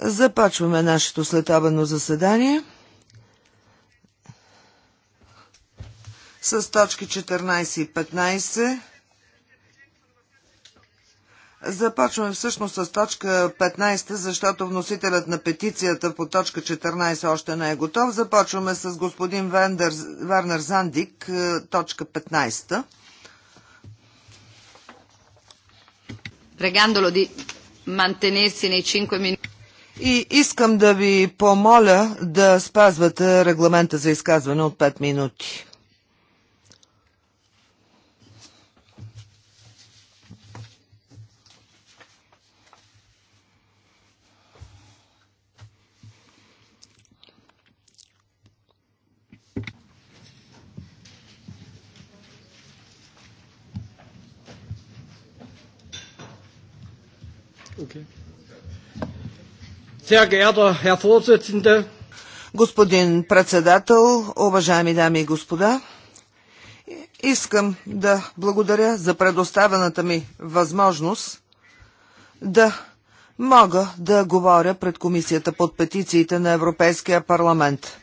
Започваме нашето следобедно заседание с точки 14 и 15. Започваме всъщност с точка 15, защото вносителят на петицията по точка 14 още не е готов. Започваме с господин Вендер, Вернер Зандик, е, точка 15. pregandolo di mantenersi nei 5 minuti. И искам да ви помоля да спазвате регламента за изказване от 5 минути. Sehr geehrter Herr Vorsitzender, Господин председател, уважаеми дами и господа, искам да благодаря за предоставената ми възможност да мога да говоря пред Комисията под петициите на Европейския парламент.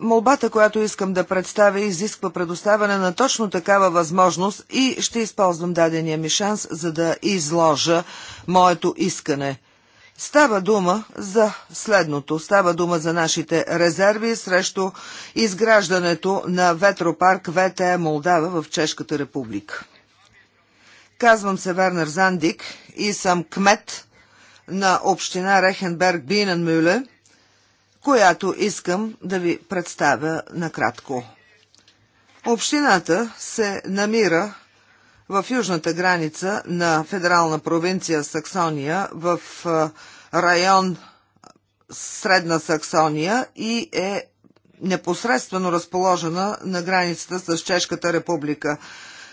Молбата, която искам да представя, изисква предоставяне на точно такава възможност и ще използвам дадения ми шанс, за да изложа моето искане. Става дума за следното. Става дума за нашите резерви срещу изграждането на ветропарк ВТЕ Молдава в Чешката република. Казвам се Вернер Зандик и съм кмет на община Рехенберг Биненмюле – която искам да ви представя накратко. Общината се намира в южната граница на федерална провинция Саксония в район Средна Саксония и е непосредствено разположена на границата с Чешката република.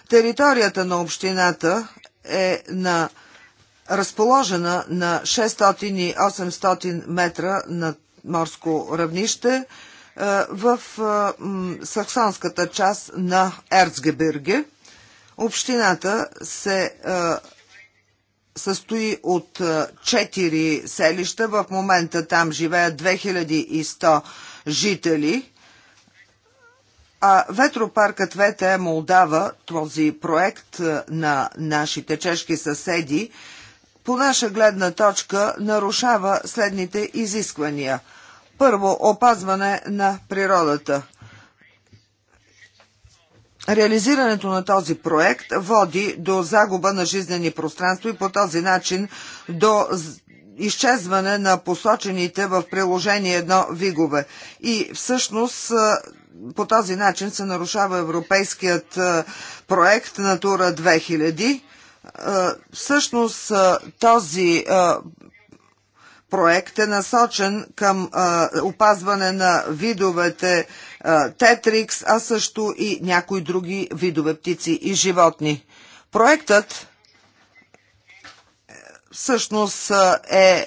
Територията на общината е на разположена на 600 и 800 метра над морско равнище е, в е, саксонската част на Ерцгебирге. Общината се е, състои от 4 селища. В момента там живеят 2100 жители. А ветропаркът ВТЕ Молдава, този проект на нашите чешки съседи, по наша гледна точка нарушава следните изисквания. Първо, опазване на природата. Реализирането на този проект води до загуба на жизнени пространства и по този начин до изчезване на посочените в приложение едно вигове. И всъщност по този начин се нарушава европейският проект Натура 2000 всъщност този проект е насочен към опазване на видовете тетрикс, а също и някои други видове птици и животни. Проектът е, всъщност е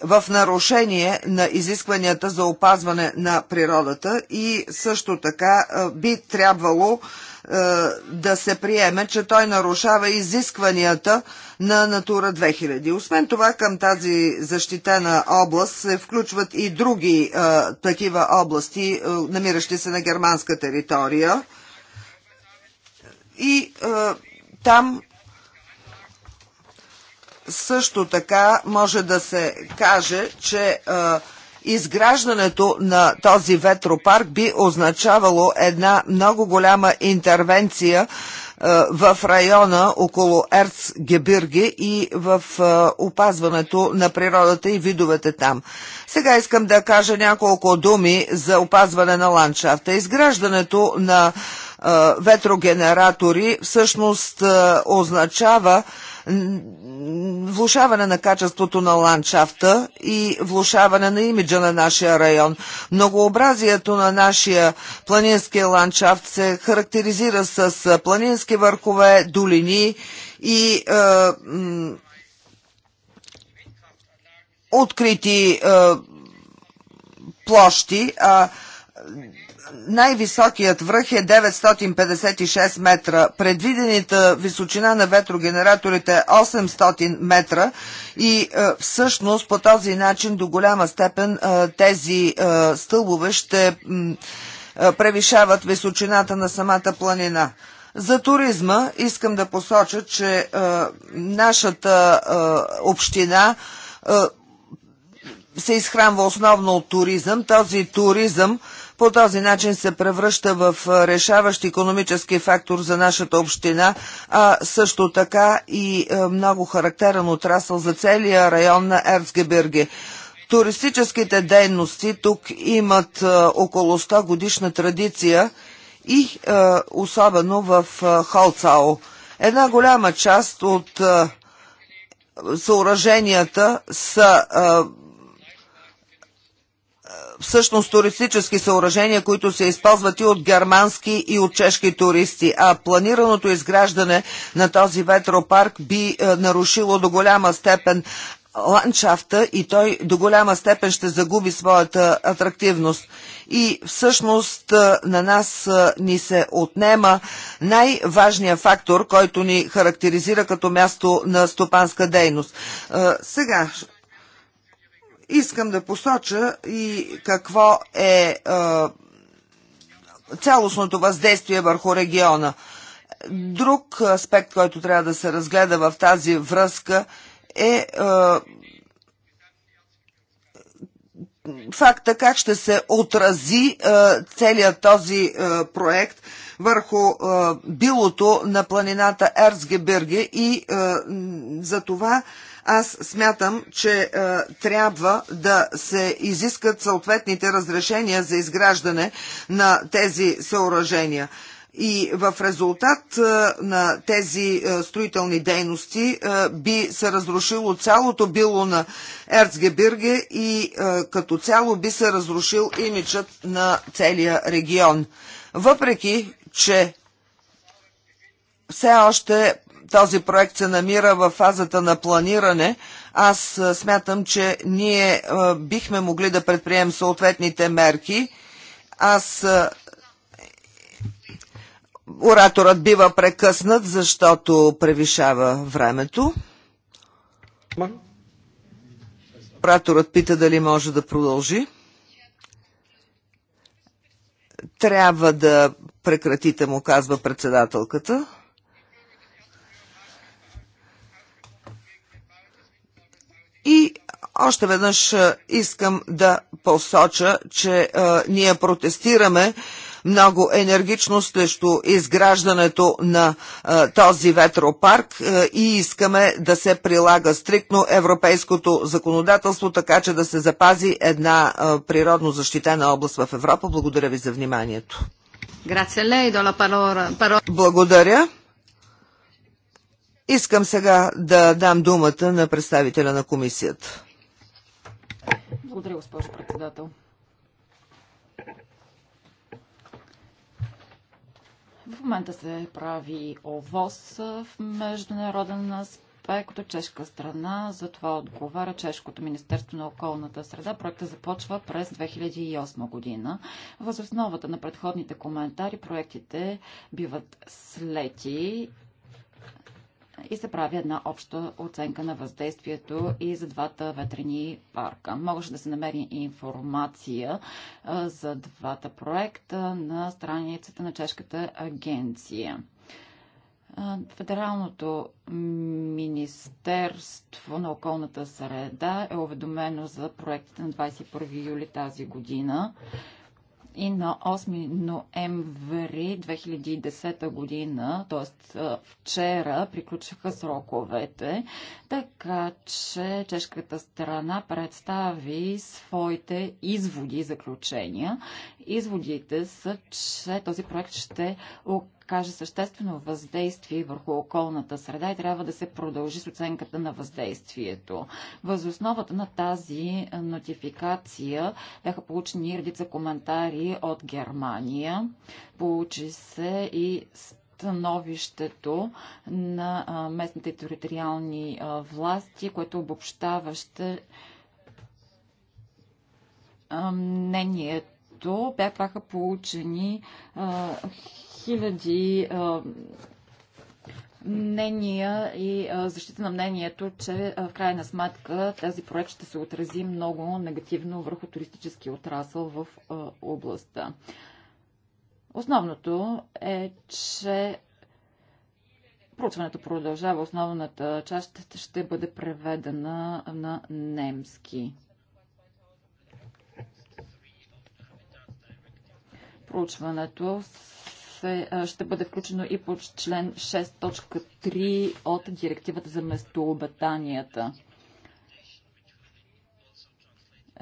в нарушение на изискванията за опазване на природата и също така би трябвало да е, да се приеме, че той нарушава изискванията на Натура 2000. Освен това, към тази защитена област се включват и други е, такива области, е, намиращи се на германска територия. И там също така може да се каже, че Изграждането на този ветропарк би означавало една много голяма интервенция е, в района около Ерцгебирги и в е, опазването на природата и видовете там. Сега искам да кажа няколко думи за опазване на ландшафта. Изграждането на е, ветрогенератори всъщност означава влушаване на качеството на ландшафта и влушаване на имиджа на нашия район. Многообразието на нашия планински ландшафт се характеризира с планински върхове, долини и е, открити е, площи, а най-високият връх е 956 метра, предвидената височина на ветрогенераторите е 800 метра и е, всъщност по този начин до голяма степен е, тези е, стълбове ще е, превишават височината на самата планина. За туризма искам да посоча, че е, нашата е, община се изхранва основно от туризъм. Този туризъм по този начин се превръща в решаващ економически фактор за нашата община, а също така и много характерен отрасъл за целия район на Ерцгеберге. Туристическите дейности тук имат около 100 годишна традиция и особено в Холцао. Една голяма част от съоръженията са а, всъщност туристически съоръжения, които се използват и от германски и от чешки туристи, а планираното изграждане на този ветропарк би е, нарушило до голяма степен ландшафта и той до голяма степен ще загуби своята атрактивност. И всъщност е, на нас е, ни се отнема най-важният фактор, който ни характеризира като място на стопанска дейност. Сега Искам да посоча и какво е цялостното въздействие върху региона. Друг аспект, който трябва да се разгледа в тази връзка е, факта как ще се отрази целият този проект върху билото на планината Ерцгебирге и за това аз смятам, че е, трябва да се изискат съответните разрешения за изграждане на тези съоръжения. И в резултат е, на тези е, строителни дейности е, би се разрушило цялото било на Ерцгебирге и като цяло би се разрушил имиджът на целия регион. Въпреки, че все още този проект се намира в фазата на планиране, аз смятам, че ние бихме могли да предприем съответните мерки. Аз ораторът бива прекъснат, защото превишава времето. Ораторът пита дали може да продължи. Трябва да прекратите, му казва председателката. И още веднъж е, искам да посоча, че а, е, ние протестираме много енергично срещу изграждането на а, е, този ветропарк а, и искаме да се прилага стриктно европейското законодателство, така че да се запази една а, природно защитена област в Европа. Благодаря ви за вниманието. Благодаря. Искам сега да дам думата на представителя на комисията. Благодаря, госпожо председател. В момента се прави ОВОС в международен аспект от чешка страна. За това отговаря Чешкото Министерство на околната среда. Проектът започва през 2008 година. Въз основата на предходните коментари проектите биват слети и се прави една обща оценка на въздействието и за двата ветрени парка. Могаше да се намери информация за двата проекта на страницата на Чешката агенция. Федералното Министерство на околната среда е уведомено за проектите на 21 юли тази година и на 8 ноември 2010 година, т.е. вчера, приключиха сроковете, така че чешката страна представи своите изводи и заключения. Изводите са, че този проект ще окаже съществено въздействие върху околната среда и трябва да се продължи с оценката на въздействието. Възосновата на тази нотификация бяха получени редица коментари от Германия. Получи се и становището на местните териториални власти, което обобщаваше мнението бяха получени хиляди мнения и защита на мнението, че в крайна сметка тази проект ще се отрази много негативно върху туристически отрасъл в областта. Основното е, че проучването продължава. Основната част ще бъде преведена на немски. Проучването се, ще бъде включено и по член 6.3 от директивата за местообитанията.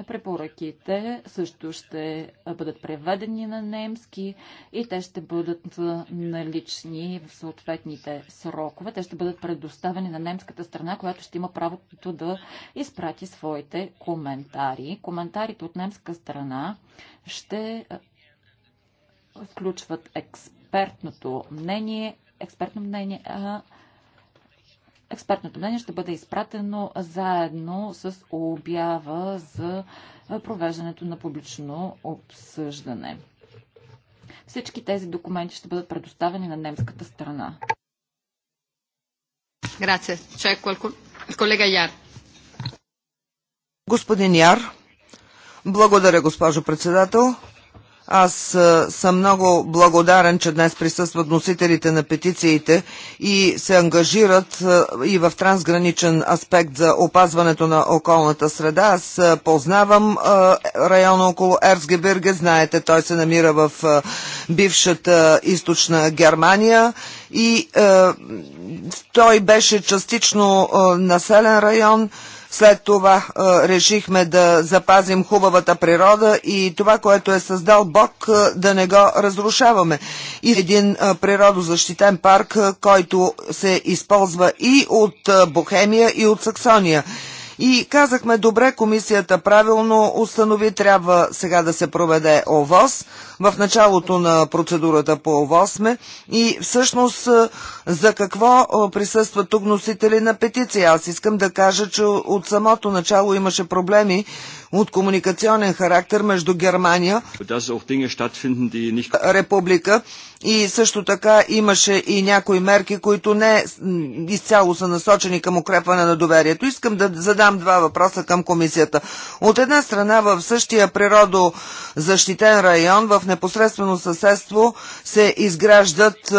Препоръките също ще бъдат преведени на немски и те ще бъдат налични в съответните срокове. Те ще бъдат предоставени на немската страна, която ще има правото да изпрати своите коментари. Коментарите от немска страна ще включват експертното мнение, експертно мнение, експертното мнение ще бъде изпратено заедно с обява за провеждането на публично обсъждане. Всички тези документи ще бъдат предоставени на немската страна. колега Яр. Господин Яр, благодаря, госпожо председател. Аз съм много благодарен, че днес присъстват носителите на петициите и се ангажират и в трансграничен аспект за опазването на околната среда. Аз познавам района около Ерцгебирге, знаете, той се намира в бившата източна Германия и той беше частично населен район. След това е, решихме да запазим хубавата природа и това, което е създал Бог, е, да не го разрушаваме. И един е, природозащитен парк, който се използва и от Бохемия, и от Саксония и казахме, добре, комисията правилно установи, трябва сега да се проведе ОВОС. В началото на процедурата по ОВОС сме и всъщност е, за какво е, присъстват тук носители на петиции. Аз искам да кажа, че от самото начало имаше проблеми от комуникационен характер между Германия република и също така имаше и някои мерки, които не изцяло са насочени към укрепване на доверието. Искам да задам два въпроса към комисията. От една страна в същия природозащитен район в непосредствено съседство се изграждат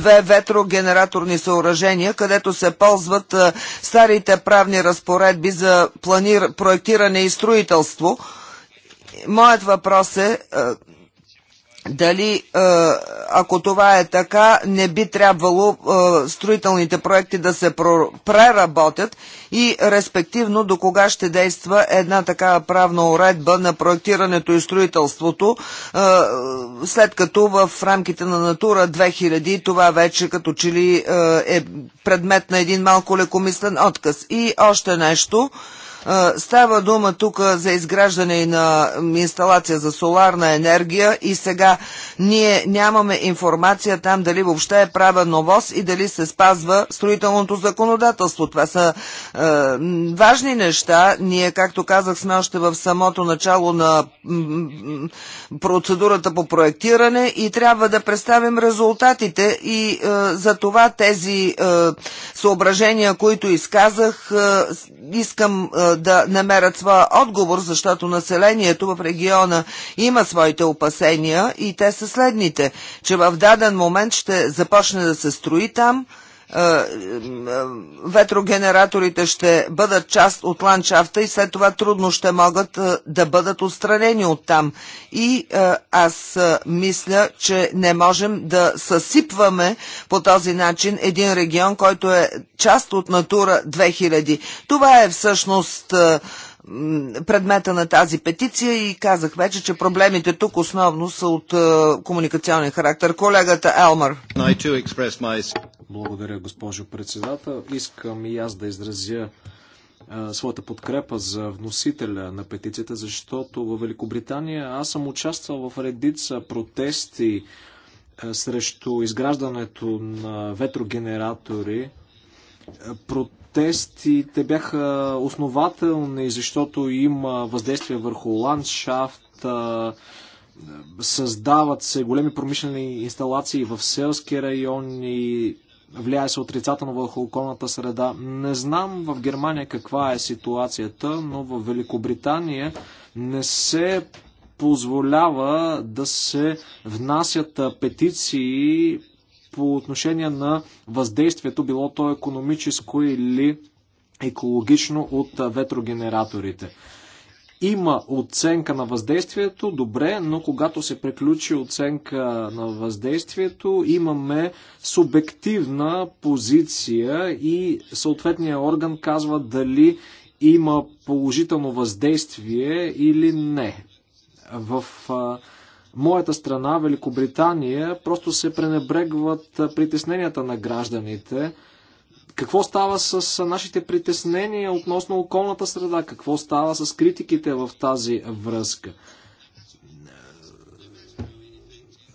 две ветрогенераторни съоръжения, където се ползват старите правни разпоредби за планир, проектиране и строителство. Моят въпрос е дали е, ако това е така, не би трябвало е, строителните проекти да се преработят и респективно до кога ще действа една такава правна уредба на проектирането и строителството, е, след като в рамките на Натура 2000 това вече като че ли е предмет на един малко лекомислен отказ. И още нещо – Става дума тук за изграждане на инсталация за соларна енергия и сега ние нямаме информация там дали въобще е правен новоз и дали се спазва строителното законодателство. Това са е, важни неща. Ние, както казах, сме още в самото начало на процедурата по проектиране и трябва да представим резултатите и е, за това тези е, съображения, които изказах, е, искам е, да намерят своя отговор, защото населението в региона има своите опасения и те са следните, че в даден момент ще започне да се строи там – е, е, ветрогенераторите ще бъдат част от ландшафта и след това трудно ще могат е, да бъдат отстранени от там. И аз мисля, че не можем да съсипваме по този начин един регион, който е част от Натура 2000. Това е всъщност предмета на тази петиция и казах вече, че проблемите тук основно са от комуникационен характер. Колегата Елмар. Благодаря, госпожо председател. Искам и аз да изразя своята подкрепа за вносителя на петицията, защото в Великобритания аз съм участвал в редица протести срещу изграждането на ветрогенератори. Протестите бяха основателни, защото има въздействие върху ландшафт, създават се големи промишлени инсталации в селски райони, влияе се отрицателно върху околната среда. Не знам в Германия каква е ситуацията, но в Великобритания не се позволява да се внасят петиции по отношение на въздействието, било то економическо или екологично от ветрогенераторите. Има оценка на въздействието, добре, но когато се приключи оценка на въздействието, имаме субективна позиция и съответния орган казва дали има положително въздействие или не. В моята страна, Великобритания, просто се пренебрегват притесненията на гражданите. Какво става с нашите притеснения относно околната среда? Какво става с критиките в тази връзка?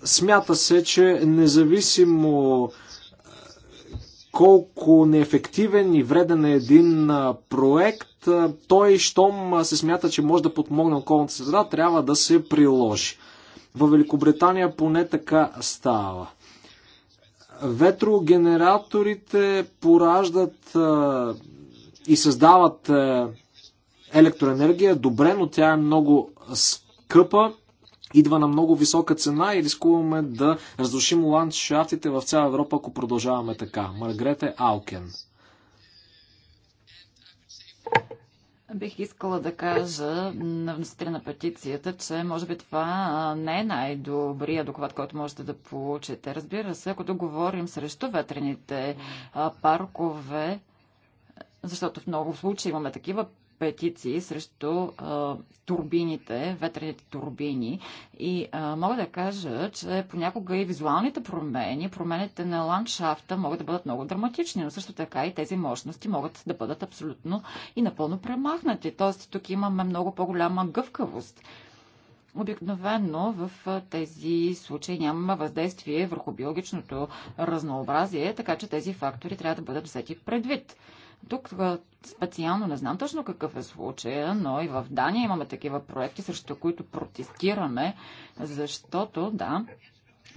Смята се, че независимо колко неефективен и вреден е един проект, той, щом се смята, че може да подмогне околната среда, трябва да се приложи. Във Великобритания поне така става. Ветрогенераторите пораждат а, и създават а, електроенергия. Добре, но тя е много скъпа, идва на много висока цена и рискуваме да разрушим ландшафтите в цяла Европа, ако продължаваме така. Маргрете Алкен. Бих искала да кажа на вносителя на петицията, че може би това не е най-добрия доклад, който можете да получите. Разбира се, ако говорим срещу ветрените паркове, защото в много случаи имаме такива петиции срещу а, турбините, ветрените турбини. И а, мога да кажа, че понякога и визуалните промени, промените на ландшафта могат да бъдат много драматични, но също така и тези мощности могат да бъдат абсолютно и напълно премахнати. Тоест тук имаме много по-голяма гъвкавост. Обикновено в тези случаи нямаме въздействие върху биологичното разнообразие, така че тези фактори трябва да бъдат взети предвид. Тук специално не знам точно какъв е случая, но и в Дания имаме такива проекти, срещу които протестираме, защото, да,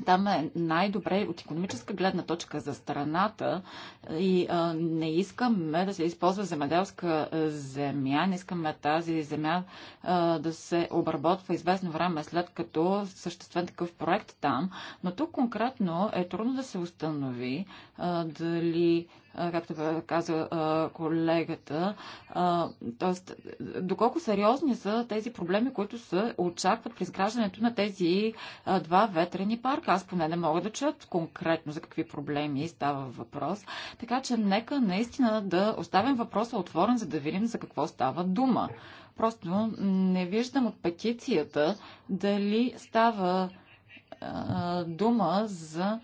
там е най-добре от економическа гледна точка за страната и а, не искаме да се използва земеделска земя, не искаме тази земя а, да се обработва известно време след като съществен такъв проект там, но тук конкретно е трудно да се установи а, дали както каза колегата. Тоест, доколко сериозни са тези проблеми, които се очакват при изграждането на тези два ветрени парка? Аз поне не мога да чуят конкретно за какви проблеми става въпрос. Така че нека наистина да оставим въпроса отворен, за да видим за какво става дума. Просто не виждам от петицията дали става дума за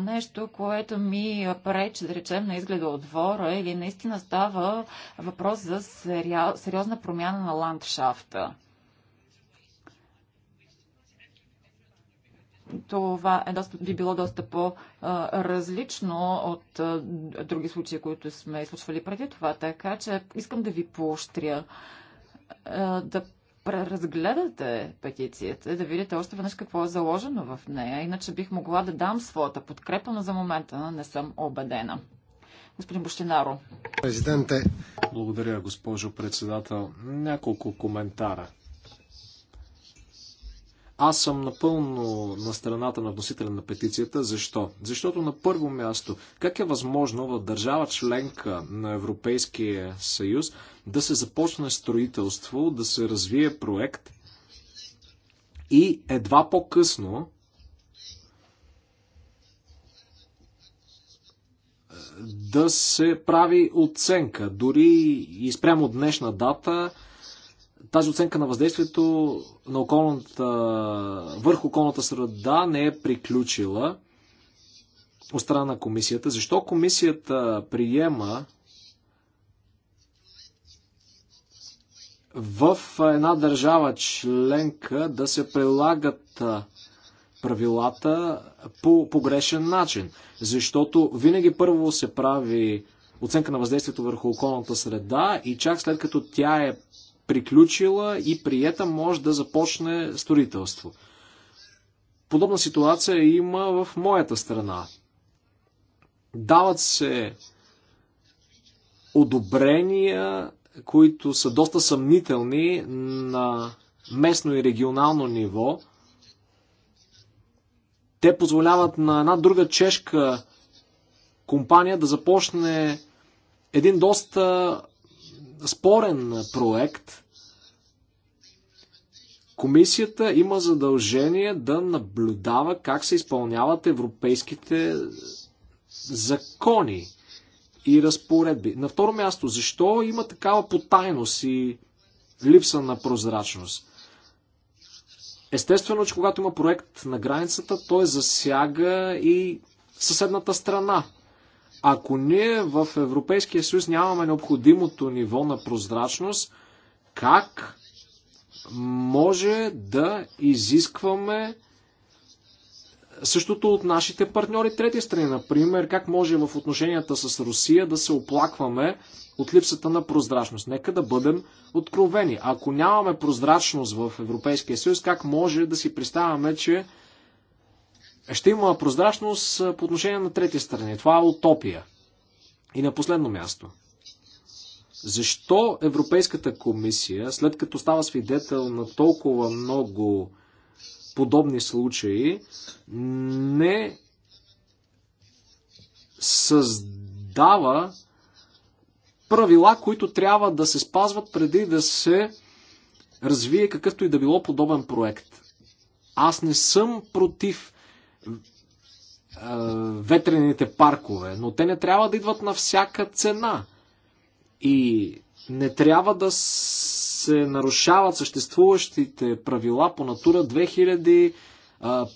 нещо, което ми пречи, да речем, на изгледа от двора или наистина става въпрос за сериозна промяна на ландшафта. това е доста, би било доста по-различно от други случаи, които сме изслушвали преди това. Така че искам да ви поощря да преразгледате петицията, да видите още веднъж какво е заложено в нея. Иначе бих могла да дам своята подкрепа, но за момента не съм убедена. Господин Бощинаро. Президенте. Благодаря, госпожо председател. Няколко коментара. Аз съм напълно на страната на вносителя на петицията. Защо? Защото на първо място, как е възможно в държава членка на Европейския съюз да се започне строителство, да се развие проект и едва по-късно да се прави оценка, дори и спрямо днешна дата, тази оценка на въздействието на околната, върху околната среда не е приключила от страна на комисията. Защо комисията приема в една държава членка да се прилагат правилата по погрешен начин? Защото винаги първо се прави оценка на въздействието върху околната среда и чак след като тя е приключила и приета, може да започне строителство. Подобна ситуация има в моята страна. Дават се одобрения, които са доста съмнителни на местно и регионално ниво. Те позволяват на една друга чешка компания да започне един доста спорен проект. Комисията има задължение да наблюдава как се изпълняват европейските закони и разпоредби. На второ място, защо има такава потайност и липса на прозрачност? Естествено, че когато има проект на границата, той засяга и съседната страна. Ако ние в Европейския съюз нямаме необходимото ниво на прозрачност, как може да изискваме същото от нашите партньори трети страни. Например, как може в отношенията с Русия да се оплакваме от липсата на прозрачност. Нека да бъдем откровени. Ако нямаме прозрачност в Европейския съюз, как може да си представяме, че ще има прозрачност по отношение на трети страни? Това е утопия. И на последно място – защо Европейската комисия, след като става свидетел на толкова много подобни случаи, не създава правила, които трябва да се спазват преди да се развие какъвто и да било подобен проект. Аз не съм против е, ветрените паркове, но те не трябва да идват на всяка цена. И не трябва да се нарушават съществуващите правила по Натура 2000,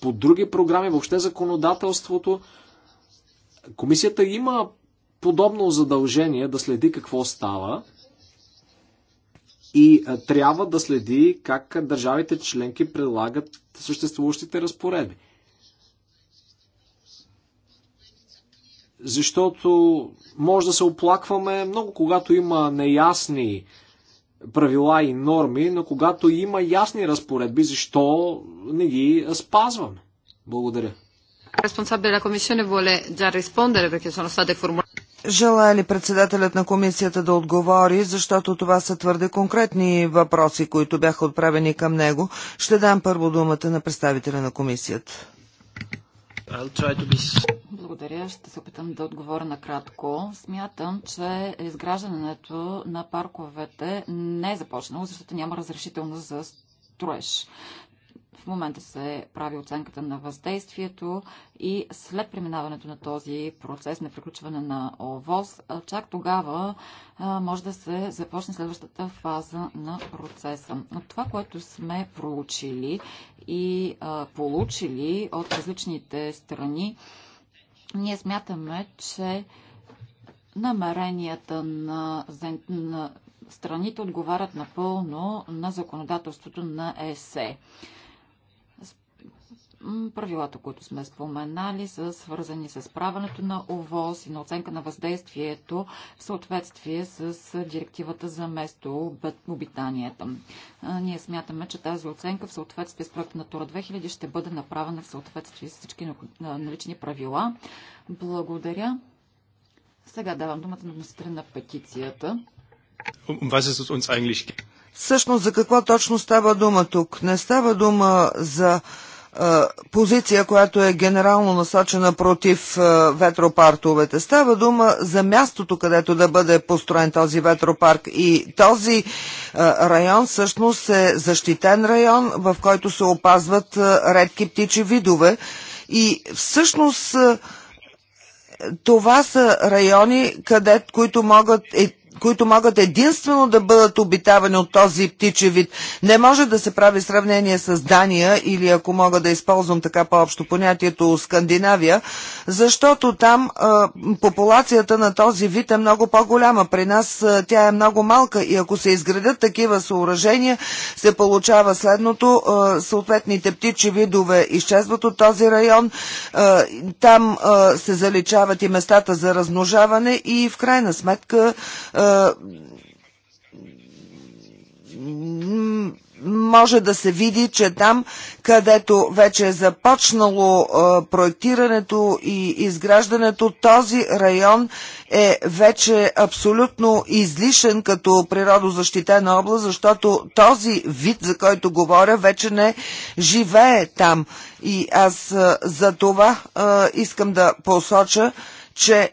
по други програми, въобще законодателството. Комисията има подобно задължение да следи какво става и трябва да следи как държавите членки прилагат съществуващите разпоредби. защото може да се оплакваме много, когато има неясни правила и норми, но когато има ясни разпоредби, защо не ги спазваме? Благодаря. Responsabile vuole già rispondere perché sono state formulate. Желая ли председателят на комисията да отговори, защото това са твърде конкретни въпроси, които бяха отправени към него. Ще дам първо думата на представителя на комисията. Благодаря. Ще се опитам да отговоря накратко. Смятам, че изграждането на парковете не е започнало, защото няма разрешително за строеж. В момента се прави оценката на въздействието и след преминаването на този процес на приключване на ОВОз, чак тогава може да се започне следващата фаза на процеса. Но това, което сме проучили и получили от различните страни, ние смятаме, че намеренията на, на страните отговарят напълно на законодателството на ЕСЕ. Правилата, които сме споменали, са свързани с правенето на ОВОз и на оценка на въздействието в съответствие с директивата за место обитанията. Ние смятаме, че тази оценка в съответствие с проект Натура 2000 ще бъде направена в съответствие с всички налични правила. Благодаря. Сега давам думата на вносителя на петицията. Um, Всъщност за какво точно става дума тук? Не става дума за е, позиция, която е генерално насочена против е, ветропартовете. Става дума за мястото, където да бъде построен този ветропарк и този е, район всъщност е защитен район, в който се опазват редки птичи видове и всъщност това са райони, къде, които могат които могат единствено да бъдат обитавани от този птичи вид. Не може да се прави сравнение с Дания или ако мога да използвам така по-общо понятието Скандинавия, защото там а, популацията на този вид е много по-голяма. При нас а, тя е много малка и ако се изградят такива съоръжения, се получава следното. А, съответните птичи видове изчезват от този район. А, там а, се заличават и местата за размножаване и в крайна сметка а, може да се види, че там, където вече е започнало проектирането и изграждането, този район е вече абсолютно излишен като природозащитена област, защото този вид, за който говоря, вече не живее там. И аз за това искам да посоча, че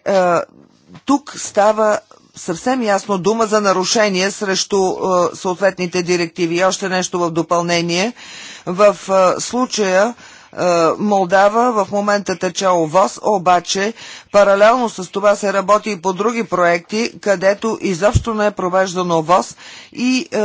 тук става съвсем ясно дума за нарушение срещу е, съответните директиви. И още нещо в допълнение. В е, случая е, Молдава в момента тече ОВОС, обаче паралелно с това се работи и по други проекти, където изобщо не е провеждан ОВОС и е,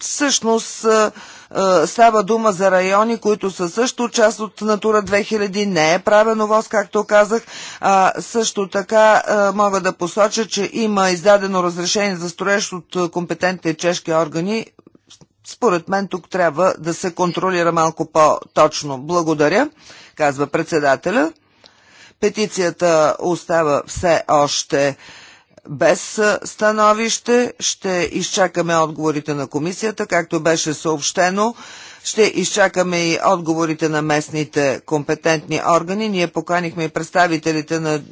всъщност е, е, става дума за райони, които са също част от Натура 2000. Не е правен ОВОС, както казах. А, също така е, мога да посоча, че има издадено разрешение за строеж от е, компетентните чешки органи според мен тук трябва да се контролира малко по-точно. Благодаря, казва председателя. Петицията остава все още без становище. Ще изчакаме отговорите на комисията, както беше съобщено. Ще изчакаме и отговорите на местните компетентни органи. Ние поканихме и представителите на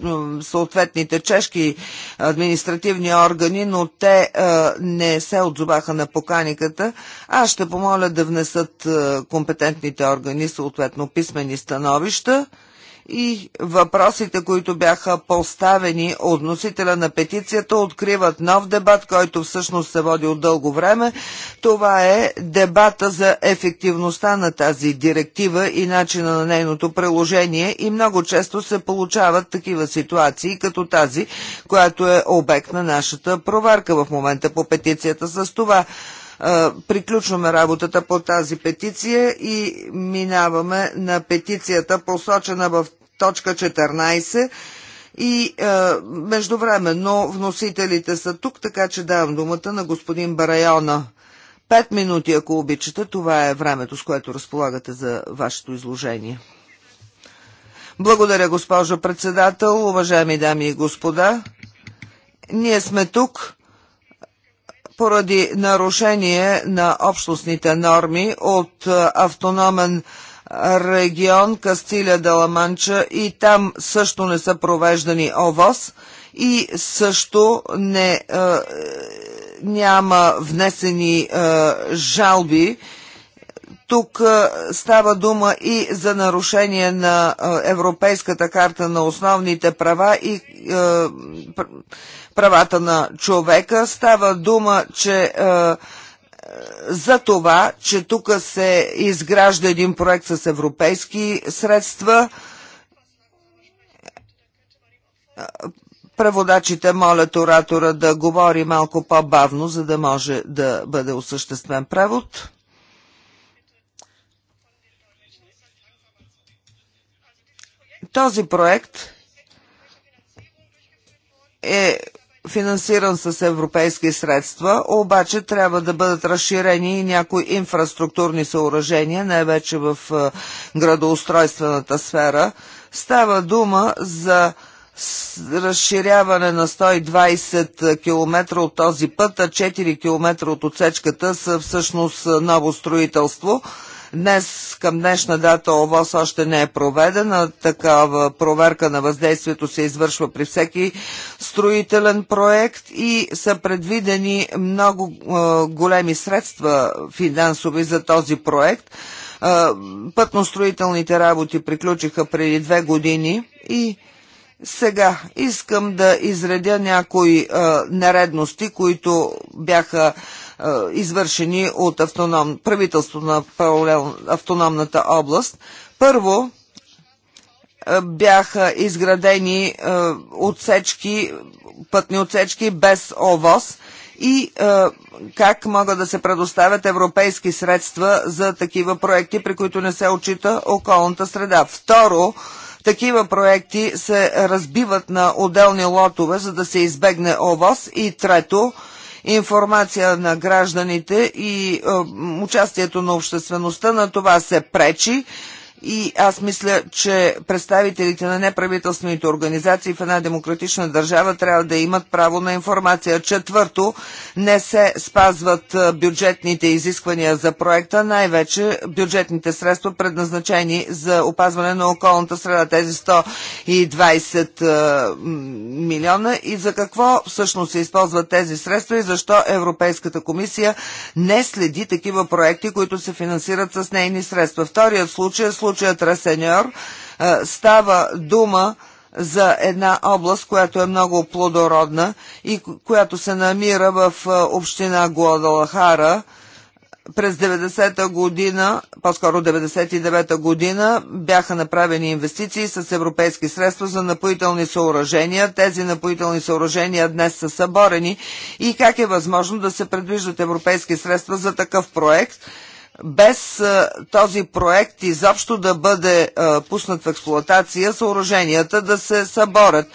съответните чешки административни органи, но те е, не се отзоваха на поканиката. Аз ще помоля да внесат е, компетентните органи съответно писмени становища и въпросите, които бяха поставени от носителя на петицията, откриват нов дебат, който всъщност се води от дълго време. Това е дебата за ефективността на тази директива и начина на нейното приложение и много често се получават такива ситуации, като тази, която е обект на нашата проверка в момента по петицията. С това Приключваме работата по тази петиция и минаваме на петицията, посочена в точка 14. И е, междувременно вносителите са тук, така че давам думата на господин Барайона. Пет минути, ако обичате, това е времето, с което разполагате за вашето изложение. Благодаря, госпожо председател, уважаеми дами и господа. Ние сме тук поради нарушение на общностните норми от е, автономен е, регион Кастиля де Ламанча и там също не са провеждани ОВОС и също не, е, няма внесени е, жалби. Тук е, става дума и за нарушение на Европейската карта на основните права и правата на човека. Става дума, че е, е, за това, че тук се изгражда един проект с европейски средства. Е, преводачите молят оратора да говори малко по-бавно, за да може да бъде осъществен превод. Този проект е финансиран с европейски средства, обаче трябва да бъдат разширени и някои инфраструктурни съоръжения, най-вече в е, градоустройствената сфера. Става дума за разширяване на 120 км от този път, а 4 км от отсечката са всъщност ново строителство – Днес, към днешна дата, ОВОС още не е проведена. Такава проверка на въздействието се извършва при всеки строителен проект и са предвидени много големи средства финансови за този проект. пътностроителните работи приключиха преди две години и сега искам да изредя някои нередности, които бяха е, извършени от автоном, правителството на автономната област. Първо, е, бяха изградени е, отсечки, пътни отсечки без ОВОС и как могат да се предоставят европейски средства за такива проекти, при които не се очита околната среда. Второ, такива проекти се разбиват на отделни лотове, за да се избегне ОВОС. И трето, информация на гражданите и е, участието на обществеността на това се пречи. И аз мисля, че представителите на неправителствените организации в една демократична държава трябва да имат право на информация. Четвърто, не се спазват бюджетните изисквания за проекта, най-вече бюджетните средства предназначени за опазване на околната среда, тези 120 милиона и за какво всъщност се използват тези средства и защо Европейската комисия не следи такива проекти, които се финансират с нейни средства. Вторият случай е случай случая Трасеньор е, става дума за една област, която е много плодородна и която се намира в е, община Гуадалахара. През 90-та година, по-скоро 99-та година, бяха направени инвестиции с европейски средства за напоителни съоръжения. Тези напоителни съоръжения днес са съборени и как е възможно да се предвиждат европейски средства за такъв проект – без този проект изобщо да бъде пуснат в експлуатация, съоръженията да се съборят.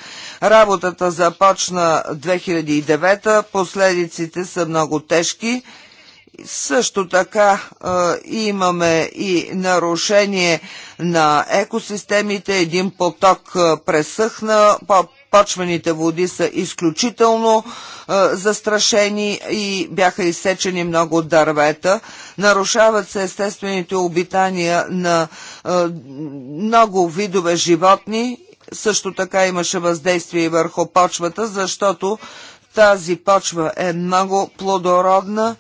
Работата започна 2009, последиците са много тежки. Също така е, имаме и нарушение на екосистемите. Един поток пресъхна, почвените води са изключително е, застрашени и бяха изсечени много дървета. Нарушават се естествените обитания на е, много видове животни. Също така имаше въздействие и върху почвата, защото тази почва е много плодородна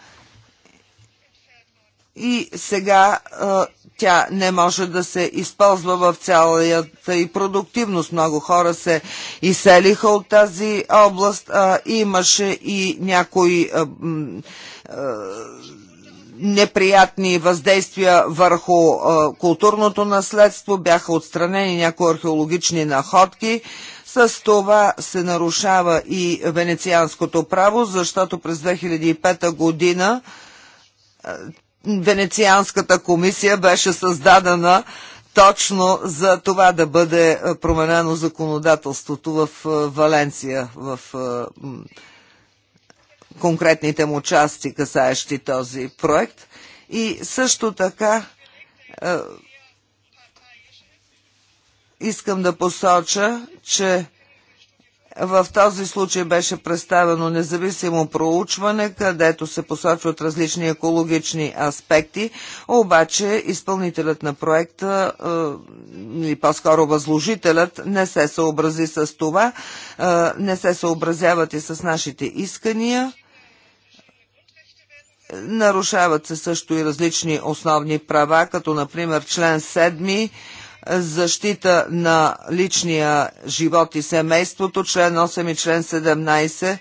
и сега а, тя не може да се използва в цялата и продуктивност. Много хора се изселиха от тази област. А, имаше и някои а, а, неприятни въздействия върху а, културното наследство. Бяха отстранени някои археологични находки. С това се нарушава и венецианското право, защото през 2005 година Венецианската комисия беше създадена точно за това да бъде е, променено законодателството в е, Валенция в е, конкретните му части, касаещи този проект. И също така искам да посоча, че в този случай беше представено независимо проучване, където се посочват различни екологични аспекти, обаче изпълнителят на проекта е, или по-скоро възложителят не се съобрази с това, е, не се съобразяват и с нашите искания. Нарушават се също и различни основни права, като например член 7 защита на личния живот и семейството, член 8 и член 17,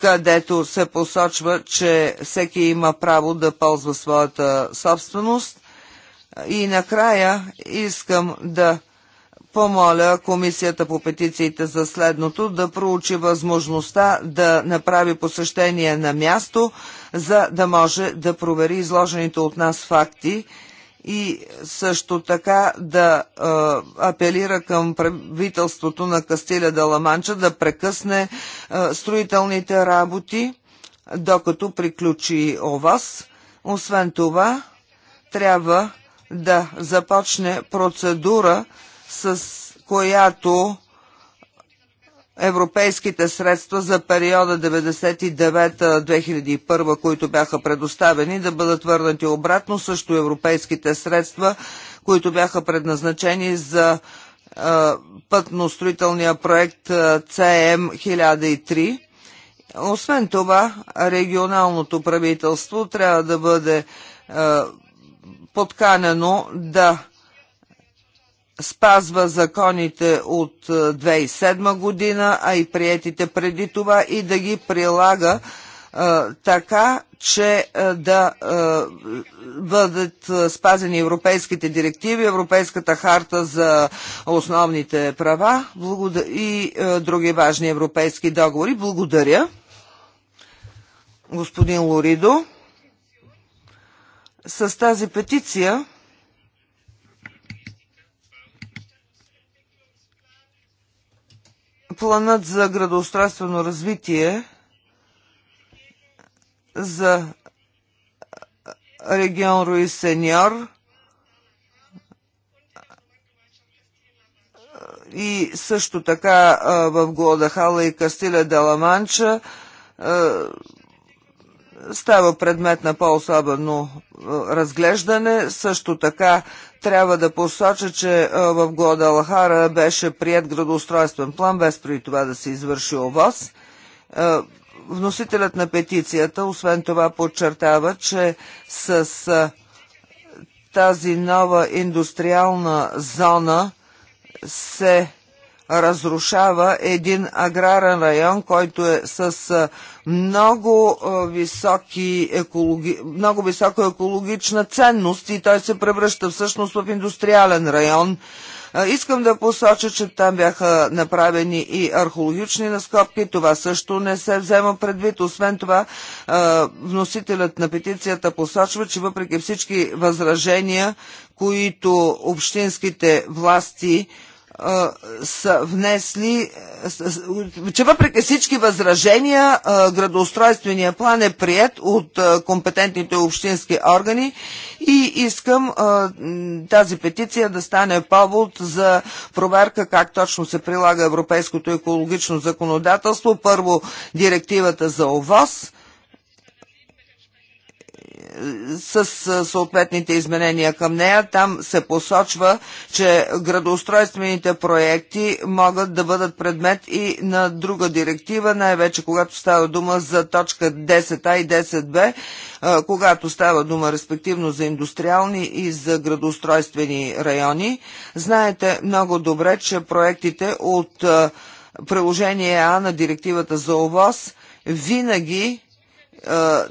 където се посочва, че всеки има право да ползва своята собственост. И накрая искам да помоля Комисията по петициите за следното да проучи възможността да направи посещение на място, за да може да провери изложените от нас факти и също така да а, апелира към правителството на Кастиля Даламанча да прекъсне а, строителните работи, докато приключи ОВАС. Освен това, трябва да започне процедура, с която европейските средства за периода 99-2001, които бяха предоставени, да бъдат върнати обратно, също европейските средства, които бяха предназначени за пътно-строителния проект CM1003. Освен това, регионалното правителство трябва да бъде подканено да спазва законите от 2007 е, година, а и приетите преди това и да ги прилага е, така, че е, да бъдат спазени европейските директиви, Европейската харта за основните права и други важни европейски договори. Благодаря. Господин Лоридо, с тази петиция планът за градоустройствено развитие за регион Руи Сеньор и също така в Глодахала и Кастиля Деламанча става предмет на по-особено разглеждане. Също така трябва да посоча, че е, в Гладалахара беше прият градоустройствен план, без преди това да се извърши ОВОз. Е, вносителят на петицията, освен това, подчертава, че с е, тази нова индустриална зона се разрушава един аграрен район, който е с много, високи екологи... много висока екологична ценност и той се превръща всъщност в индустриален район. Искам да посоча, че там бяха направени и археологични наскопки. Това също не се взема предвид. Освен това, вносителят на петицията посочва, че въпреки всички възражения, които общинските власти са внесли, е, че въпреки всички възражения, градоустройствения план е прият от компетентните общински органи и искам тази петиция да стане повод за проверка как точно се прилага европейското екологично законодателство. Първо, директивата за ОВОС с съответните изменения към нея. Там се посочва, че градоустройствените проекти могат да бъдат предмет и на друга директива, най-вече когато става дума за точка 10А и 10Б, когато става дума респективно за индустриални и за градоустройствени райони. Знаете много добре, че проектите от приложение А на директивата за ОВОС винаги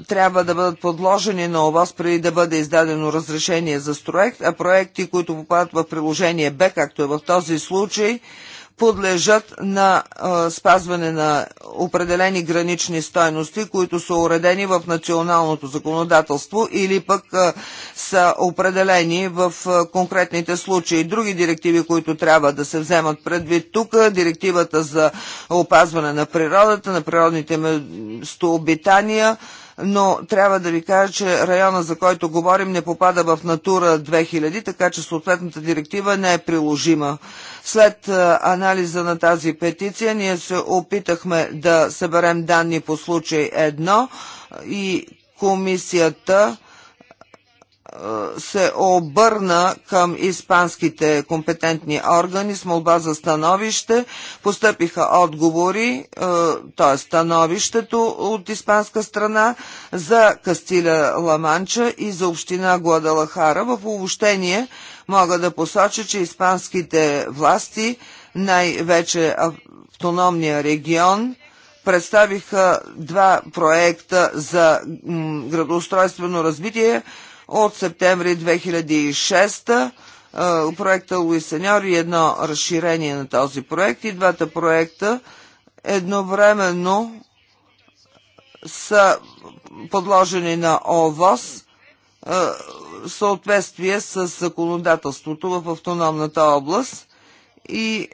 трябва да бъдат подложени на ОВОС преди да бъде издадено разрешение за строект, а проекти, които попадат в приложение Б, както е в този случай, подлежат на а, спазване на определени гранични стойности, които са уредени в националното законодателство или пък а, са определени в а, конкретните случаи. Други директиви, които трябва да се вземат предвид тук, директивата за опазване на природата, на природните местообитания – но трябва да ви кажа, че района, за който говорим, не попада в Натура 2000, така че съответната директива не е приложима. След анализа на тази петиция ние се опитахме да съберем данни по случай 1 и комисията се обърна към испанските компетентни органи с молба за становище. Постъпиха отговори, е, т.е. становището от испанска страна за Кастиля Ламанча и за община Гладалахара. В обобщение мога да посоча, че испанските власти, най-вече автономния регион, представиха два проекта за градоустройствено развитие, от септември 2006 проекта Луи Сеньор и едно разширение на този проект. И двата проекта едновременно са подложени на ОВОС в съответствие с законодателството в автономната област и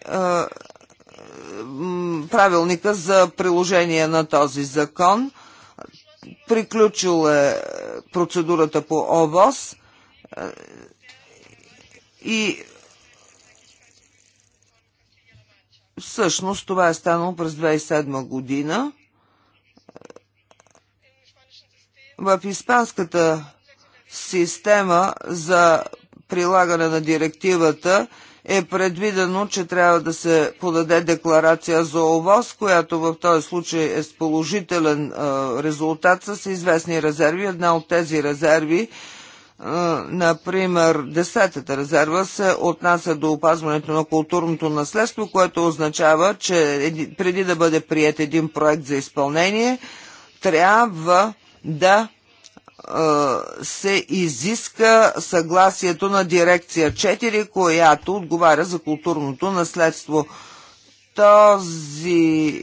правилника за приложение на този закон – приключила е, процедурата по ОВОС е, и всъщност това е станало през 2007 година. В испанската система за прилагане на директивата е предвидено, че трябва да се подаде декларация за ОВОз, която в този случай е с положителен резултат с известни резерви. Една от тези резерви например, десетата резерва се отнася до опазването на културното наследство, което означава, че преди да бъде прият един проект за изпълнение, трябва да се изиска съгласието на дирекция 4, която отговаря за културното наследство. Този,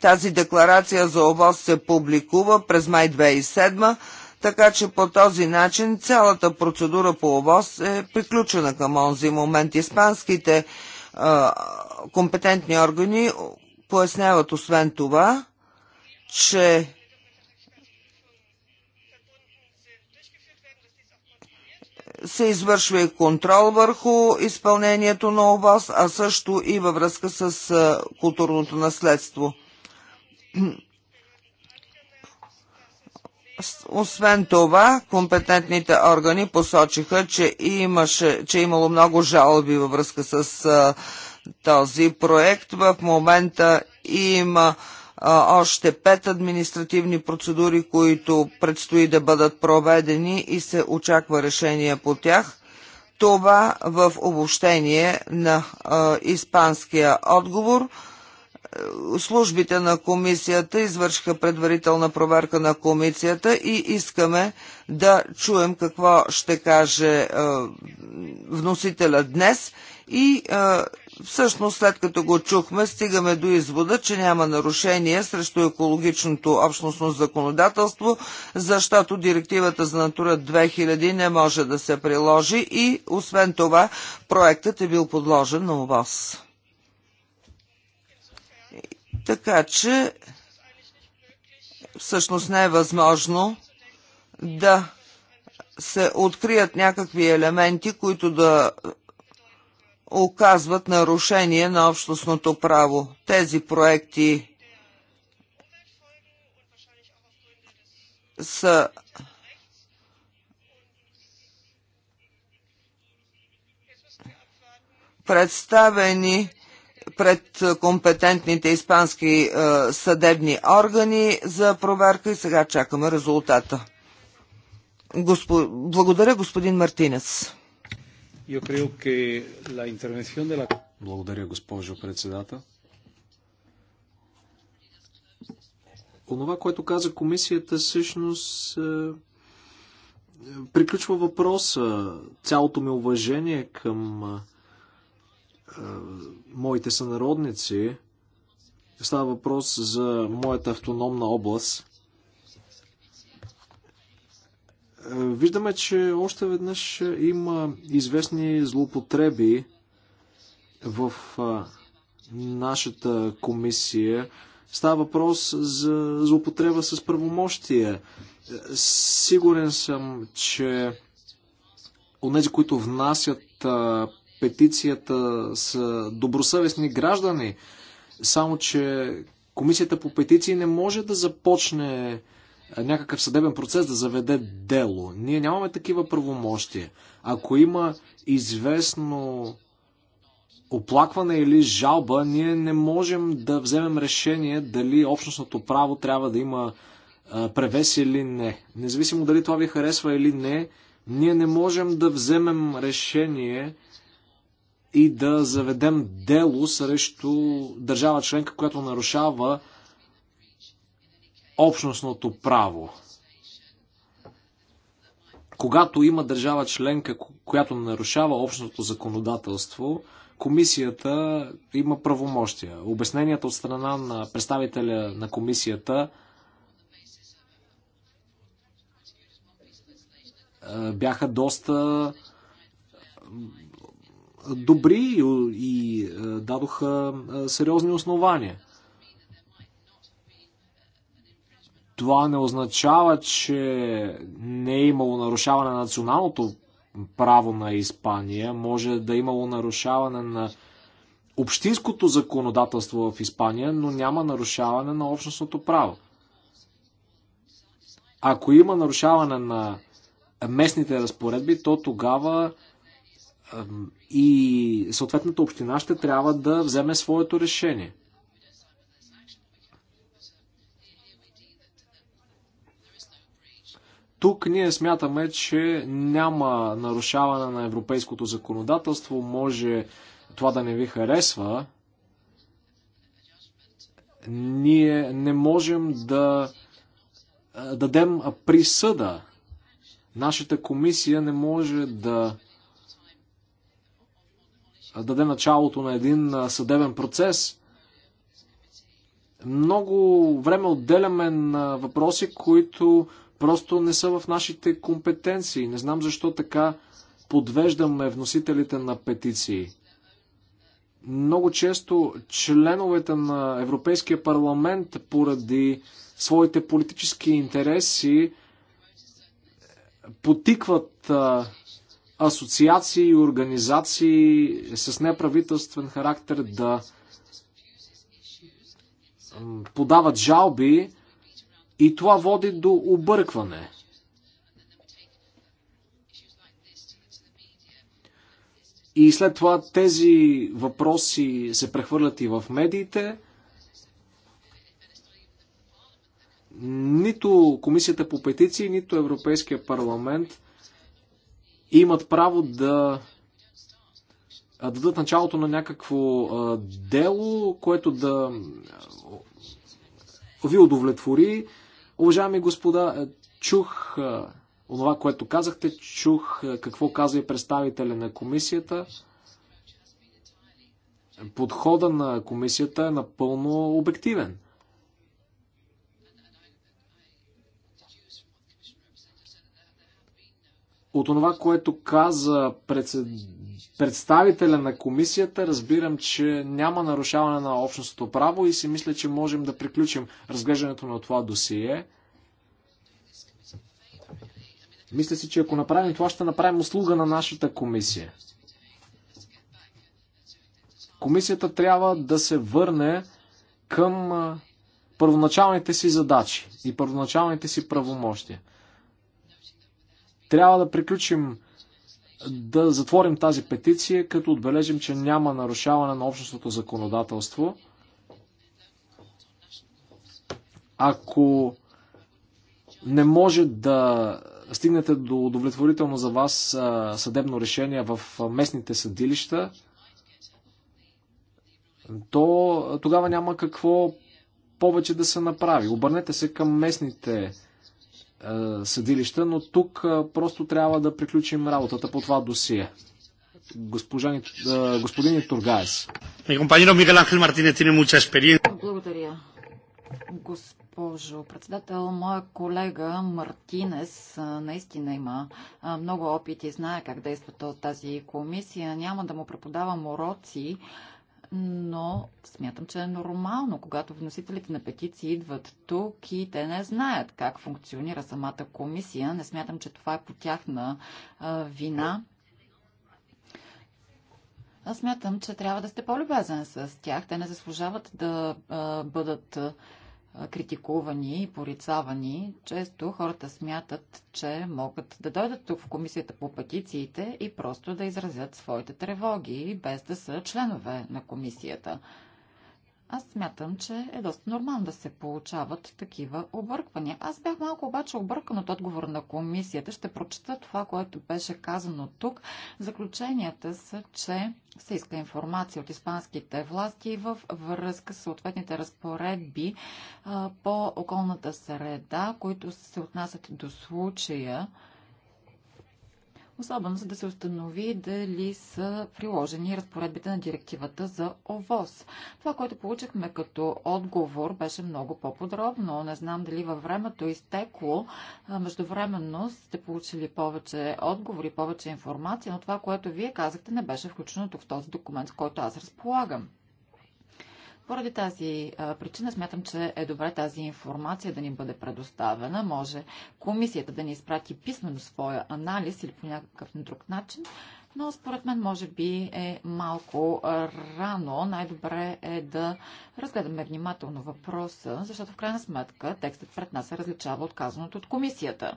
тази декларация за ОВОз се публикува през май 2007, така че по този начин цялата процедура по ОВОз е приключена към онзи момент. Испанските компетентни органи поясняват освен това, че се извършва и контрол върху изпълнението на ОВОС, а също и във връзка с културното наследство. Освен това, компетентните органи посочиха, че, имаше, че имало много жалоби във връзка с този проект. В момента има още пет административни процедури, които предстои да бъдат проведени и се очаква решение по тях. Това в обобщение на испанския отговор. Службите на комисията извършиха предварителна проверка на комисията и искаме да чуем какво ще каже вносителя днес и а, Всъщност, след като го чухме, стигаме до извода, че няма нарушение срещу екологичното общностно законодателство, защото директивата за Натура 2000 не може да се приложи и, освен това, проектът е бил подложен на ОВОС. Така че, всъщност не е възможно да се открият някакви елементи, които да оказват нарушение на общностното право. Тези проекти са представени пред компетентните испански е, съдебни органи за проверка и сега чакаме резултата. Благодаря, господин Мартинес. Благодаря, госпожо председател. Онова, което каза комисията, всъщност е, приключва въпроса. Цялото ми уважение към е, моите сънародници. Става въпрос за моята автономна област. Е, виждаме, че още веднъж има известни злоупотреби в е, нашата комисия. Става въпрос за злоупотреба с правомощие. Сигурен съм, че тези, които внасят е, петицията са добросъвестни граждани, само че комисията по петиции не може да започне е, някакъв съдебен процес да заведе дело. Ние нямаме такива правомощия. Ако има известно оплакване или жалба, ние не можем да вземем решение дали общностното право трябва да има е, превес или не. Независимо дали това ви харесва или не, ние не можем да вземем решение и да заведем дело срещу държава членка, която нарушава общностното право. Когато има държава членка, която нарушава общностното законодателство, комисията има правомощия. Обясненията от страна на представителя на комисията е, бяха доста добри и е, дадоха е, сериозни основания. Това не означава, че не е имало нарушаване на националното право на Испания. Може да е имало нарушаване на общинското законодателство в Испания, но няма нарушаване на общностното право. Ако има нарушаване на местните разпоредби, то тогава и съответната община ще трябва да вземе своето решение. Тук ние смятаме, че няма нарушаване на европейското законодателство, може това да не ви харесва. Ние не можем да дадем присъда. Нашата комисия не може да даде началото на един съдебен процес. Много време отделяме на въпроси, които просто не са в нашите компетенции. Не знам защо така подвеждаме вносителите на петиции. Много често членовете на Европейския парламент поради своите политически интереси потикват асоциации и организации с неправителствен характер да подават жалби и това води до объркване. И след това тези въпроси се прехвърлят и в медиите. Нито Комисията по петиции, нито Европейския парламент имат право да дадат началото на някакво дело, което да ви удовлетвори Уважаеми господа, е, чух това, е, което казахте, чух е, какво каза и представителя на комисията. Подхода на комисията е напълно обективен. От това, което каза председател представителя на комисията. Разбирам, че няма нарушаване на общностното право и си мисля, че можем да приключим разглеждането на това досие. Мисля си, че ако направим това, ще направим услуга на нашата комисия. Комисията трябва да се върне към първоначалните си задачи и първоначалните си правомощия. Трябва да приключим да затворим тази петиция, като отбележим, че няма нарушаване на общностното законодателство. Ако не може да стигнете до удовлетворително за вас съдебно решение в местните съдилища, то тогава няма какво повече да се направи. Обърнете се към местните е, съдилища, но тук е, просто трябва да приключим работата по това досие. Е, господин Тургаес. Ми Мигел Анхел Мартинес tiene mucha experiencia. Благодаря. Госпожо председател, моя колега Мартинес наистина има много опит и знае как действа от тази комисия. Няма да му преподавам уроци но смятам, че е нормално, когато вносителите на петиции идват тук и те не знаят как функционира самата комисия. Не смятам, че това е по тяхна а, вина. Аз смятам, че трябва да сте по-любезен с тях. Те не заслужават да а, бъдат. А, критикувани и порицавани, често хората смятат, че могат да дойдат тук в комисията по петициите и просто да изразят своите тревоги, без да са членове на комисията. Аз смятам, че е доста нормално да се получават такива обърквания. Аз бях малко обаче объркан от отговор на комисията. Ще прочета това, което беше казано тук. Заключенията са, че се иска информация от испанските власти в връзка с съответните разпоредби по околната среда, които се отнасят до случая особено за да се установи дали са приложени разпоредбите на директивата за ОВОз. Това, което получихме като отговор, беше много по-подробно. Не знам дали във времето изтекло. Междувременно сте получили повече отговори, повече информация, но това, което вие казахте, не беше включено тук в този документ, с който аз разполагам. Поради тази причина смятам, че е добре тази информация да ни бъде предоставена. Може комисията да ни изпрати писменно своя анализ или по някакъв друг начин, но според мен може би е малко рано. Най-добре е да разгледаме внимателно въпроса, защото в крайна сметка текстът пред нас се различава от казаното от комисията.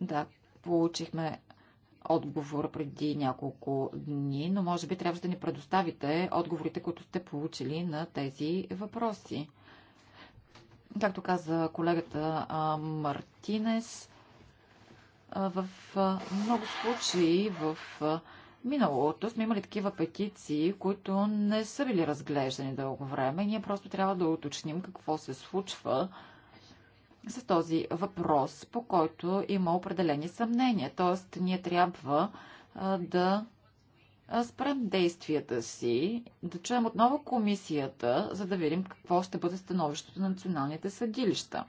Да, получихме отговор преди няколко дни, но може би трябваше да ни предоставите отговорите, които сте получили на тези въпроси. Както каза колегата Мартинес, в много случаи в миналото сме имали такива петиции, които не са били разглеждани дълго време. Ние просто трябва да уточним какво се случва с този въпрос, по който има определени съмнения. Тоест, ние трябва да спрем действията си, да чуем отново комисията, за да видим какво ще бъде становището на националните съдилища.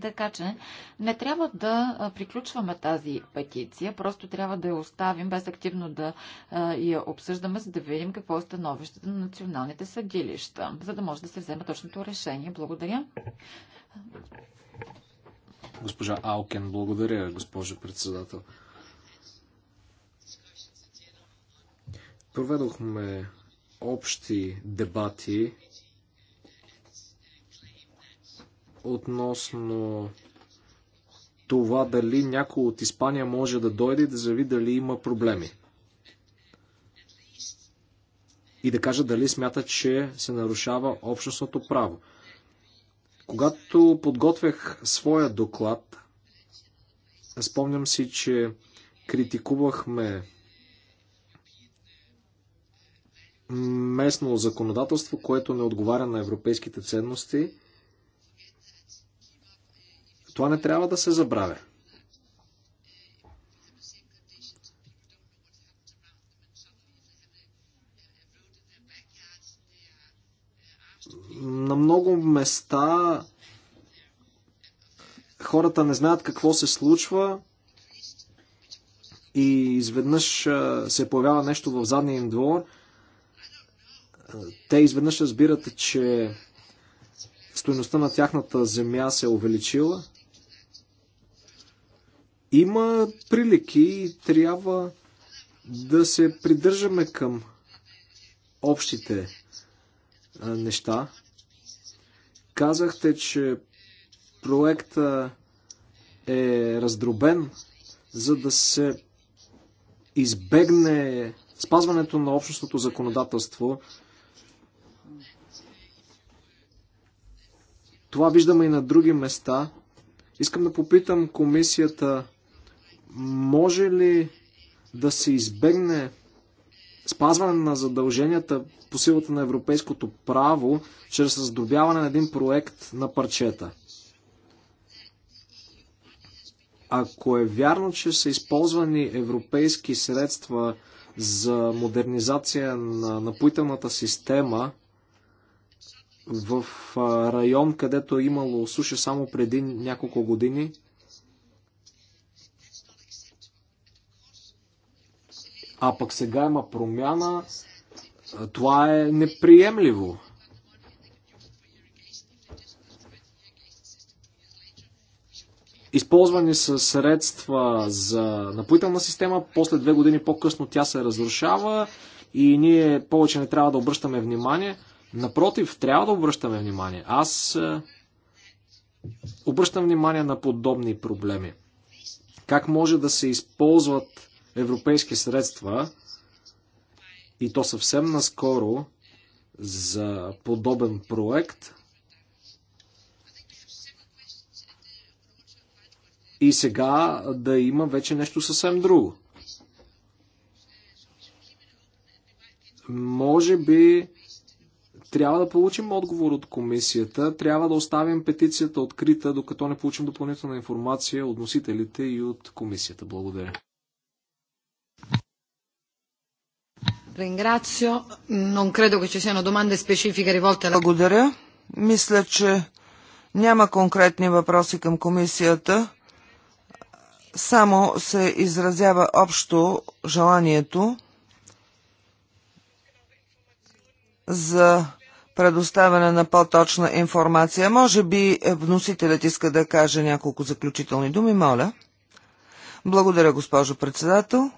Така че не трябва да приключваме тази петиция, просто трябва да я оставим без активно да я обсъждаме, за да видим какво е становището на националните съдилища, за да може да се вземе точното решение. Благодаря. Госпожа Алкен, благодаря, госпожо председател. Проведохме общи дебати относно това дали някой от Испания може да дойде да заяви дали има проблеми. И да каже дали смята, че се нарушава общностното право. Когато подготвях своя доклад, спомням си, че критикувахме местно законодателство, което не отговаря на европейските ценности. Това не трябва да се забравя. на много места хората не знаят какво се случва и изведнъж се появява нещо в задния им двор. Те изведнъж разбират, че стоеността на тяхната земя се е увеличила. Има прилики и трябва да се придържаме към общите неща. Казахте, че проекта е раздробен, за да се избегне спазването на общностното законодателство. Това виждаме и на други места. Искам да попитам комисията, може ли да се избегне спазване на задълженията по силата на европейското право, чрез раздобяване на един проект на парчета. Ако е вярно, че са използвани европейски средства за модернизация на напоителната система в район, където е имало суша само преди няколко години, а пък сега има промяна, това е неприемливо. Използвани са средства за напоителна система, после две години по-късно тя се разрушава и ние повече не трябва да обръщаме внимание. Напротив, трябва да обръщаме внимание. Аз е, обръщам внимание на подобни проблеми. Как може да се използват европейски средства и то съвсем наскоро за подобен проект. И сега да има вече нещо съвсем друго. Може би трябва да получим отговор от комисията, трябва да оставим петицията открита, докато не получим допълнителна информация от носителите и от комисията. Благодаря. Ringrazio. Non credo che ci siano domande specifiche rivolte alla... Благодаря. Мисля, че няма конкретни въпроси към комисията. Само се изразява общо желанието за предоставяне на по-точна информация. Може би вносителят иска да каже няколко заключителни думи, моля. Благодаря, госпожо председател.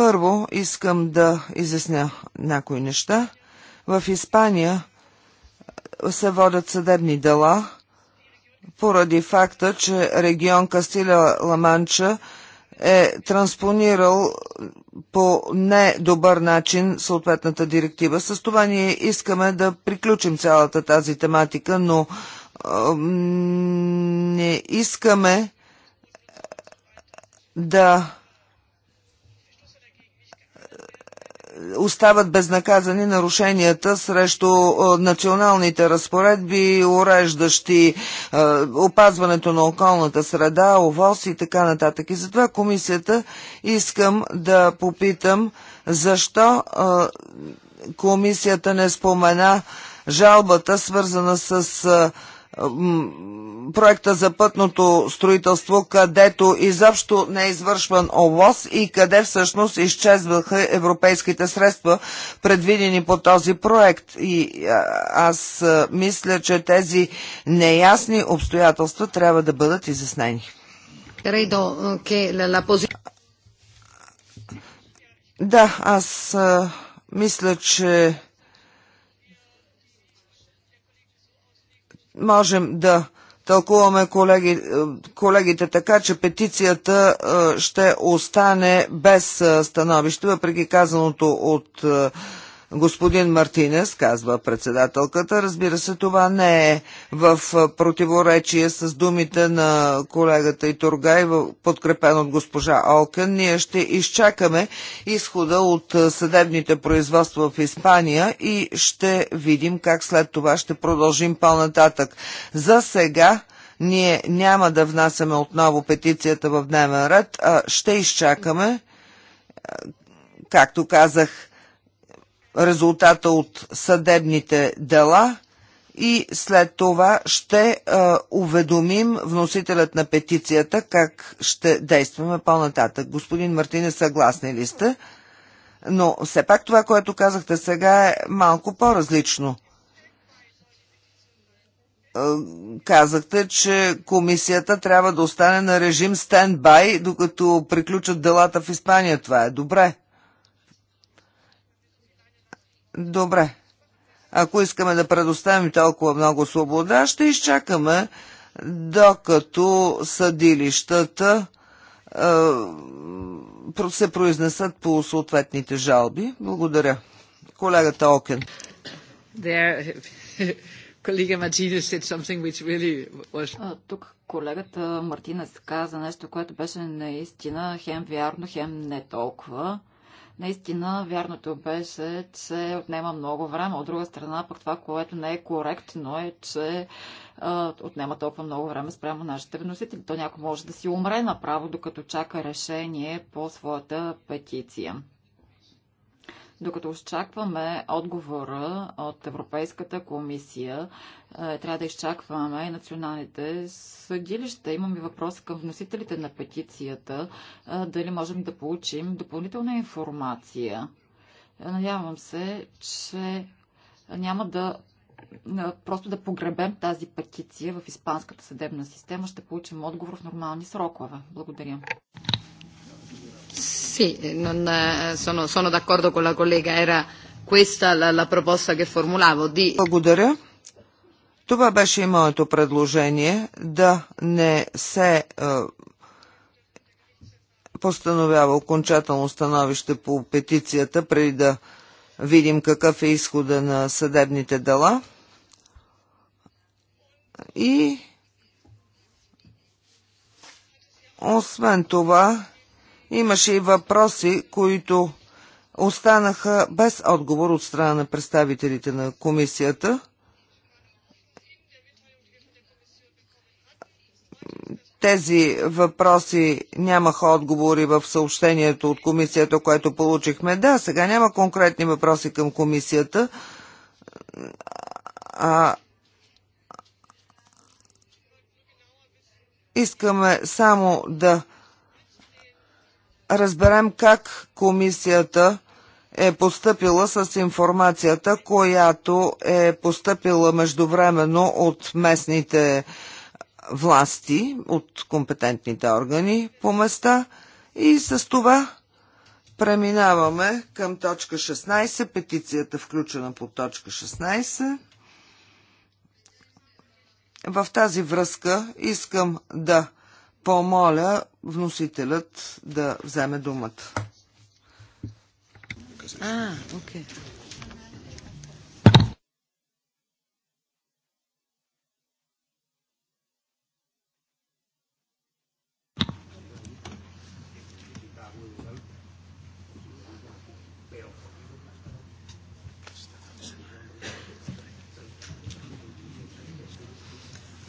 Първо искам да изясня някои неща. В Испания се водят съдебни дела поради факта, че регион Кастиля-Ламанча е транспонирал по недобър начин съответната директива. С това ние искаме да приключим цялата тази тематика, но не искаме да остават безнаказани нарушенията срещу националните разпоредби, уреждащи опазването на околната среда, овоз и така нататък. И затова комисията искам да попитам защо комисията не спомена жалбата, свързана с проекта за пътното строителство, където изобщо не е извършван ОВОС и къде всъщност изчезваха европейските средства, предвидени по този проект. И аз мисля, че тези неясни обстоятелства трябва да бъдат изяснени. Да, аз мисля, че можем да тълкуваме колеги, е, колегите така, че петицията е, ще остане без е, становище, въпреки казаното от Господин Мартинес, казва председателката, разбира се, това не е в противоречие с думите на колегата Итургай, подкрепен от госпожа Олкен. Ние ще изчакаме изхода от съдебните производства в Испания и ще видим как след това ще продължим по-нататък. За сега ние няма да внасяме отново петицията в дневен ред, а ще изчакаме, както казах, резултата от съдебните дела и след това ще а, уведомим вносителят на петицията как ще действаме по-нататък. Господин Мартине, съгласни ли сте? Но все пак това, което казахте сега е малко по-различно. Казахте, че комисията трябва да остане на режим стендбай, докато приключат делата в Испания. Това е добре. Добре. Ако искаме да предоставим толкова много свобода, ще изчакаме докато съдилищата е, се произнесат по съответните жалби. Благодаря. Колегата Окен. Колега Мартинес Тук колегата Мартинес каза нещо, което беше наистина хем вярно, хем не толкова. Наистина, вярното беше, че отнема много време. От друга страна, пък това, което не е коректно е, че а, отнема толкова много време спрямо нашите вносители. То някой може да си умре направо, докато чака решение по своята петиция. Докато очакваме отговора от Европейската комисия, е, трябва да изчакваме националните съдилища. Имам и въпрос към вносителите на петицията, е, дали можем да получим допълнителна информация. Е, надявам се, че няма да просто да погребем тази петиция в испанската съдебна система. Ще получим отговор в нормални срокове. Благодаря. Sì, non, eh, sono, sono d'accordo con la collega, era questa la, la proposta che formulavo. Di... Благодаря. Това беше и моето предложение да не се е, постановява окончателно становище по петицията, преди да видим какъв е изхода на съдебните дела. И освен това, Имаше и въпроси, които останаха без отговор от страна на представителите на комисията. Тези въпроси нямаха отговори в съобщението от комисията, което получихме. Да, сега няма конкретни въпроси към комисията. А искаме само да разберем как комисията е поступила с информацията, която е постъпила междувременно от местните власти, от компетентните органи по места. И с това преминаваме към точка 16, петицията включена по точка 16. В тази връзка искам да помоля вносителят да вземе думата. А, окей. Okay.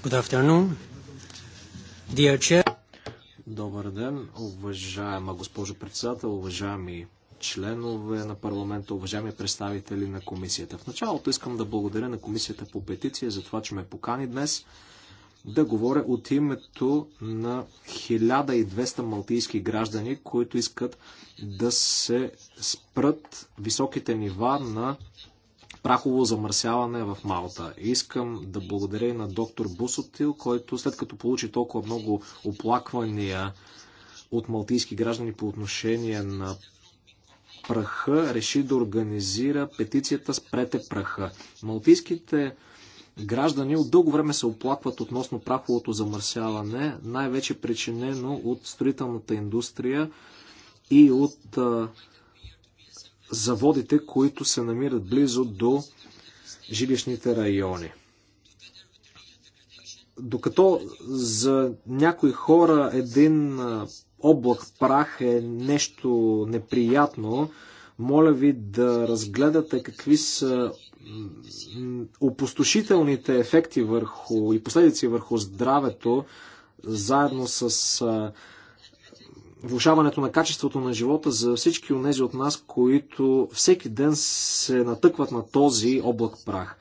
Good afternoon. Добър ден, уважаема госпожо председател, уважаеми членове на парламента, уважаеми представители на комисията. В началото искам да благодаря на комисията по петиция за това, че ме покани днес да говоря от името на 1200 малтийски граждани, които искат да се спрат високите нива на прахово замърсяване в Малта. Искам да благодаря и на доктор Бусотил, който след като получи толкова много оплаквания от малтийски граждани по отношение на праха, реши да организира петицията Спрете праха. Малтийските граждани от дълго време се оплакват относно праховото замърсяване, най-вече причинено от строителната индустрия и от заводите, които се намират близо до жилищните райони. Докато за някои хора един облак прах е нещо неприятно, моля ви да разгледате какви са опустошителните ефекти върху и последици върху здравето, заедно с влушаването на качеството на живота за всички от тези от нас, които всеки ден се натъкват на този облак прах.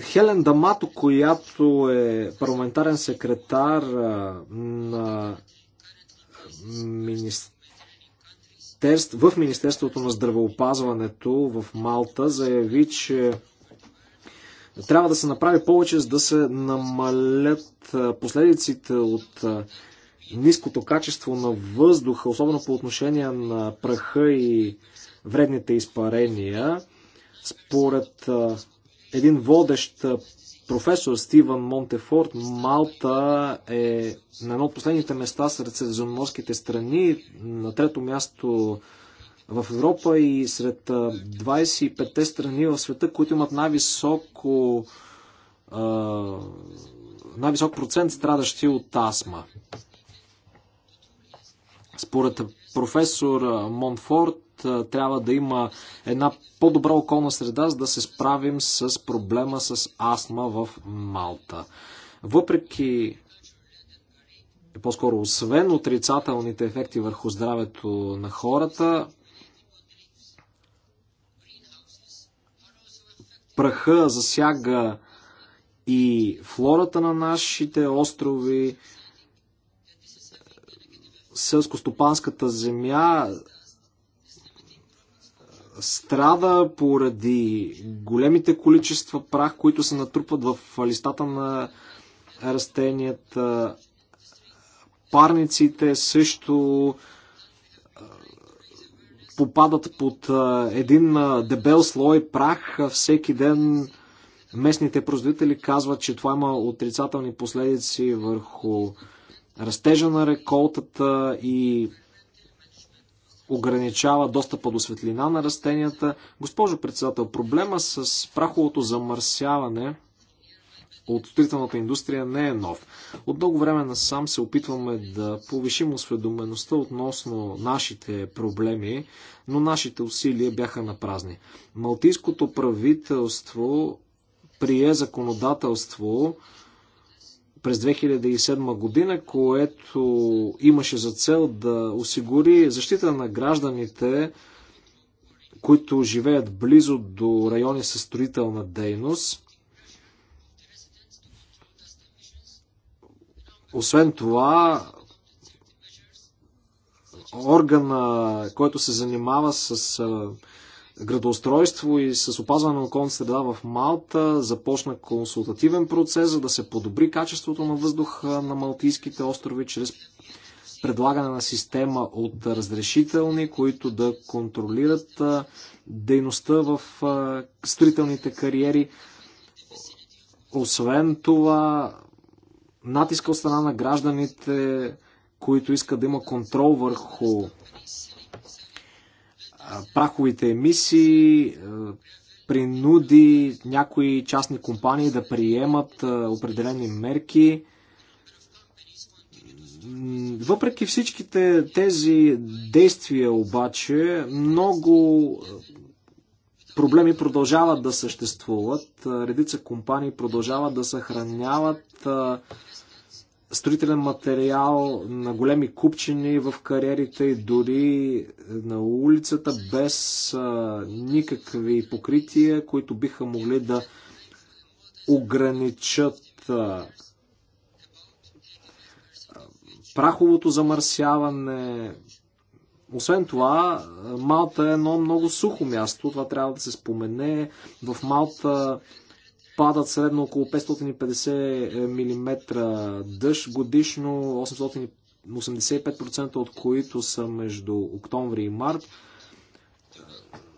Хелен Дамато, която е парламентарен секретар на министерство, в Министерството на здравеопазването в Малта, заяви, че трябва да се направи повече, за да се намалят последиците от ниското качество на въздуха, особено по отношение на праха и вредните изпарения, според един водещ професор Стивън Монтефорд, Малта е на едно от последните места сред средиземноморските страни, на трето място в Европа и сред 25-те страни в света, които имат най-високо най-висок процент страдащи от астма. Според професор Монфорд трябва да има една по-добра околна среда, за да се справим с проблема с астма в Малта. Въпреки по-скоро освен отрицателните ефекти върху здравето на хората, праха засяга и флората на нашите острови, селскостопанската земя страда поради големите количества прах, които се натрупват в листата на растенията. Парниците също попадат под един дебел слой прах всеки ден. Местните производители казват, че това има отрицателни последици върху растежа на реколтата и ограничава достъпа до светлина на растенията. Госпожо председател, проблема с праховото замърсяване от строителната индустрия не е нов. От дълго време насам се опитваме да повишим осведомеността относно нашите проблеми, но нашите усилия бяха на празни. Малтийското правителство прие законодателство, през 2007 година, което имаше за цел да осигури защита на гражданите, които живеят близо до райони със строителна дейност. Освен това, органа, който се занимава с градоустройство и с опазване на околната среда в Малта започна консултативен процес, за да се подобри качеството на въздуха на Малтийските острови чрез предлагане на система от разрешителни, които да контролират дейността в строителните кариери. Освен това, натиска от страна на гражданите, които искат да има контрол върху праховите емисии, принуди някои частни компании да приемат определени мерки. Въпреки всичките тези действия обаче, много проблеми продължават да съществуват. Редица компании продължават да съхраняват строителен материал на големи купчини в кариерите и дори на улицата без а, никакви покрития, които биха могли да ограничат а, праховото замърсяване. Освен това, Малта е едно много сухо място, това трябва да се спомене. В Малта падат средно около 550 е, мм дъжд годишно, 885% от които са между октомври и март.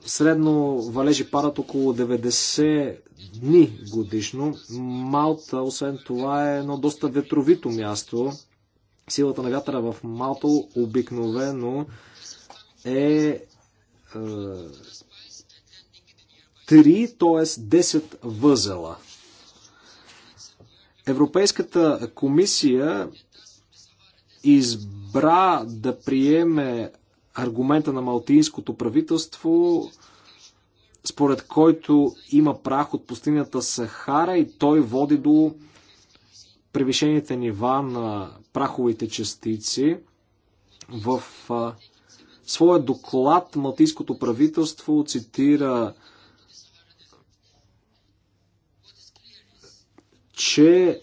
Средно валежи падат около 90 дни годишно. Малта, освен това, е едно доста ветровито място. Силата на вятъра в Малта обикновено е, е 3, т.е. 10 възела. Европейската комисия избра да приеме аргумента на малтийското правителство, според който има прах от пустинята Сахара и той води до превишените нива на праховите частици. В своя доклад Малтийското правителство цитира че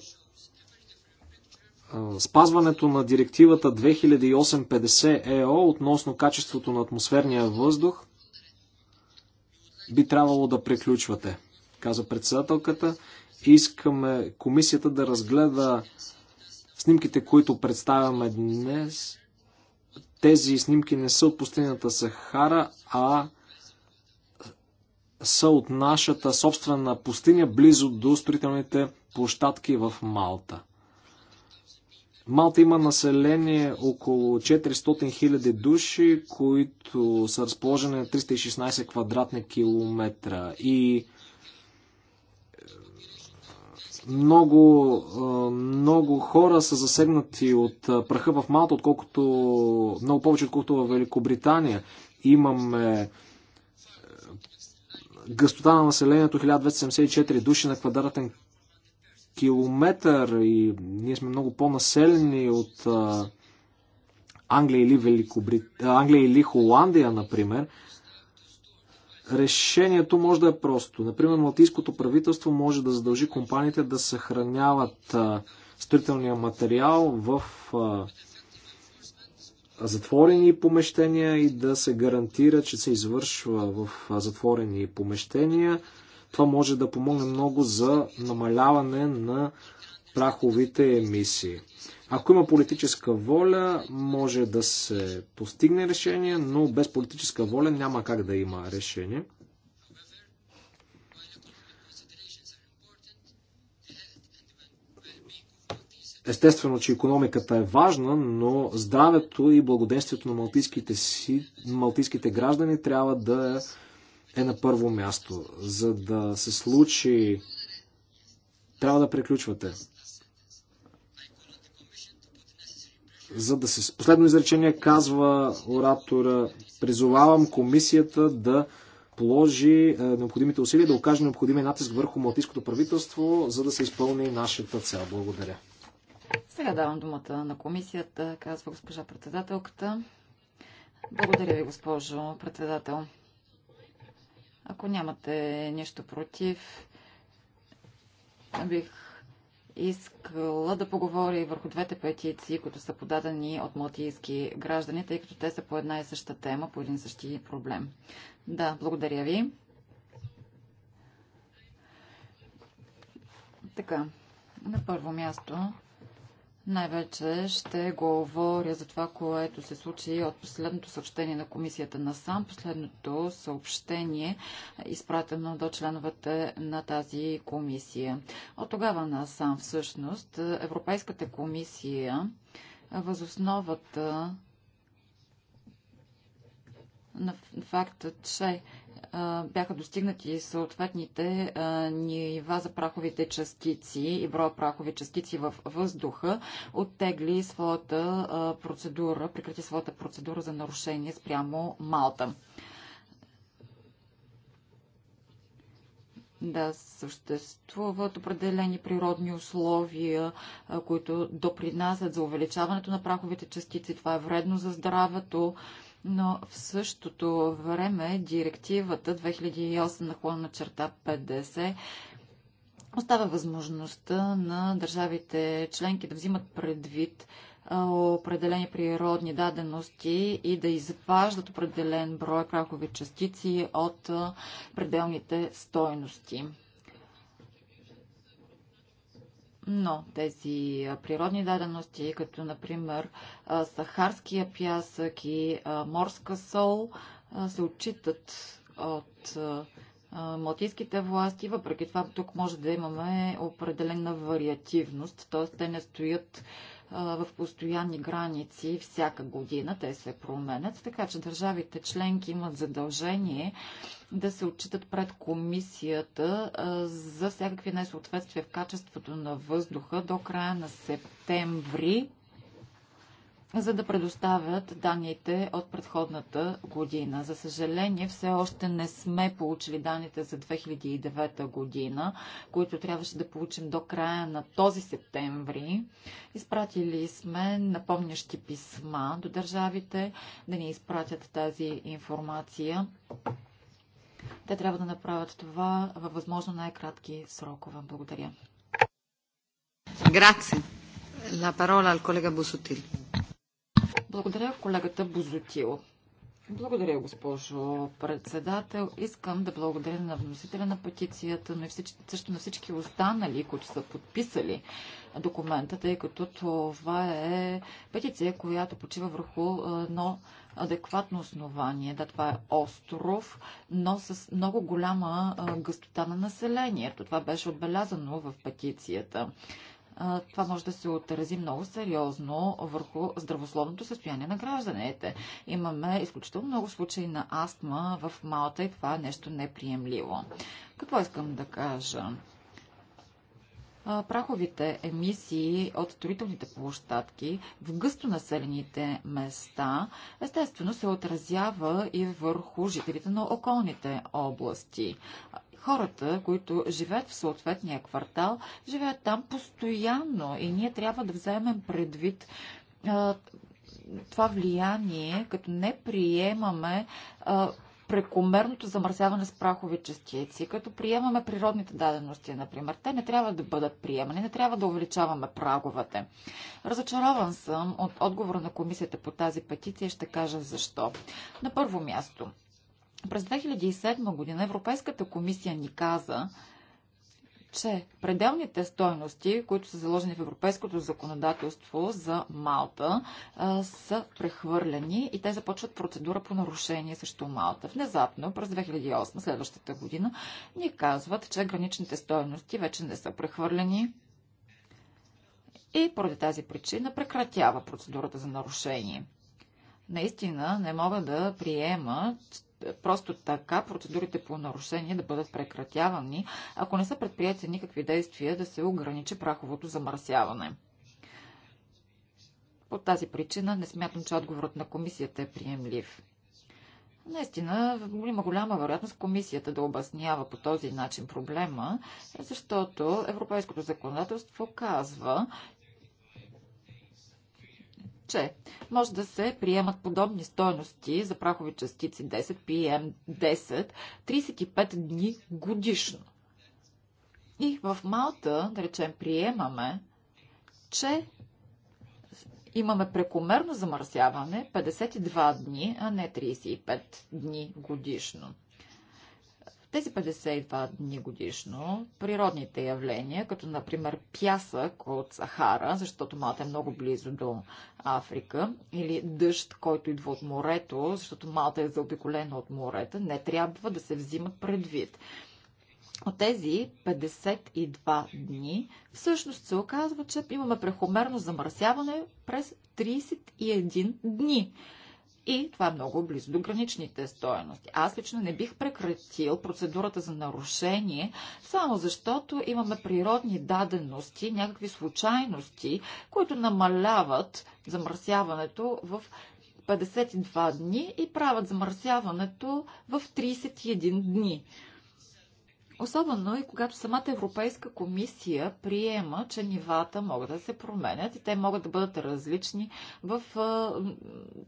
спазването на директивата 2850 ЕО относно качеството на атмосферния въздух би трябвало да приключвате, каза председателката. Искаме комисията да разгледа снимките, които представяме днес. Тези снимки не са от пустинята Сахара, а са от нашата собствена пустиня, близо до строителните площадки в Малта. Малта има население около 400 000 души, които са разположени на 316 квадратни километра и е, много, е, много хора са засегнати от е, праха в Малта, отколкото, много повече отколкото в Великобритания. Имаме гъстота на населението 1274 души на квадратен километър и ние сме много по-населени от а, Англия или, Великобрит... Англия или Холандия, например, решението може да е просто. Например, Малтийското правителство може да задължи компаниите да съхраняват а, строителния материал в а, затворени помещения и да се гарантира, че се извършва в затворени помещения това може да помогне много за намаляване на праховите емисии. Ако има политическа воля, може да се постигне решение, но без политическа воля няма как да има решение. Естествено, че економиката е важна, но здравето и благоденствието на малтийските, си, малтийските граждани трябва да е е на първо място. За да се случи, трябва да приключвате. За да се... Последно изречение казва оратора, призовавам комисията да положи е, необходимите усилия, да окаже необходимия натиск върху малтийското правителство, за да се изпълни нашата цел. Благодаря. Сега давам думата на комисията, казва госпожа председателката. Благодаря ви, госпожо председател. Ако нямате нещо против, бих искала да поговори върху двете петиции, които са подадени от малтийски граждани, тъй като те са по една и съща тема, по един и същи проблем. Да, благодаря ви. Така, на първо място най-вече ще говоря за това, което се случи от последното съобщение на комисията на САМ. Последното съобщение е изпратено до членовете на тази комисия. От тогава на САМ всъщност Европейската комисия възосновата на факта, че бяха достигнати съответните нива за праховите частици и броя прахови частици в въздуха, оттегли своята процедура, прекрати своята процедура за нарушение спрямо Малта. Да, съществуват определени природни условия, които допринасят за увеличаването на праховите частици. Това е вредно за здравето но в същото време директивата 2008 на наклонна черта 50 остава възможността на държавите членки да взимат предвид определени природни дадености и да изваждат определен брой прахови частици от пределните стойности но тези природни дадености, като например сахарския пясък и морска сол, се отчитат от малтийските власти. Въпреки това, тук може да имаме определена вариативност, т.е. те не стоят в постоянни граници всяка година. Те се променят, така че държавите членки имат задължение да се отчитат пред комисията за всякакви несъответствия в качеството на въздуха до края на септември за да предоставят данните от предходната година. За съжаление, все още не сме получили данните за 2009 година, които трябваше да получим до края на този септември. Изпратили сме напомнящи писма до държавите да ни изпратят тази информация. Те трябва да направят това във възможно най-кратки срокове. Благодаря. Грация. La parola al collega Busutil. Благодаря колегата Бозотил. Благодаря, госпожо председател. Искам да благодаря на вносителя на петицията, но и всички, също на всички останали, които са подписали документа, тъй като това е петиция, която почива върху едно адекватно основание. Да, това е остров, но с много голяма гъстота на населението. Това беше отбелязано в петицията това може да се отрази много сериозно върху здравословното състояние на гражданите. Имаме изключително много случаи на астма в Малта и това е нещо неприемливо. Какво искам да кажа? праховите емисии от строителните площадки в гъсто населените места естествено се отразява и върху жителите на околните области. Хората, които живеят в съответния квартал, живеят там постоянно и ние трябва да вземем предвид а, това влияние, като не приемаме а, прекомерното замърсяване с прахови частици, като приемаме природните дадености, например. Те не трябва да бъдат приемани, не трябва да увеличаваме праговете. Разочарован съм от отговора на комисията по тази петиция и ще кажа защо. На първо място, през 2007 година Европейската комисия ни каза, че пределните стойности, които са заложени в европейското законодателство за Малта, са прехвърлени и те започват процедура по нарушение срещу Малта. Внезапно, през 2008, следващата година, ни казват, че граничните стойности вече не са прехвърлени и поради тази причина прекратява процедурата за нарушение. Наистина не мога да приема, просто така процедурите по нарушение да бъдат прекратявани, ако не са предприяти никакви действия да се ограничи праховото замърсяване. По тази причина не смятам, че отговорът на комисията е приемлив. Наистина, има голяма вероятност комисията да обяснява по този начин проблема, защото европейското законодателство казва, че може да се приемат подобни стойности за прахови частици 10, PM10, 35 дни годишно. И в Малта, да речем, приемаме, че имаме прекомерно замърсяване 52 дни, а не 35 дни годишно. Тези 52 дни годишно, природните явления, като например пясък от Сахара, защото Малта е много близо до Африка, или дъжд, който идва от морето, защото Малта е заобиколена от морета, не трябва да се взимат предвид. От тези 52 дни всъщност се оказва, че имаме прехомерно замърсяване през 31 дни. И това е много близо до граничните стоености. Аз лично не бих прекратил процедурата за нарушение, само защото имаме природни дадености, някакви случайности, които намаляват замърсяването в 52 дни и правят замърсяването в 31 дни. Особено и когато самата Европейска комисия приема, че нивата могат да се променят и те могат да бъдат различни в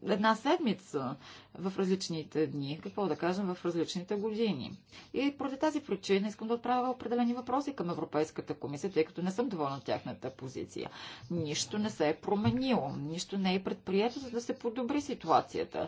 една седмица, в различните дни, какво да кажем, в различните години. И поради тази причина искам да отправя определени въпроси към Европейската комисия, тъй като не съм доволна от тяхната позиция. Нищо не се е променило, нищо не е предприето, за да се подобри ситуацията.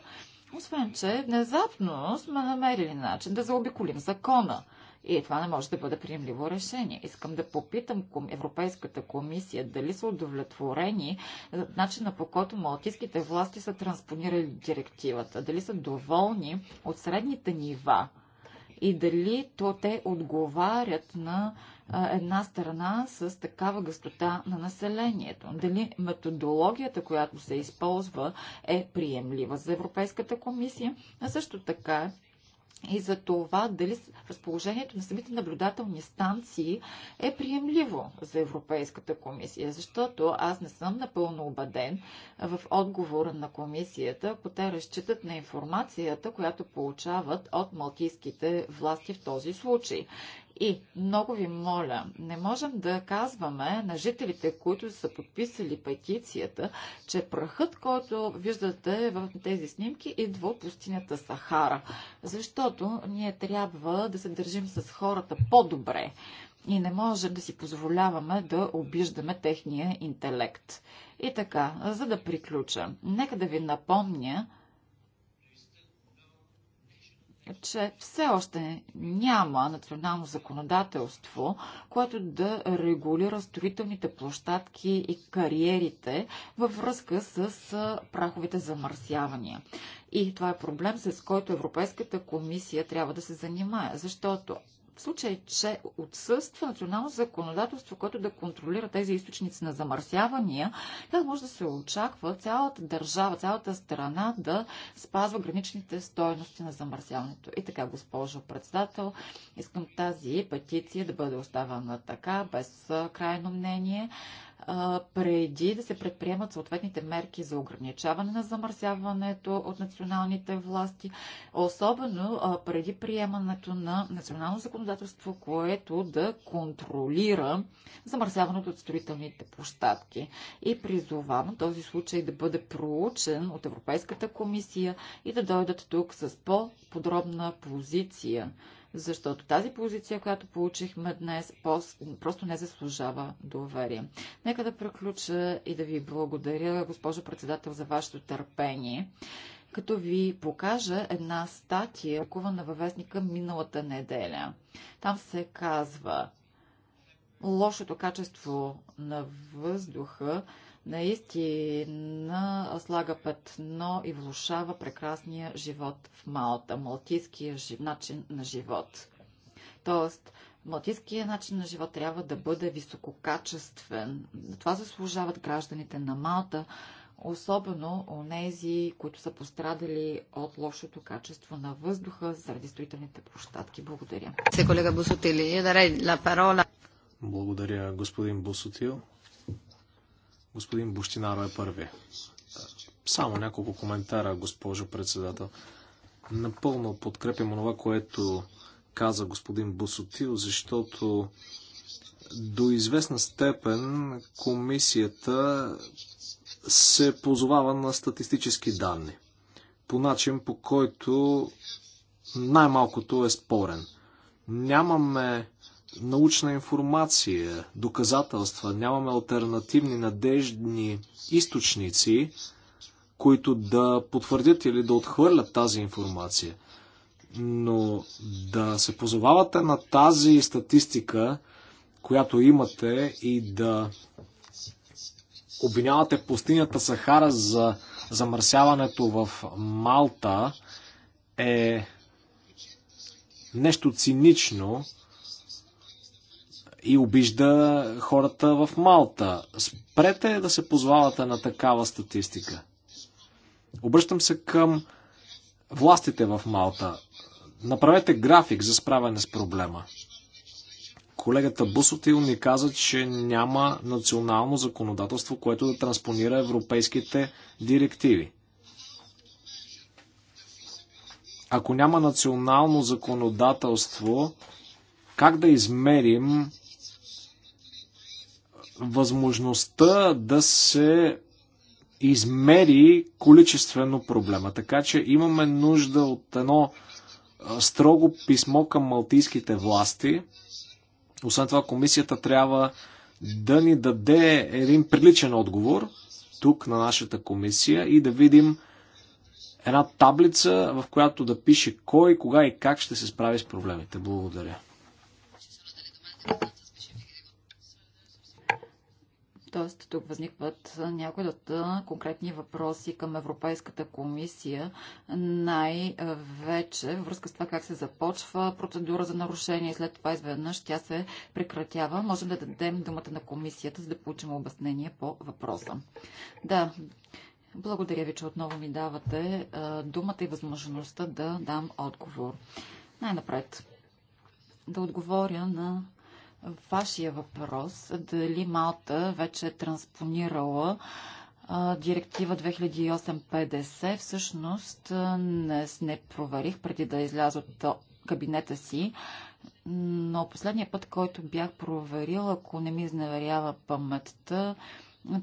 Освен, че внезапно сме намерили начин да заобиколим закона – и това не може да бъде приемливо решение. Искам да попитам Европейската комисия дали са удовлетворени за начина по който малтийските власти са транспонирали директивата, дали са доволни от средните нива и дали то те отговарят на една страна с такава гъстота на населението. Дали методологията, която се използва, е приемлива за Европейската комисия, а също така и за това дали разположението на самите наблюдателни станции е приемливо за Европейската комисия, защото аз не съм напълно убеден в отговора на комисията, ако те разчитат на информацията, която получават от малтийските власти в този случай. И много ви моля, не можем да казваме на жителите, които са подписали петицията, че прахът, който виждате в тези снимки, идва от пустинята Сахара. Защото ние трябва да се държим с хората по-добре и не можем да си позволяваме да обиждаме техния интелект. И така, за да приключа, нека да ви напомня, че все още няма национално законодателство, което да регулира строителните площадки и кариерите във връзка с праховите замърсявания. И това е проблем, с който Европейската комисия трябва да се занимае, защото в случай, че отсъства национално законодателство, което да контролира тези източници на замърсявания, как може да се очаква цялата държава, цялата страна да спазва граничните стоености на замърсяването. И така, госпожо председател, искам тази петиция да бъде оставена така, без крайно мнение преди да се предприемат съответните мерки за ограничаване на замърсяването от националните власти, особено преди приемането на национално законодателство, което да контролира замърсяването от строителните площадки. И призовавам този случай да бъде проучен от Европейската комисия и да дойдат тук с по-подробна позиция защото тази позиция, която получихме днес, просто не заслужава доверие. Нека да приключа и да ви благодаря, госпожо председател, за вашето търпение като ви покажа една статия, ръкувана във вестника миналата неделя. Там се казва лошото качество на въздуха наистина слага петно и влушава прекрасния живот в Малта, малтийския начин на живот. Тоест, малтийския начин на живот трябва да бъде висококачествен. Това заслужават гражданите на Малта, особено у нези, които са пострадали от лошото качество на въздуха заради строителните площадки. Благодаря. Благодаря, господин Бусотил. Господин Бущинаро е първи. Само няколко коментара, госпожо председател. Напълно подкрепям това, което каза господин Босотил, защото до известна степен комисията се позовава на статистически данни. По начин, по който най-малкото е спорен. Нямаме научна информация, доказателства, нямаме альтернативни надеждни източници, които да потвърдят или да отхвърлят тази информация. Но да се позовавате на тази статистика, която имате и да обвинявате пустинята Сахара за замърсяването в Малта е нещо цинично и обижда хората в Малта. Спрете да се позвавате на такава статистика. Обръщам се към властите в Малта. Направете график за справяне с проблема. Колегата Бусотил ни каза, че няма национално законодателство, което да транспонира европейските директиви. Ако няма национално законодателство, как да измерим възможността да се измери количествено проблема. Така че имаме нужда от едно строго писмо към малтийските власти. Освен това, комисията трябва да ни даде един приличен отговор тук на нашата комисия и да видим една таблица, в която да пише кой, кога и как ще се справи с проблемите. Благодаря. Т.е. тук възникват някои от конкретни въпроси към Европейската комисия, най-вече връзка с това как се започва процедура за нарушение и след това изведнъж тя се прекратява. Можем да дадем думата на комисията, за да получим обяснение по въпроса. Да, благодаря ви, че отново ми давате думата и възможността да дам отговор. Най-напред да отговоря на вашия въпрос, дали Малта вече е транспонирала Директива 2008-50 всъщност не, не проверих преди да изляза от кабинета си, но последния път, който бях проверил, ако не ми изневерява паметта,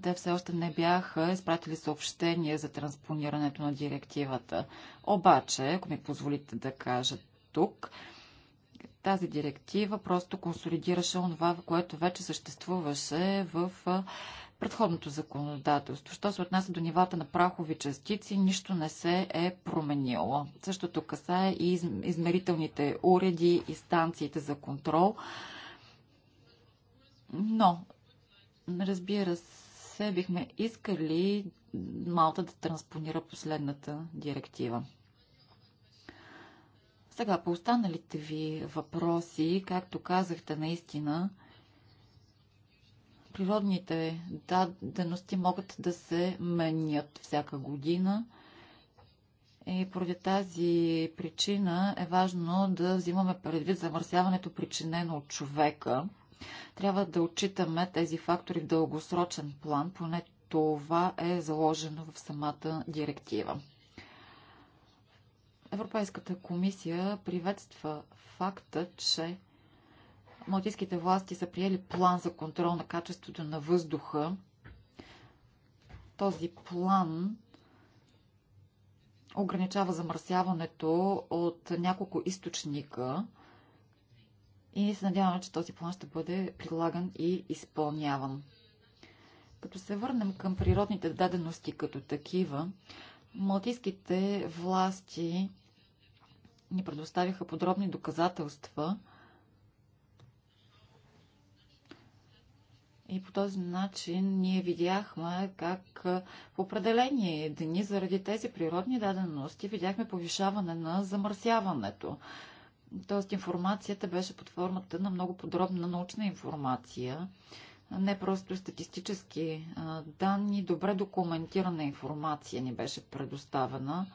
те все още не бяха изпратили съобщение за транспонирането на директивата. Обаче, ако ми позволите да кажа тук, тази директива просто консолидираше онова, което вече съществуваше в предходното законодателство. Що се отнася до нивата на прахови частици, нищо не се е променило. Същото касае и измерителните уреди и станциите за контрол. Но, разбира се, бихме искали Малта да транспонира последната директива. Сега, по останалите ви въпроси, както казахте наистина, природните дадености могат да се менят всяка година. И поради тази причина е важно да взимаме предвид замърсяването, причинено от човека. Трябва да отчитаме тези фактори в дългосрочен план, поне това е заложено в самата директива. Европейската комисия приветства факта, че малтийските власти са приели план за контрол на качеството на въздуха. Този план ограничава замърсяването от няколко източника и се надяваме, че този план ще бъде прилаган и изпълняван. Като се върнем към природните дадености като такива, малтийските власти ни предоставиха подробни доказателства и по този начин ние видяхме как в определени дни заради тези природни дадености видяхме повишаване на замърсяването. Тоест информацията беше под формата на много подробна научна информация, не просто статистически данни, добре документирана информация ни беше предоставена.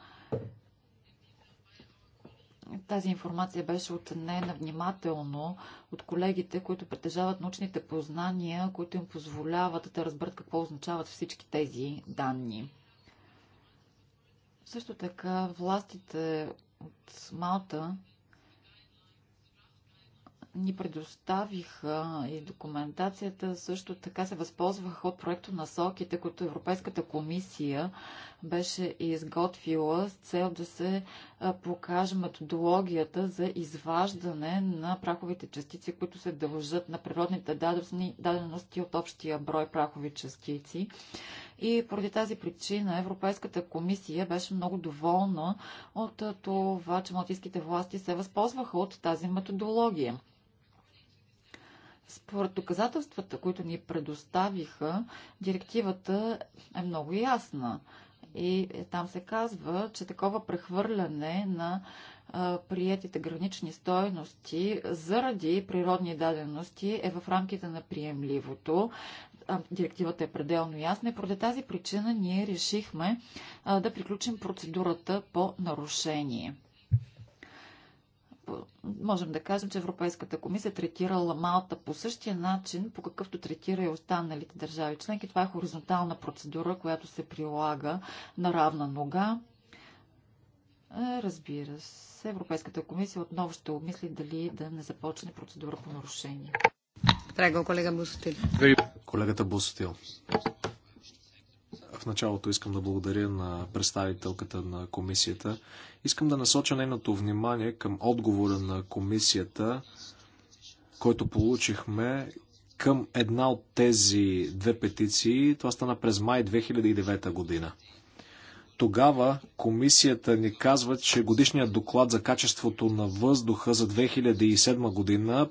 Тази информация беше отнена внимателно от колегите, които притежават научните познания, които им позволяват да разберат какво означават всички тези данни. Също така властите от Малта ни предоставиха и документацията. Също така се възползвах от проекто соките, които Европейската комисия беше изготвила с цел да се покаже методологията за изваждане на праховите частици, които се дължат на природните дадености от общия брой прахови частици. И поради тази причина Европейската комисия беше много доволна от това, че малтийските власти се възползваха от тази методология. Според доказателствата, които ни предоставиха, директивата е много ясна. И там се казва, че такова прехвърляне на приятите гранични стойности заради природни дадености е в рамките на приемливото. директивата е пределно ясна и поради тази причина ние решихме да приключим процедурата по нарушение можем да кажем, че Европейската комисия третирала Малта по същия начин, по какъвто третира и останалите държави членки. Това е хоризонтална процедура, която се прилага на равна нога. Е, разбира се, Европейската комисия отново ще обмисли дали да не започне процедура по нарушение. Трего, колега Бусотил. Колегата Бусотил началото искам да благодаря на представителката на комисията. Искам да насоча нейното внимание към отговора на комисията, който получихме към една от тези две петиции. Това стана през май 2009 година. Тогава комисията ни казва, че годишният доклад за качеството на въздуха за 2007 година,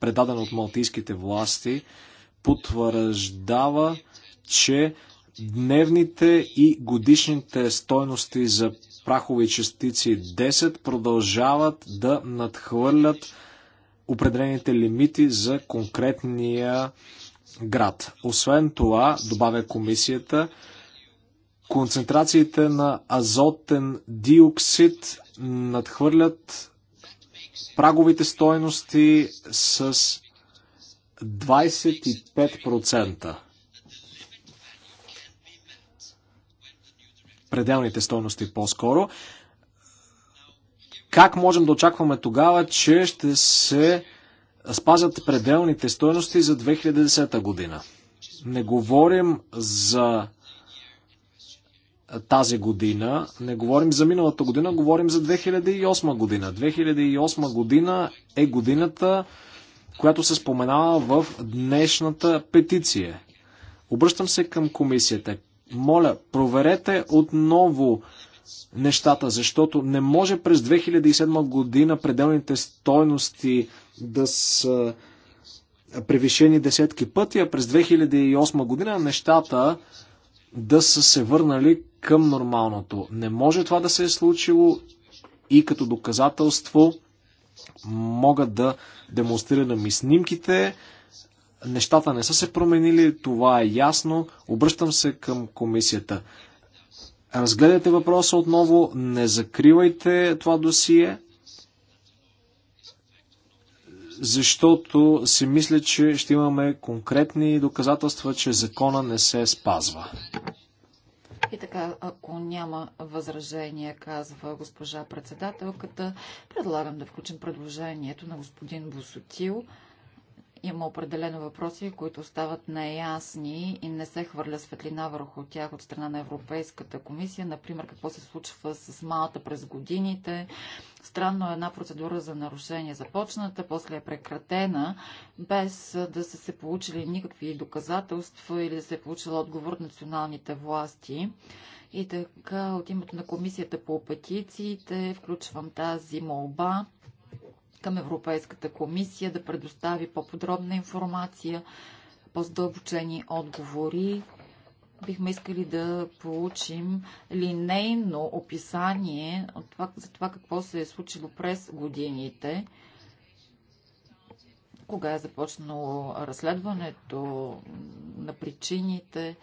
предаден от малтийските власти, потвърждава, че дневните и годишните стойности за прахови частици 10 продължават да надхвърлят определените лимити за конкретния град. Освен това, добавя комисията, концентрациите на азотен диоксид надхвърлят праговите стойности с 25%. пределните стойности по-скоро, как можем да очакваме тогава, че ще се спазят пределните стойности за 2010 година? Не говорим за тази година, не говорим за миналата година, говорим за 2008 година. 2008 година е годината, която се споменава в днешната петиция. Обръщам се към комисията. Моля, проверете отново нещата, защото не може през 2007 година пределните стойности да са превишени десетки пъти, а през 2008 година нещата да са се върнали към нормалното. Не може това да се е случило и като доказателство мога да демонстрирам и снимките, Нещата не са се променили, това е ясно. Обръщам се към комисията. Разгледайте въпроса отново, не закривайте това досие, защото си мисля, че ще имаме конкретни доказателства, че закона не се спазва. И така, ако няма възражение, казва госпожа председателката, предлагам да включим предложението на господин Босотил. Има определено въпроси, които остават неясни и не се хвърля светлина върху тях от страна на Европейската комисия. Например, какво се случва с малата през годините. Странно е една процедура за нарушение започната, после е прекратена, без да са се получили никакви доказателства или да се е получил отговор от националните власти. И така, от името на комисията по петициите, включвам тази молба към Европейската комисия да предостави по-подробна информация, по-задълбочени отговори. Бихме искали да получим линейно описание от това, за това какво се е случило през годините, кога е започнало разследването на причините,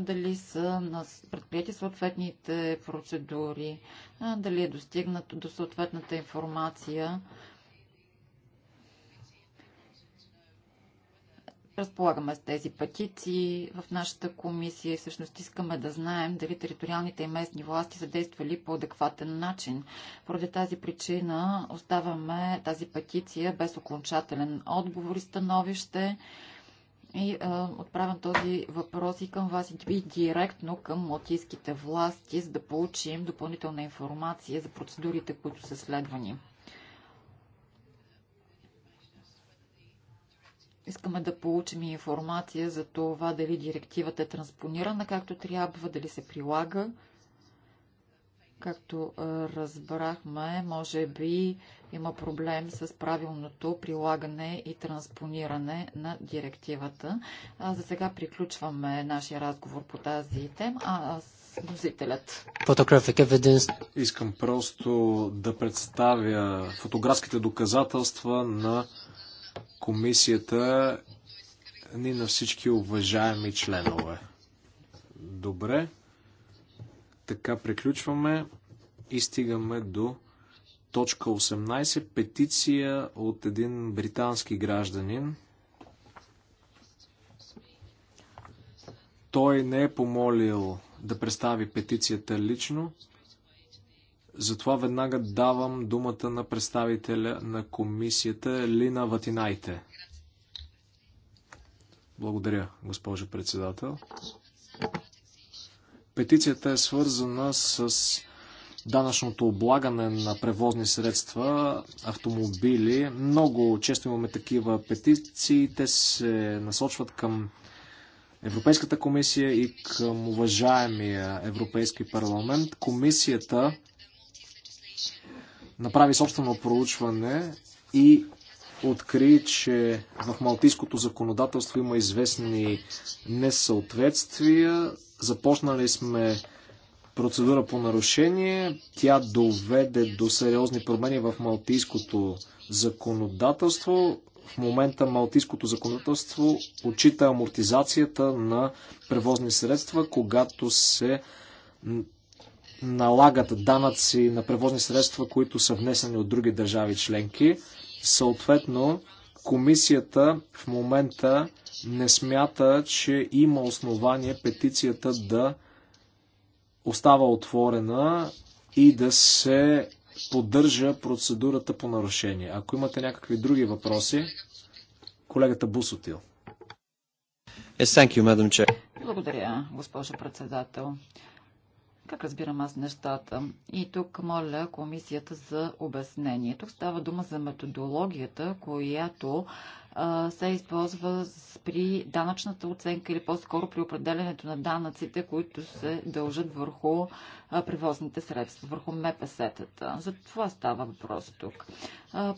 дали са предприяти съответните процедури, дали е достигнато до съответната информация Разполагаме с тези петиции в нашата комисия и всъщност искаме да знаем дали териториалните и местни власти са действали по адекватен начин. Поради тази причина оставаме тази петиция без окончателен отговор и становище. И е, отправям този въпрос и към вас и директно към малтийските власти, за да получим допълнителна информация за процедурите, които са следвани. Искаме да получим информация за това дали директивата е транспонирана както трябва, дали се прилага. Както разбрахме, може би има проблем с правилното прилагане и транспониране на директивата. А за сега приключваме нашия разговор по тази тема. А аз вносителят. Искам просто да представя фотографските доказателства на комисията ни на всички уважаеми членове. Добре. Така приключваме и стигаме до точка 18. Петиция от един британски гражданин. Той не е помолил да представи петицията лично, затова веднага давам думата на представителя на комисията Лина Ватинайте. Благодаря, госпожо председател. Петицията е свързана с данъчното облагане на превозни средства, автомобили. Много често имаме такива петиции. Те се насочват към Европейската комисия и към уважаемия Европейски парламент. Комисията направи собствено проучване и откри, че в малтийското законодателство има известни несъответствия. Започнали сме процедура по нарушение. Тя доведе до сериозни промени в малтийското законодателство. В момента малтийското законодателство отчита амортизацията на превозни средства, когато се налагат данъци на превозни средства, които са внесени от други държави членки. Съответно, комисията в момента не смята, че има основание петицията да остава отворена и да се поддържа процедурата по нарушение. Ако имате някакви други въпроси, колегата Бусотил. Yes, thank you, Благодаря, госпожо председател. Как разбирам аз нещата? И тук моля комисията за обяснение. Тук става дума за методологията, която а, се използва при данъчната оценка или по-скоро при определенето на данъците, които се дължат върху а, превозните средства, върху МПС-тата. За това става въпрос тук. А,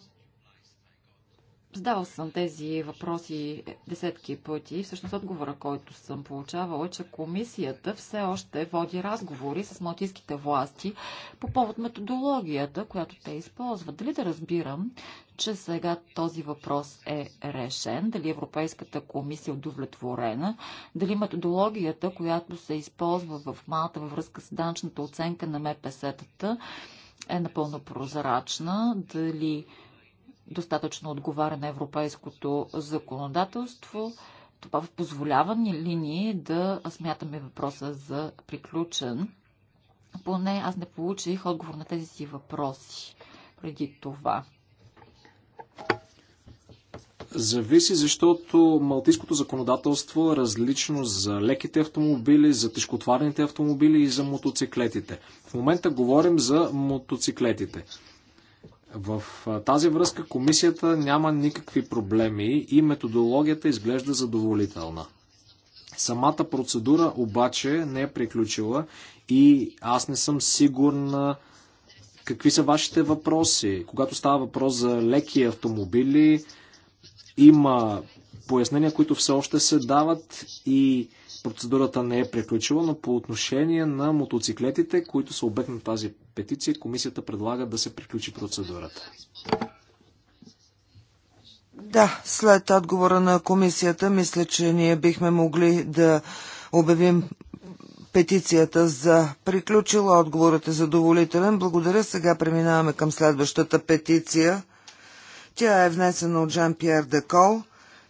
Задавал съм тези въпроси десетки пъти. Всъщност отговора, който съм получавала, е, че комисията все още води разговори с малтийските власти по повод методологията, която те използват. Дали да разбирам, че сега този въпрос е решен, дали Европейската комисия е удовлетворена, дали методологията, която се използва в Малта във връзка с данчната оценка на МПС-тата, е напълно прозрачна, дали достатъчно отговаря на европейското законодателство. Това в позволявани линии да смятаме въпроса за приключен. Поне аз не получих отговор на тези си въпроси преди това. Зависи, защото малтийското законодателство е различно за леките автомобили, за тежкотварните автомобили и за мотоциклетите. В момента говорим за мотоциклетите. В тази връзка комисията няма никакви проблеми и методологията изглежда задоволителна. Самата процедура обаче не е приключила и аз не съм сигурна какви са вашите въпроси. Когато става въпрос за леки автомобили, има пояснения, които все още се дават и процедурата не е приключила, но по отношение на мотоциклетите, които са обект на тази петиция, комисията предлага да се приключи процедурата. Да, след отговора на комисията, мисля, че ние бихме могли да обявим петицията за приключила. Отговорът е задоволителен. Благодаря. Сега преминаваме към следващата петиция. Тя е внесена от Жан-Пьер Декол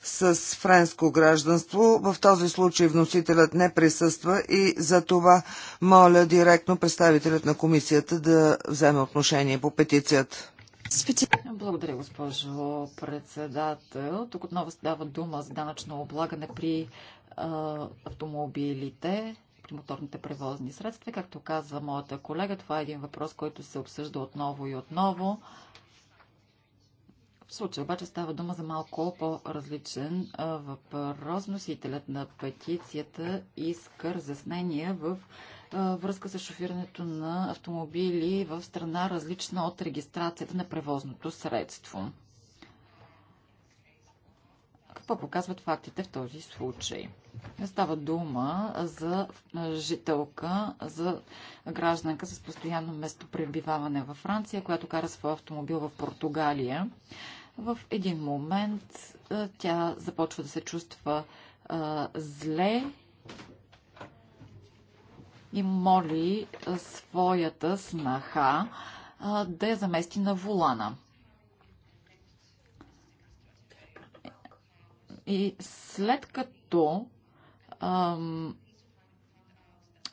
с френско гражданство. В този случай вносителят не присъства и за това моля директно представителят на комисията да вземе отношение по петицията. Благодаря, госпожо председател. Тук отново се дава дума за данъчно облагане при а, автомобилите, при моторните превозни средства. Както казва моята колега, това е един въпрос, който се обсъжда отново и отново. В случая обаче става дума за малко по-различен въпрос. Носителят на петицията иска разяснение в връзка с шофирането на автомобили в страна различна от регистрацията на превозното средство. Какво показват фактите в този случай? Става дума за жителка, за гражданка с постоянно местопребиваване във Франция, която кара своя автомобил в Португалия в един момент тя започва да се чувства а, зле и моли своята снаха а, да я замести на вулана. И след като ам,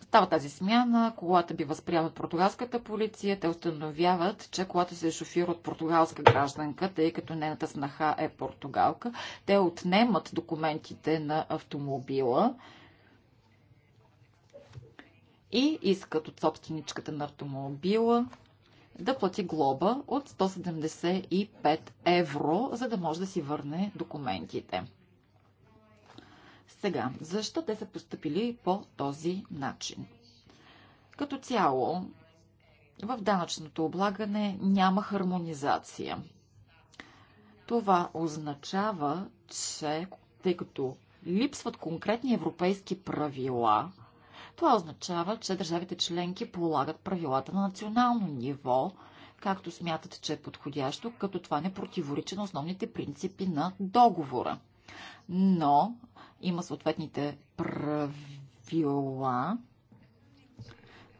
Става тази смяна, колата бива спряна от португалската полиция. Те установяват, че колата се шофира от португалска гражданка, тъй като нейната снаха е португалка. Те отнемат документите на автомобила и искат от собственичката на автомобила да плати глоба от 175 евро, за да може да си върне документите. Сега, защо те са поступили по този начин? Като цяло, в данъчното облагане няма хармонизация. Това означава, че тъй като липсват конкретни европейски правила, това означава, че държавите членки полагат правилата на национално ниво, както смятат, че е подходящо, като това не противоречи на основните принципи на договора. Но има съответните правила,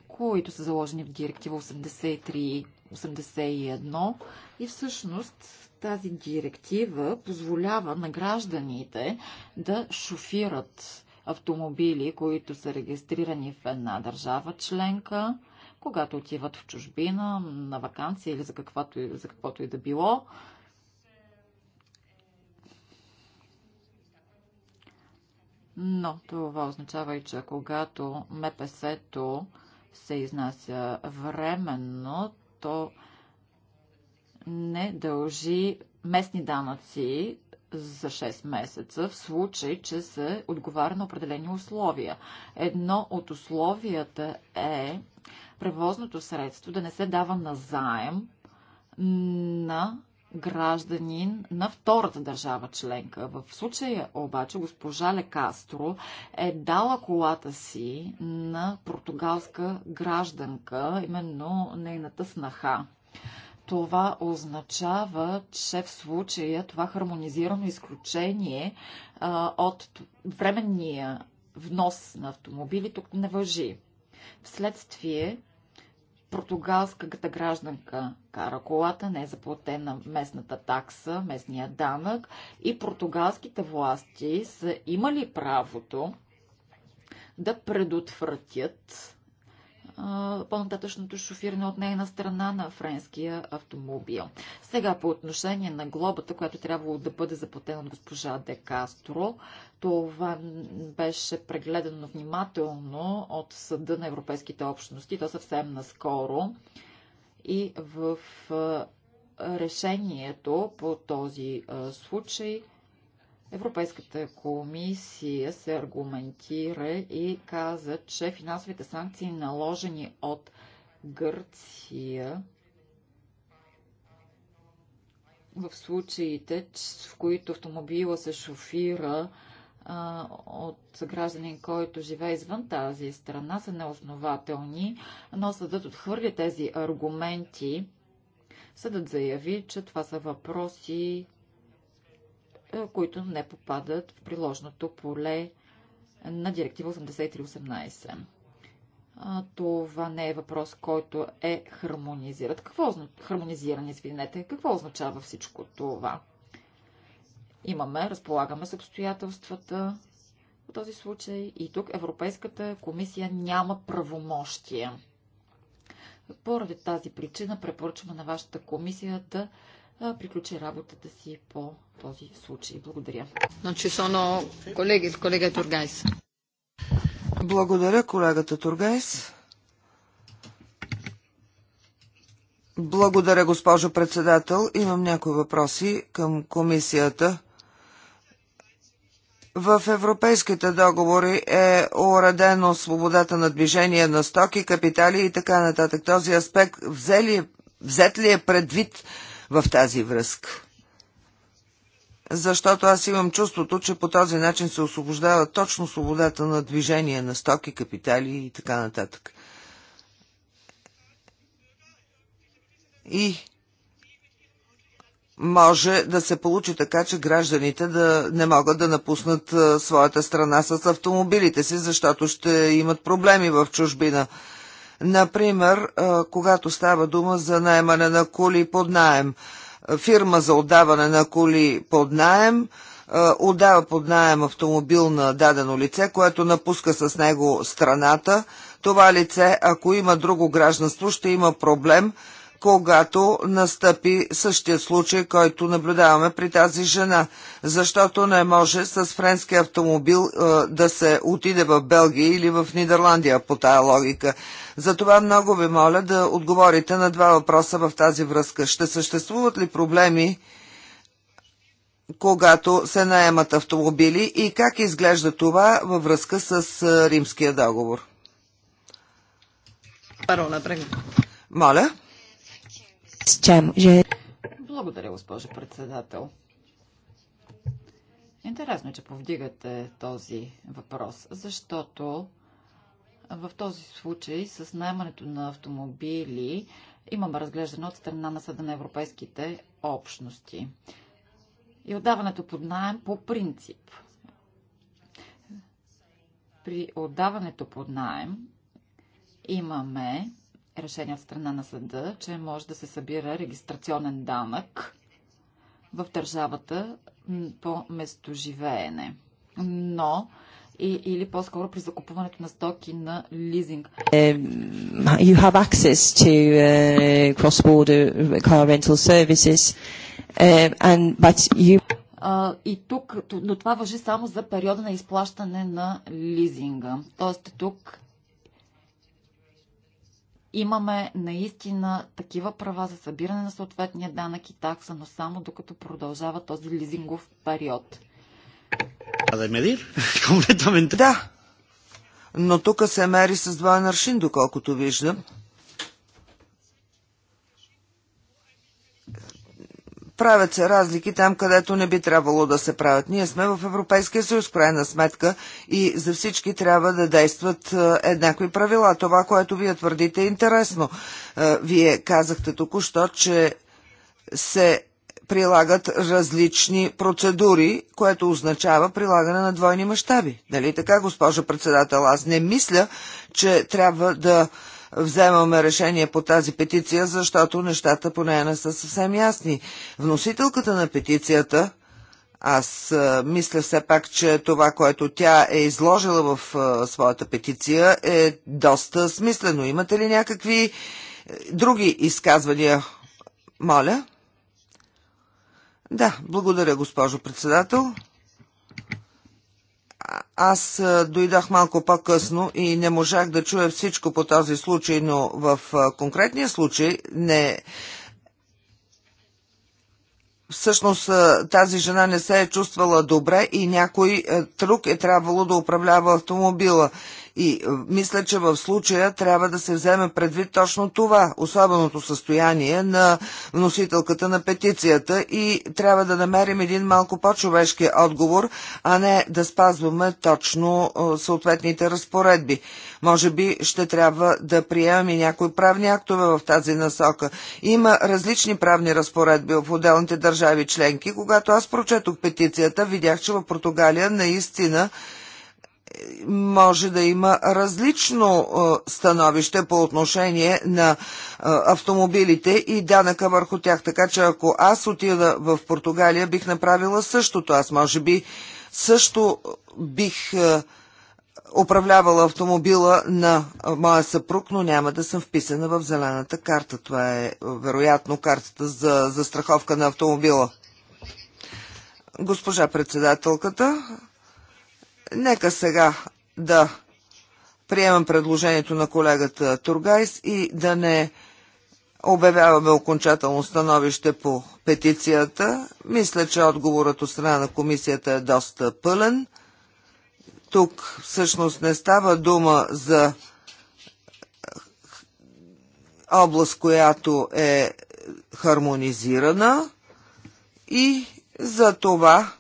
които са заложени в директива 83-81 и всъщност тази директива позволява на гражданите да шофират автомобили, които са регистрирани в една държава членка, когато отиват в чужбина, на вакансия или за, за каквото и да било, Но това означава и, че когато МПС-то се изнася временно, то не дължи местни данъци за 6 месеца, в случай, че се отговаря на определени условия. Едно от условията е превозното средство да не се дава на заем на гражданин на втората държава членка. В случая обаче госпожа Лекастро е дала колата си на португалска гражданка, именно нейната снаха. Това означава, че в случая това хармонизирано изключение а, от временния внос на автомобили тук не въжи. Вследствие португалската гражданка кара колата, не е заплатена местната такса, местния данък и португалските власти са имали правото да предотвратят по-нататъчното шофиране от нейна страна на френския автомобил. Сега по отношение на глобата, която трябвало да бъде заплатена от госпожа Де Кастро, това беше прегледано внимателно от Съда на Европейските общности, то съвсем наскоро. И в решението по този случай – Европейската комисия се аргументира и каза, че финансовите санкции, наложени от Гърция, в случаите, в които автомобила се шофира а, от гражданин, който живее извън тази страна, са неоснователни, но съдът отхвърли тези аргументи. Съдът заяви, че това са въпроси, е, които не попадат в приложното поле на директива 8318. Това не е въпрос, който е хармонизират. Какво, хармонизиране, извинете, какво означава всичко това? Имаме, разполагаме с обстоятелствата в този случай и тук Европейската комисия няма правомощия. Поради тази причина препоръчваме на вашата комисия да приключи работата си по този случай. Благодаря. колеги, колега Тургайс. Благодаря, колегата Тургайс. Благодаря, госпожо председател. Имам някои въпроси към комисията. В европейските договори е уредено свободата на движение на стоки, капитали и така нататък. Този аспект взет ли е предвид в тази връзка. Защото аз имам чувството, че по този начин се освобождава точно свободата на движение на стоки, капитали и така нататък. И може да се получи така, че гражданите да не могат да напуснат своята страна с автомобилите си, защото ще имат проблеми в чужбина. Например, когато става дума за найемане на коли под найем. Фирма за отдаване на коли под найем отдава под найем автомобил на дадено лице, което напуска с него страната. Това лице, ако има друго гражданство, ще има проблем – когато настъпи същия случай, който наблюдаваме при тази жена, защото не може с френски автомобил е, да се отиде в Белгия или в Нидерландия по тая логика. Затова много ви моля да отговорите на два въпроса в тази връзка. Ще съществуват ли проблеми, когато се наемат автомобили и как изглежда това във връзка с е, Римския договор? Парола, прега. Моля чем же... Благодаря, госпожо председател. Интересно, е, че повдигате този въпрос, защото в този случай с наймането на автомобили имаме разглеждане от страна на Съда на европейските общности. И отдаването под найем по принцип. При отдаването под найем имаме решение от страна на съда, че може да се събира регистрационен данък в държавата по местоживеене. Но и, или по-скоро при закупуването на стоки на лизинг. You have access to uh, cross-border е, car rental services, uh, and, but you... Uh, и тук, но това въжи само за периода на изплащане на лизинга. Тоест тук имаме наистина такива права за събиране на съответния данък и такса, но само докато продължава този лизингов период. А да е Да. Но тук се мери с двоен аршин, доколкото виждам. Правят се разлики там, където не би трябвало да се правят. Ние сме в Европейския съюз, крайна сметка, и за всички трябва да действат е, еднакви правила. Това, което вие твърдите е интересно. Е, вие казахте току-що, че се прилагат различни процедури, което означава прилагане на двойни мащаби. Нали така, госпожа председател? Аз не мисля, че трябва да вземаме решение по тази петиция, защото нещата по нея не са съвсем ясни. Вносителката на петицията, аз мисля все пак, че това, което тя е изложила в своята петиция е доста смислено. Имате ли някакви е, други изказвания? Моля. Да, благодаря, госпожо председател. Аз дойдах малко по-късно и не можах да чуя всичко по този случай, но в конкретния случай не. Всъщност тази жена не се е чувствала добре и някой друг е трябвало да управлява автомобила. И е, мисля, че в случая трябва да се вземе предвид точно това, особеното състояние на вносителката на петицията и трябва да намерим един малко по-човешки отговор, а не да спазваме точно е, съответните разпоредби. Може би ще трябва да приемем и някои правни актове в тази насока. Има различни правни разпоредби в отделните държави членки. Когато аз прочетох петицията, видях, че в Португалия наистина може да има различно становище по отношение на автомобилите и данъка върху тях. Така че ако аз отида в Португалия, бих направила същото. Аз може би също бих управлявала автомобила на моя съпруг, но няма да съм вписана в зелената карта. Това е вероятно картата за застраховка на автомобила. Госпожа председателката, Нека сега да приемам предложението на колегата Тургайс и да не обявяваме окончателно становище по петицията. Мисля, че отговорът от страна на комисията е доста пълен. Тук всъщност не става дума за област, която е хармонизирана и за това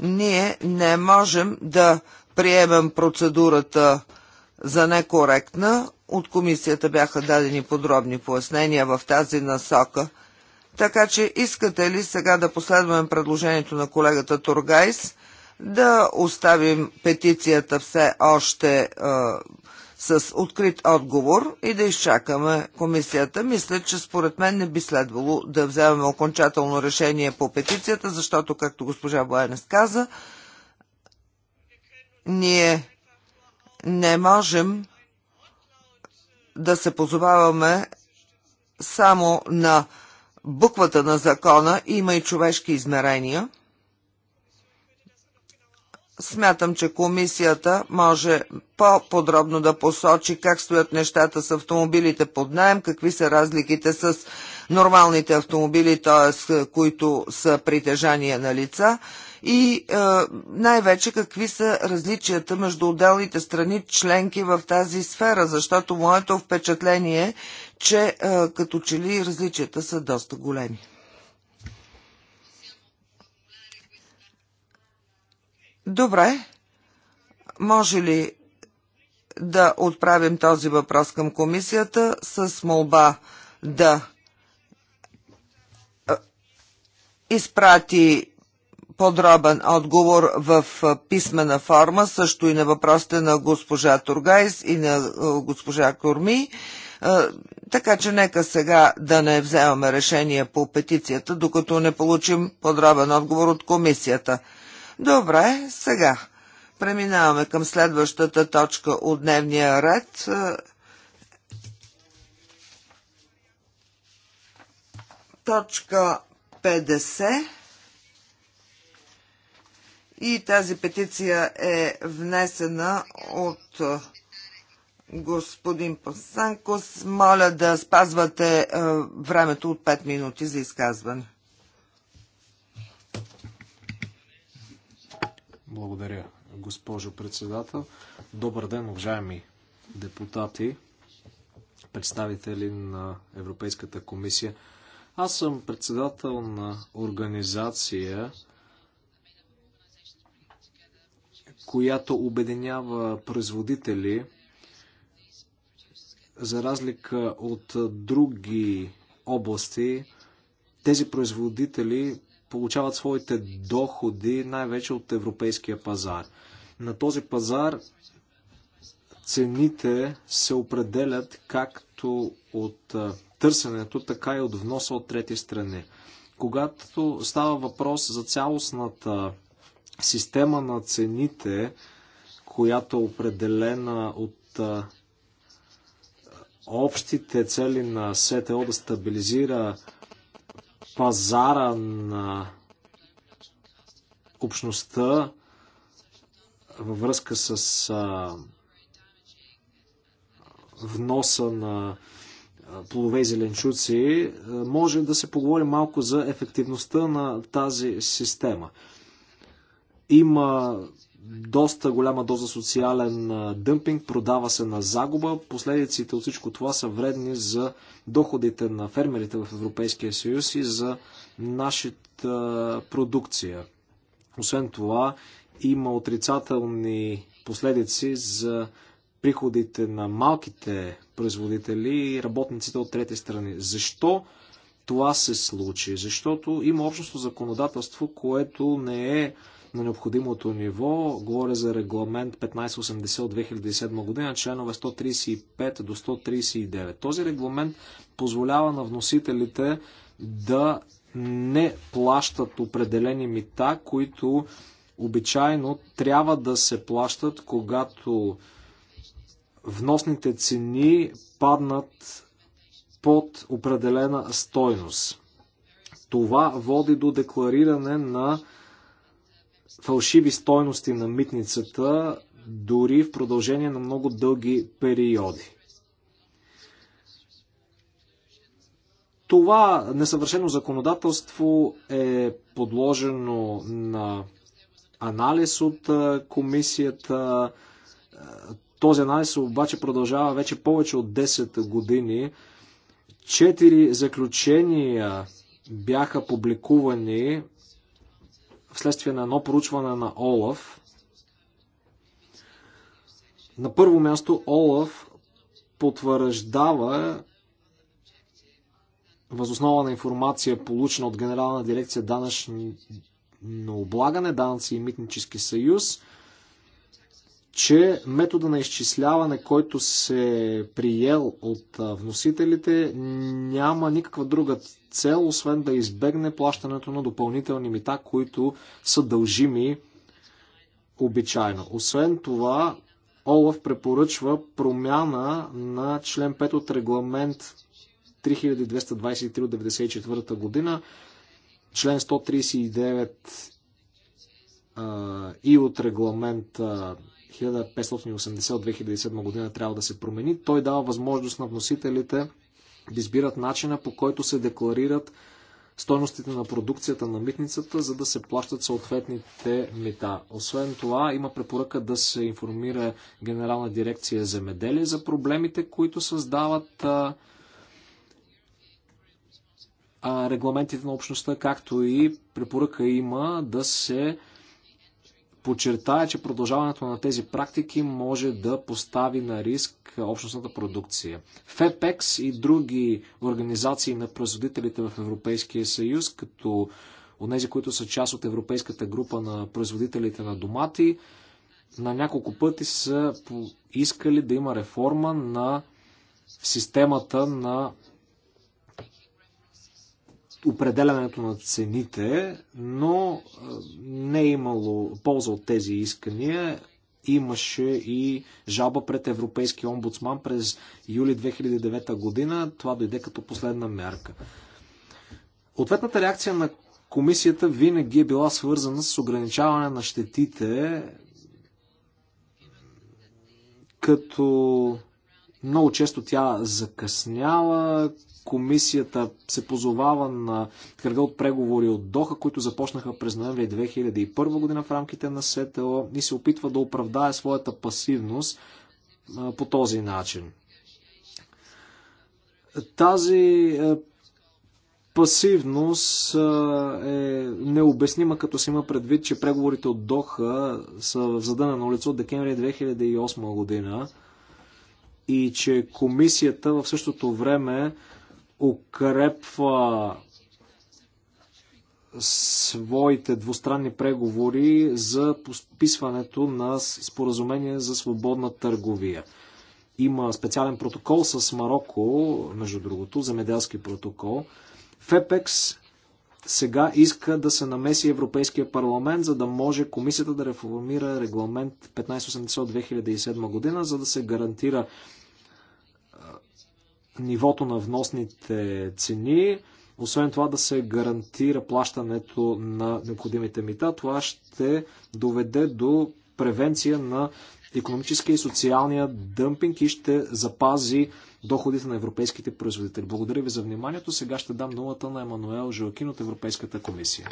ние не можем да приемем процедурата за некоректна. От комисията бяха дадени подробни пояснения в тази насока. Така че искате ли сега да последваме предложението на колегата Тургайс, да оставим петицията все още е, с открит отговор и да изчакаме комисията. Мисля, че според мен не би следвало да вземем окончателно решение по петицията, защото, както госпожа Боенес каза, ние не можем да се позоваваме само на буквата на закона, има и човешки измерения – Смятам, че комисията може по-подробно да посочи как стоят нещата с автомобилите под найем, какви са разликите с нормалните автомобили, т.е. които са притежания на лица и е, най-вече какви са различията между отделните страни членки в тази сфера, защото моето впечатление е, че е, като че ли различията са доста големи. Добре. Може ли да отправим този въпрос към комисията с молба да изпрати подробен отговор в писмена форма, също и на въпросите на госпожа Тургайс и на госпожа Корми. Така че нека сега да не вземаме решение по петицията, докато не получим подробен отговор от комисията. Добре, сега преминаваме към следващата точка от дневния ред. Точка 50. И тази петиция е внесена от господин Пасанкос. Моля да спазвате е, времето от 5 минути за изказване. Благодаря, госпожо председател. Добър ден, уважаеми депутати, представители на Европейската комисия. Аз съм председател на организация, която обединява производители за разлика от други области, тези производители получават своите доходи най-вече от европейския пазар. На този пазар цените се определят както от търсенето, така и от вноса от трети страни. Когато става въпрос за цялостната система на цените, която е определена от общите цели на СТО да стабилизира пазара на общността във връзка с а, вноса на плодове и зеленчуци, може да се поговори малко за ефективността на тази система. Има доста голяма доза социален дъмпинг, продава се на загуба. Последиците от всичко това са вредни за доходите на фермерите в Европейския съюз и за нашата продукция. Освен това, има отрицателни последици за приходите на малките производители и работниците от трети страни. Защо това се случи? Защото има общностно законодателство, което не е на необходимото ниво. Говоря за регламент 1580 от 2007 година, членове 135 до 139. Този регламент позволява на вносителите да не плащат определени мита, които обичайно трябва да се плащат, когато вносните цени паднат под определена стойност. Това води до деклариране на фалшиви стойности на митницата дори в продължение на много дълги периоди. Това несъвършено законодателство е подложено на анализ от комисията. Този анализ обаче продължава вече повече от 10 години. Четири заключения бяха публикувани вследствие на едно проучване на Олаф. На първо място Олаф потвърждава възоснова на информация получена от Генерална дирекция данъчно облагане, данъци и митнически съюз – че метода на изчисляване, който се е приел от вносителите, няма никаква друга цел, освен да избегне плащането на допълнителни мита, които са дължими обичайно. Освен това, Олаф препоръчва промяна на член 5 от регламент 3223 от 1994 година, член 139 и от регламент 1580 от 2007 година трябва да се промени. Той дава възможност на вносителите да избират начина по който се декларират стойностите на продукцията на митницата, за да се плащат съответните мита. Освен това, има препоръка да се информира Генерална дирекция земеделие за проблемите, които създават а, а, регламентите на общността, както и препоръка има да се подчертая, че продължаването на тези практики може да постави на риск общностната продукция. ФЕПЕКС и други организации на производителите в Европейския съюз, като тези, които са част от Европейската група на производителите на домати, на няколко пъти са искали да има реформа на системата на определянето на цените, но не е имало полза от тези искания. Имаше и жалба пред Европейския омбудсман през юли 2009 година. Това дойде като последна мярка. Ответната реакция на комисията винаги е била свързана с ограничаване на щетите, като много често тя закъсняла, комисията се позовава на кръга от преговори от Доха, които започнаха през ноември 2001 година в рамките на СТО и се опитва да оправдае своята пасивност по този начин. Тази е, пасивност е, е необяснима, като се има предвид, че преговорите от Доха са в на улица от декември 2008 година и че комисията в същото време укрепва своите двустранни преговори за подписването на споразумение за свободна търговия. Има специален протокол с Марокко, между другото, земеделски протокол. ФЕПЕКС сега иска да се намеси Европейския парламент, за да може комисията да реформира регламент 1580 от 2007 година, за да се гарантира нивото на вносните цени, освен това да се гарантира плащането на необходимите мита, това ще доведе до превенция на економическия и социалния дъмпинг и ще запази доходите на европейските производители. Благодаря ви за вниманието. Сега ще дам думата на Емануел Жоакин от Европейската комисия.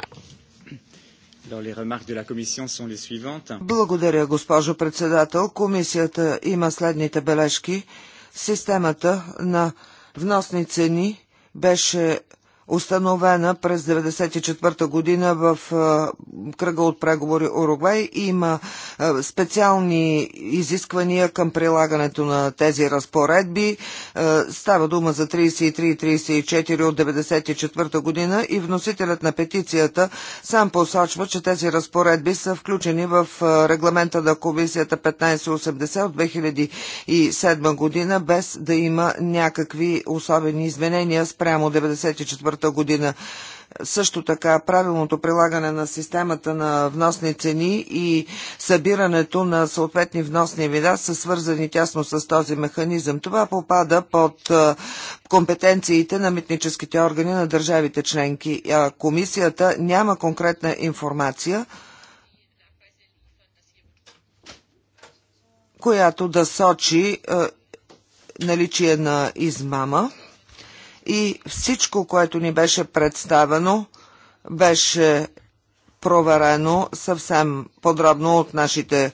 Благодаря, госпожо председател. Комисията има следните бележки. Системата на вносни цени беше установена през 1994 година в кръга от преговори Уругвай. Има специални изисквания към прилагането на тези разпоредби. Става дума за 33 34 от 1994 година и вносителят на петицията сам посочва, че тези разпоредби са включени в регламента на комисията 1580 от 2007 година, без да има някакви особени изменения спрямо 1994 миналата година. Също така правилното прилагане на системата на вносни цени и събирането на съответни вносни вида са свързани тясно с този механизъм. Това попада под компетенциите на митническите органи на държавите членки. А комисията няма конкретна информация, която да сочи наличие на измама и всичко, което ни беше представено, беше проверено съвсем подробно от нашите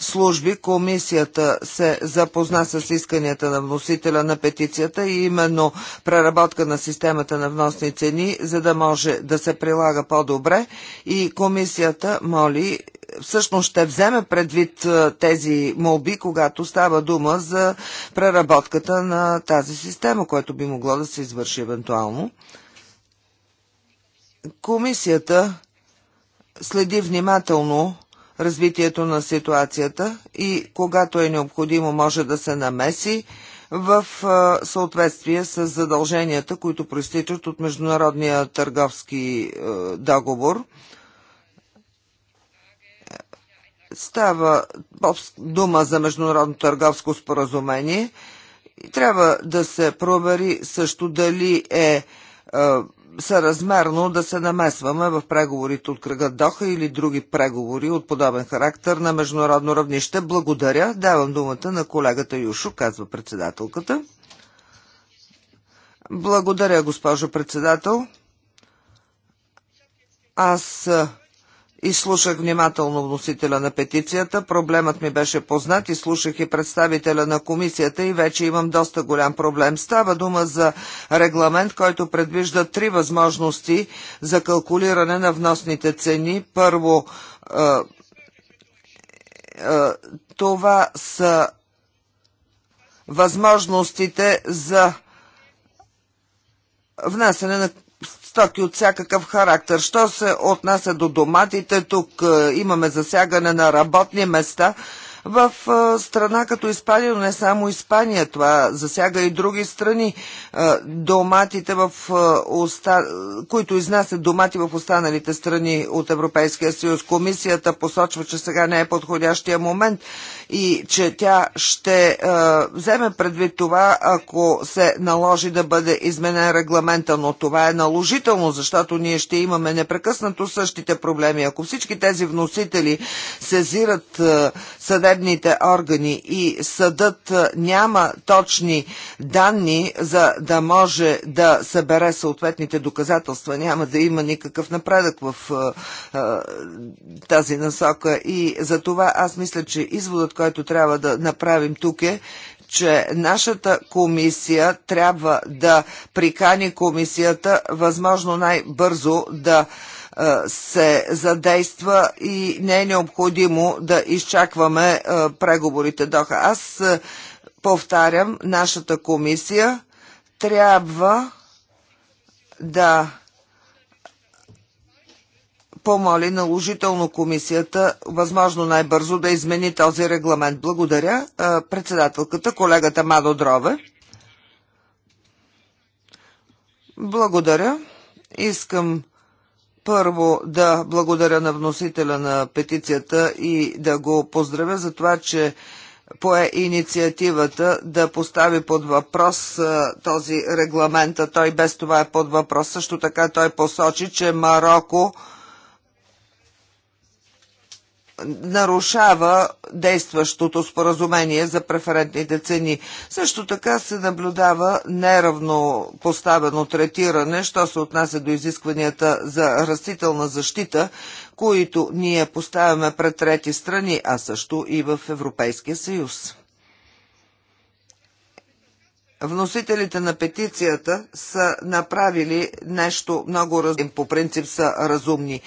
служби. Комисията се запозна с исканията на вносителя на петицията и именно преработка на системата на вносни цени, за да може да се прилага по-добре и комисията моли всъщност ще вземе предвид е, тези молби, когато става дума за преработката на тази система, което би могло да се извърши евентуално. Комисията следи внимателно развитието на ситуацията и когато е необходимо може да се намеси в е, съответствие с задълженията, които проистичат от Международния търговски е, договор – Става дума за международно търговско споразумение и трябва да се провери също дали е, е съразмерно да се намесваме в преговорите от кръга Доха или други преговори от подобен характер на международно равнище. Благодаря. Давам думата на колегата Юшо, казва председателката. Благодаря, госпожо председател. Аз е, Изслушах внимателно вносителя на петицията, проблемът ми беше познат, изслушах и представителя на комисията и вече имам доста голям проблем. Става дума за регламент, който предвижда три възможности за калкулиране на вносните цени. Първо, е, е, това са възможностите за внасяне на стоки от всякакъв характер. Що се отнася до доматите, тук е, имаме засягане на работни места – в страна като Испания, но не само Испания, това засяга и други страни. Доматите, в оста... които изнасят домати в останалите страни от Европейския съюз. Комисията посочва, че сега не е подходящия момент и че тя ще вземе предвид това, ако се наложи да бъде изменен регламента, но това е наложително, защото ние ще имаме непрекъснато същите проблеми. Ако всички тези вносители сезират съдебни съдебните органи и съдът няма точни данни, за да може да събере съответните доказателства, няма да има никакъв напредък в тази насока. И за това аз мисля, че изводът, който трябва да направим тук е, че нашата комисия трябва да прикани комисията възможно най-бързо да е, се задейства и не е необходимо да изчакваме е, преговорите Доха. Аз е, повтарям, нашата комисия трябва да помоли наложително комисията, възможно най-бързо да измени този регламент. Благодаря председателката, колегата Мадо Дрове. Благодаря. Искам първо да благодаря на вносителя на петицията и да го поздравя за това, че пое инициативата да постави под въпрос този регламент, а той без това е под въпрос. Също така той посочи, че Марокко нарушава действащото споразумение за преферентните цени. Също така се наблюдава неравно поставено третиране, що се отнася до изискванията за растителна защита, които ние поставяме пред трети страни, а също и в Европейския съюз. Вносителите на петицията са направили нещо много разумно. По принцип са разумни.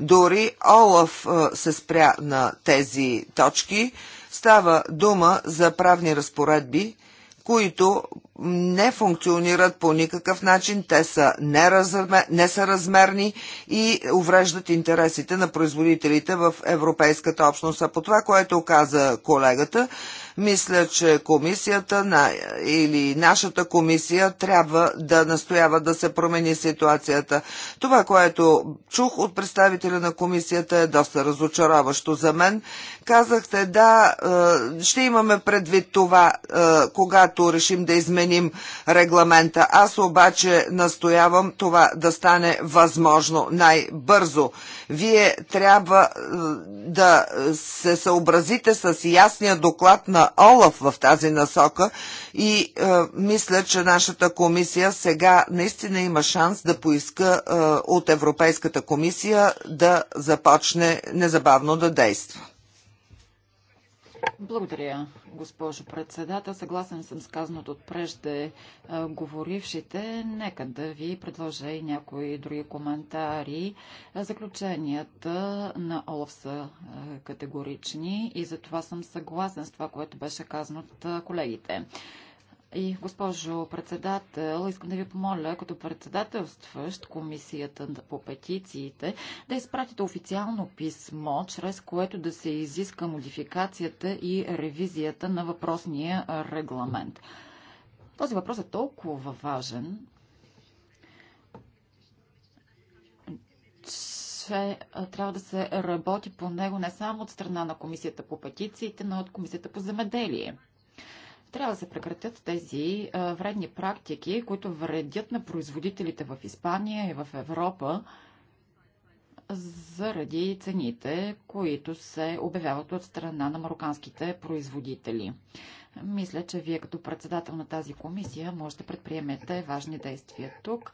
Дори Олаф е, се спря на тези точки. Става дума за правни разпоредби, които не функционират по никакъв начин, те са несъразмерни и увреждат интересите на производителите в Европейската общност. А по това, което каза колегата, мисля, че комисията на, или нашата комисия трябва да настоява да се промени ситуацията. Това, което чух от представителя на комисията е доста разочароващо за мен. Казахте, да, е, ще имаме предвид това, е, когато решим да изменим регламента. Аз обаче настоявам това да стане възможно най-бързо. Вие трябва е, да се съобразите с ясния доклад на Олаф в тази насока и е, мисля, че нашата комисия сега наистина има шанс да поиска е, от Европейската комисия да започне незабавно да действа. Благодаря, госпожо председател. Съгласен съм с казаното от прежде говорившите. Нека да ви предложа и някои други коментари. Заключенията на Олаф са е, категорични и за това съм съгласен с това, което беше казано от е, колегите. И, госпожо председател, искам да ви помоля, като председателстващ комисията по петициите, да изпратите официално писмо, чрез което да се изиска модификацията и ревизията на въпросния регламент. Този въпрос е толкова важен, че трябва да се работи по него не само от страна на комисията по петициите, но и от комисията по земеделие. Трябва да се прекратят тези а, вредни практики, които вредят на производителите в Испания и в Европа заради цените, които се обявяват от страна на мароканските производители. Мисля, че вие като председател на тази комисия можете да предприемете важни действия тук.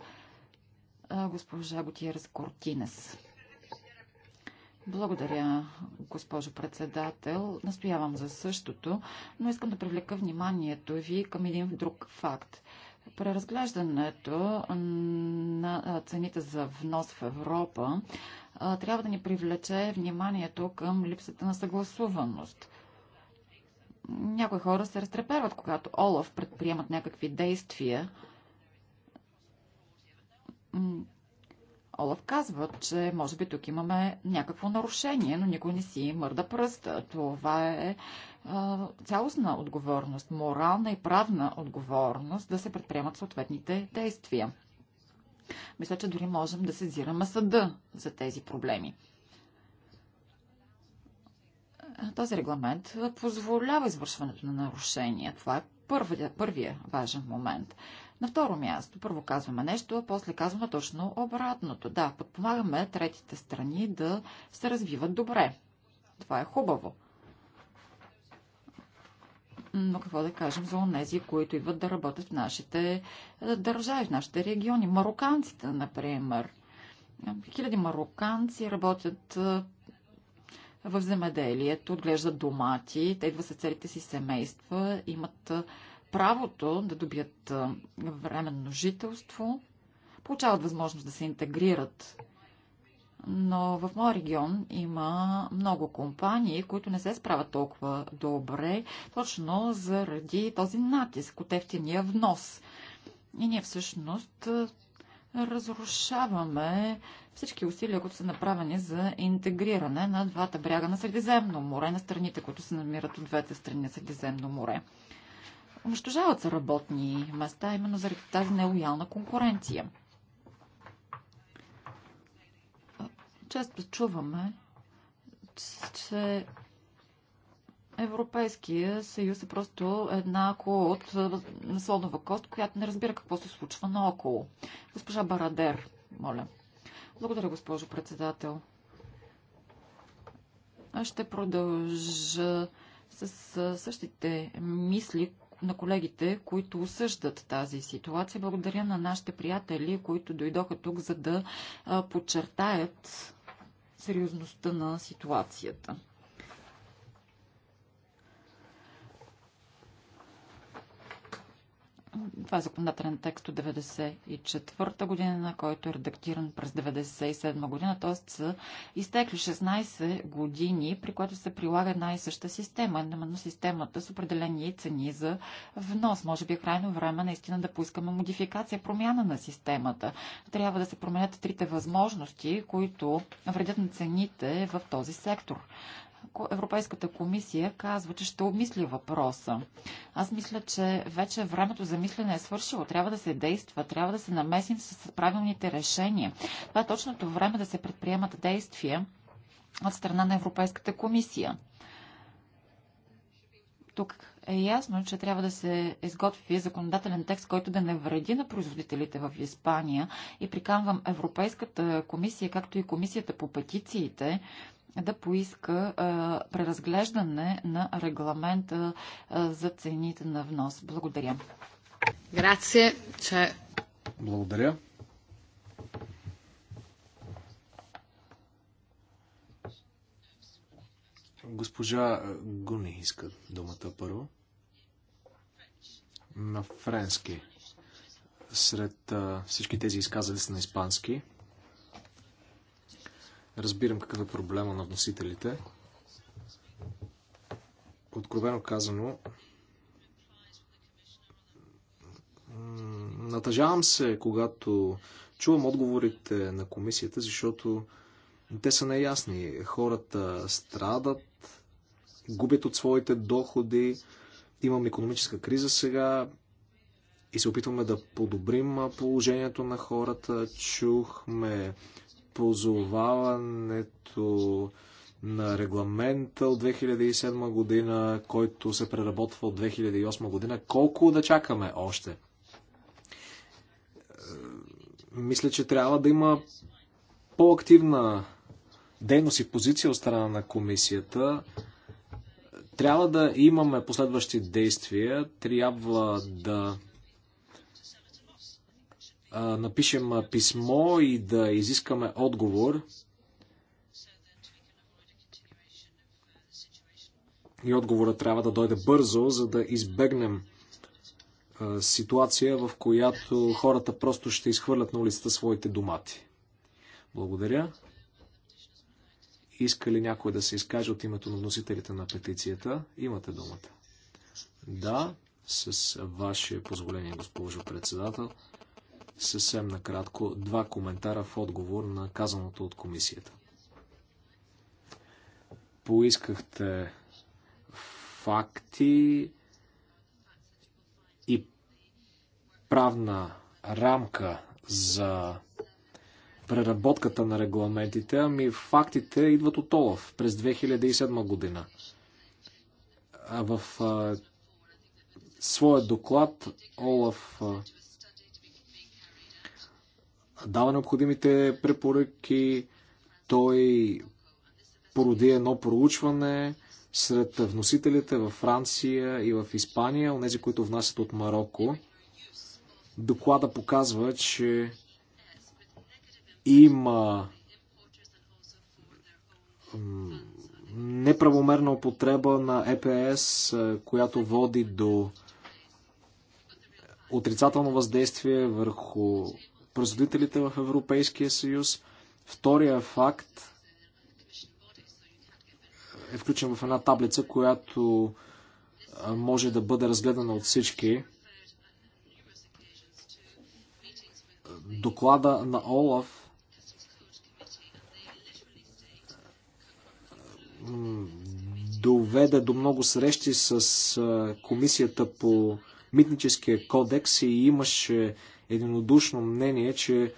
Госпожа Готиерс Кортинес. Благодаря, госпожо председател. Настоявам за същото, но искам да привлека вниманието ви към един друг факт. Преразглеждането на цените за внос в Европа трябва да ни привлече вниманието към липсата на съгласуваност. Някои хора се разтреперват, когато Олаф предприемат някакви действия Олаф казва, че може би тук имаме някакво нарушение, но никой не си мърда пръста. Това е, е цялостна отговорност, морална и правна отговорност да се предприемат съответните действия. Мисля, че дори можем да сезираме съда за тези проблеми. Този регламент позволява извършването на нарушения. Това е първия, първия важен момент. На второ място, първо казваме нещо, а после казваме точно обратното. Да, подпомагаме третите страни да се развиват добре. Това е хубаво. Но какво да кажем за онези, които идват да работят в нашите е, държави, в нашите региони? Мароканците, например. Хиляди мароканци работят е, в земеделието, отглеждат домати, те идват с целите си семейства, имат е, правото да добият временно жителство, получават възможност да се интегрират. Но в моя регион има много компании, които не се справят толкова добре, точно заради този натиск от ефтиния внос. И ние всъщност разрушаваме всички усилия, които са направени за интегриране на двата бряга на Средиземно море, на страните, които се намират от двете страни на Средиземно море. Унищожават се работни места, именно заради тази нелоялна конкуренция. Често чуваме, че Европейския съюз е просто една от слонова кост, която не разбира какво се случва наоколо. Госпожа Барадер, моля. Благодаря, госпожо председател. Аз ще продължа с същите мисли, на колегите, които осъждат тази ситуация. Благодаря на нашите приятели, които дойдоха тук, за да подчертаят сериозността на ситуацията. Това е законодателен текст от 1994 година, на който е редактиран през 1997 година, т.е. са изтекли 16 години, при което се прилага една и съща система, именно системата с определени цени за внос. Може би е крайно време наистина да поискаме модификация, промяна на системата. Трябва да се променят трите възможности, които вредят на цените в този сектор. Европейската комисия казва, че ще обмисли въпроса. Аз мисля, че вече времето за мислене е свършило. Трябва да се действа, трябва да се намесим с правилните решения. Това е точното време да се предприемат действия от страна на Европейската комисия. Тук е ясно, че трябва да се изготви законодателен текст, който да не вреди на производителите в Испания. И приканвам Европейската комисия, както и комисията по петициите, да поиска а, преразглеждане на регламента а, за цените на внос. Благодаря. Грация, че... Благодаря. Госпожа Гуни иска думата първо. На френски. Сред а, всички тези изказали са на испански. Разбирам какъв е проблема на вносителите. Откровено казано, натъжавам се, когато чувам отговорите на комисията, защото те са неясни. Хората страдат, губят от своите доходи, имам економическа криза сега и се опитваме да подобрим положението на хората. Чухме позоваването на регламента от 2007 година, който се преработва от 2008 година. Колко да чакаме още? Мисля, че трябва да има по-активна дейност и позиция от страна на комисията. Трябва да имаме последващи действия, трябва да напишем писмо и да изискаме отговор. И отговора трябва да дойде бързо, за да избегнем ситуация, в която хората просто ще изхвърлят на улицата своите домати. Благодаря. Иска ли някой да се изкаже от името на носителите на петицията? Имате думата. Да, с ваше позволение, госпожо председател. Съвсем накратко, два коментара в отговор на казаното от комисията. Поискахте факти и правна рамка за преработката на регламентите, ами фактите идват от Олаф през 2007 година. А в а, своя доклад Олаф а, дава необходимите препоръки, той породи едно проучване сред вносителите във Франция и в Испания, онези, които внасят от Марокко. Доклада показва, че има неправомерна употреба на ЕПС, която води до отрицателно въздействие върху производителите в Европейския съюз. Втория факт е включен в една таблица, която може да бъде разгледана от всички. Доклада на Олаф доведе до много срещи с комисията по митническия кодекс и имаше единодушно мнение, че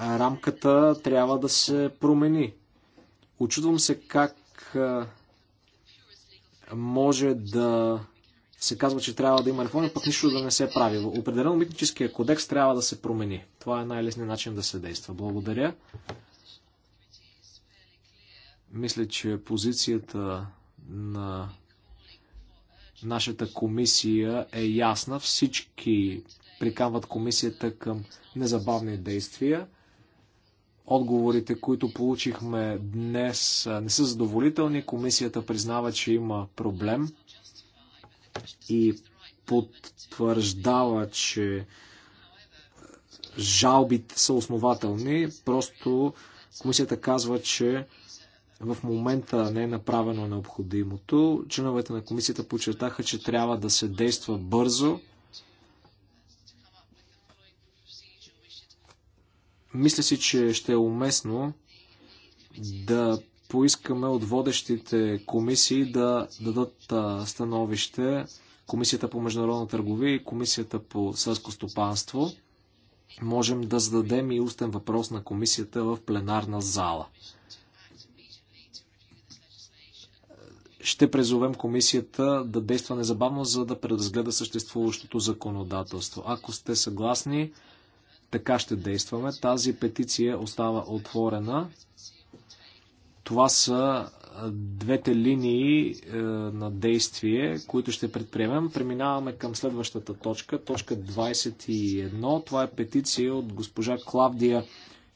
рамката трябва да се промени. Очудвам се как може да се казва, че трябва да има реформи, пък нищо да не се прави. Определено митническия кодекс трябва да се промени. Това е най-лесният начин да се действа. Благодаря. Мисля, че позицията на нашата комисия е ясна. Всички приканват комисията към незабавни действия. Отговорите, които получихме днес, не са задоволителни. Комисията признава, че има проблем и потвърждава, че жалбите са основателни. Просто комисията казва, че в момента не е направено необходимото. Членовете на комисията подчертаха, че трябва да се действа бързо Мисля си, че ще е уместно да поискаме от водещите комисии да дадат становище Комисията по международна търговия и Комисията по селско стопанство. Можем да зададем и устен въпрос на комисията в пленарна зала. ще призовем комисията да действа незабавно, за да преразгледа съществуващото законодателство. Ако сте съгласни, така ще действаме. Тази петиция остава отворена. Това са двете линии е, на действие, които ще предприемем. Преминаваме към следващата точка, точка 21. Това е петиция от госпожа Клавдия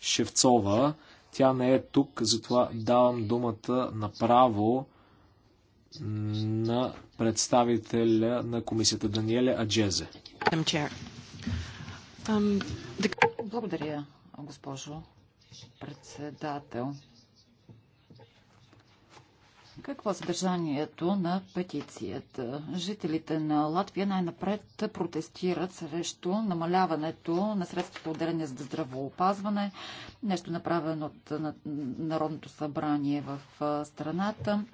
Шевцова. Тя не е тук, затова давам думата направо на представителя на комисията Даниеле Аджезе. Благодаря, госпожо председател. Какво е съдържанието на петицията? Жителите на Латвия най-напред протестират срещу намаляването на по отделение за здравоопазване, нещо направено от Народното събрание в страната.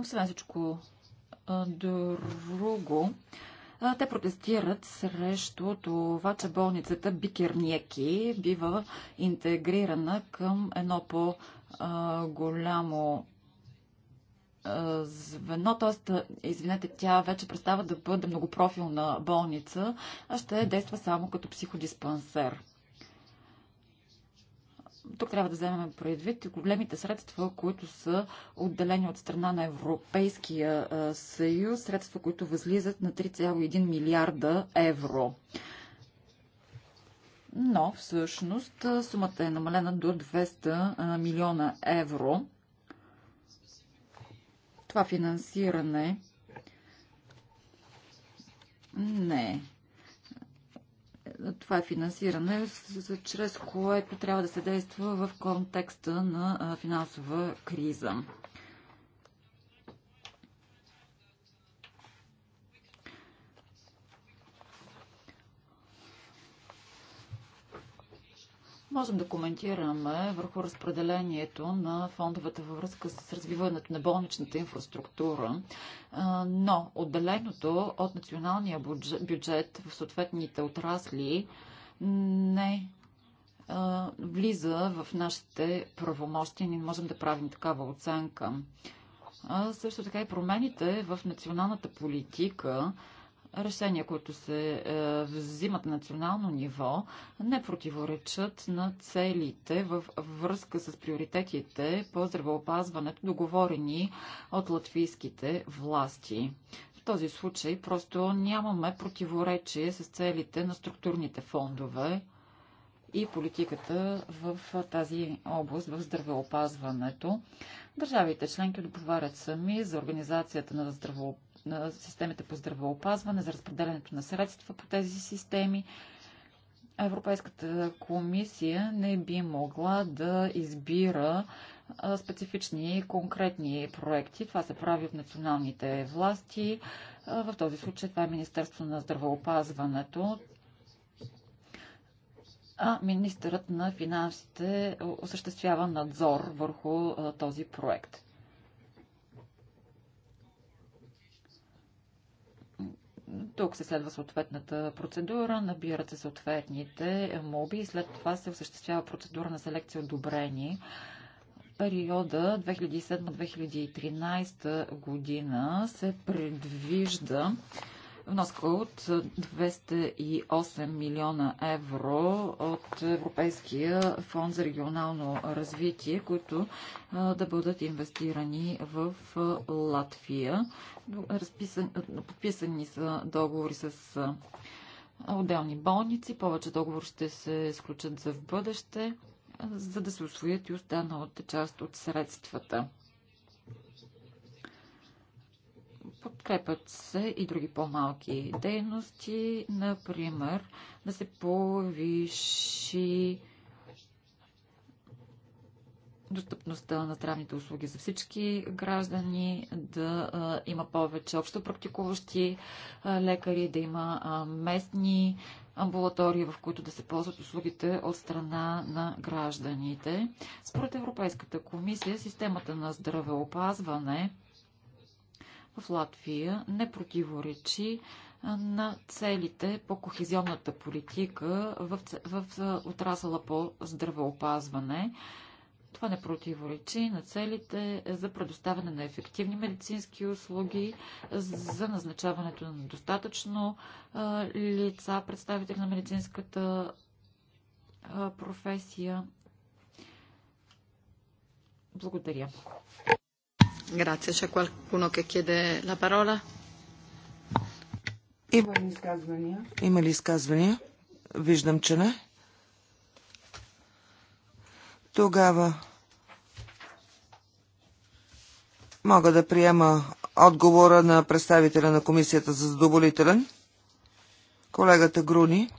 Освен всичко друго, те протестират срещу това, че болницата Бикерняки бива интегрирана към едно по-голямо звено, т.е. извинете, тя вече представа да бъде многопрофилна болница, а ще действа само като психодиспансер. Тук трябва да вземем предвид и големите средства, които са отделени от страна на Европейския съюз, средства, които възлизат на 3,1 милиарда евро. Но всъщност сумата е намалена до 200 милиона евро. Това финансиране не е това е финансиране, чрез което трябва да се действа в контекста на финансова криза. Можем да коментираме върху разпределението на фондовете във връзка с развиването на болничната инфраструктура, но отделеното от националния бюджет в съответните отрасли не влиза в нашите правомощи. Ние не можем да правим такава оценка. също така и промените в националната политика решения, които се е, взимат на национално ниво, не противоречат на целите в връзка с приоритетите по здравеопазването, договорени от латвийските власти. В този случай просто нямаме противоречие с целите на структурните фондове и политиката в тази област, в здравеопазването. Държавите членки отговарят сами за организацията на здравеопазването на системите по здравеопазване, за разпределянето на средства по тези системи. Европейската комисия не би могла да избира специфични и конкретни проекти. Това се прави от националните власти. В този случай това е Министерство на здравеопазването. А министърът на финансите осъществява надзор върху този проект. Тук се следва съответната процедура, набират се съответните моби и след това се осъществява процедура на селекция Одобрени. одобрение. Периода 2007-2013 година се предвижда вноска от 208 милиона евро от Европейския фонд за регионално развитие, които да бъдат инвестирани в Латвия. Разписан, подписани са договори с отделни болници. Повече договори ще се изключат за в бъдеще, за да се освоят и останалата част от средствата. Подкрепят се и други по-малки дейности, например да се повиши достъпността на здравните услуги за всички граждани, да а, има повече общо практикуващи а, лекари, да има а, местни амбулатории, в които да се ползват услугите от страна на гражданите. Според Европейската комисия, системата на здравеопазване в Латвия не противоречи на целите по кохезионната политика в, в, отрасъла по здравеопазване. Това не противоречи на целите за предоставяне на ефективни медицински услуги, за назначаването на достатъчно лица, представители на медицинската професия. Благодаря. Grazie. C'è qualcuno che chiede la parola? Има ли изказвания? Има ли изказвания? Виждам, че не. Тогава мога да приема отговора на представителя на комисията за задоволителен, колегата Груни.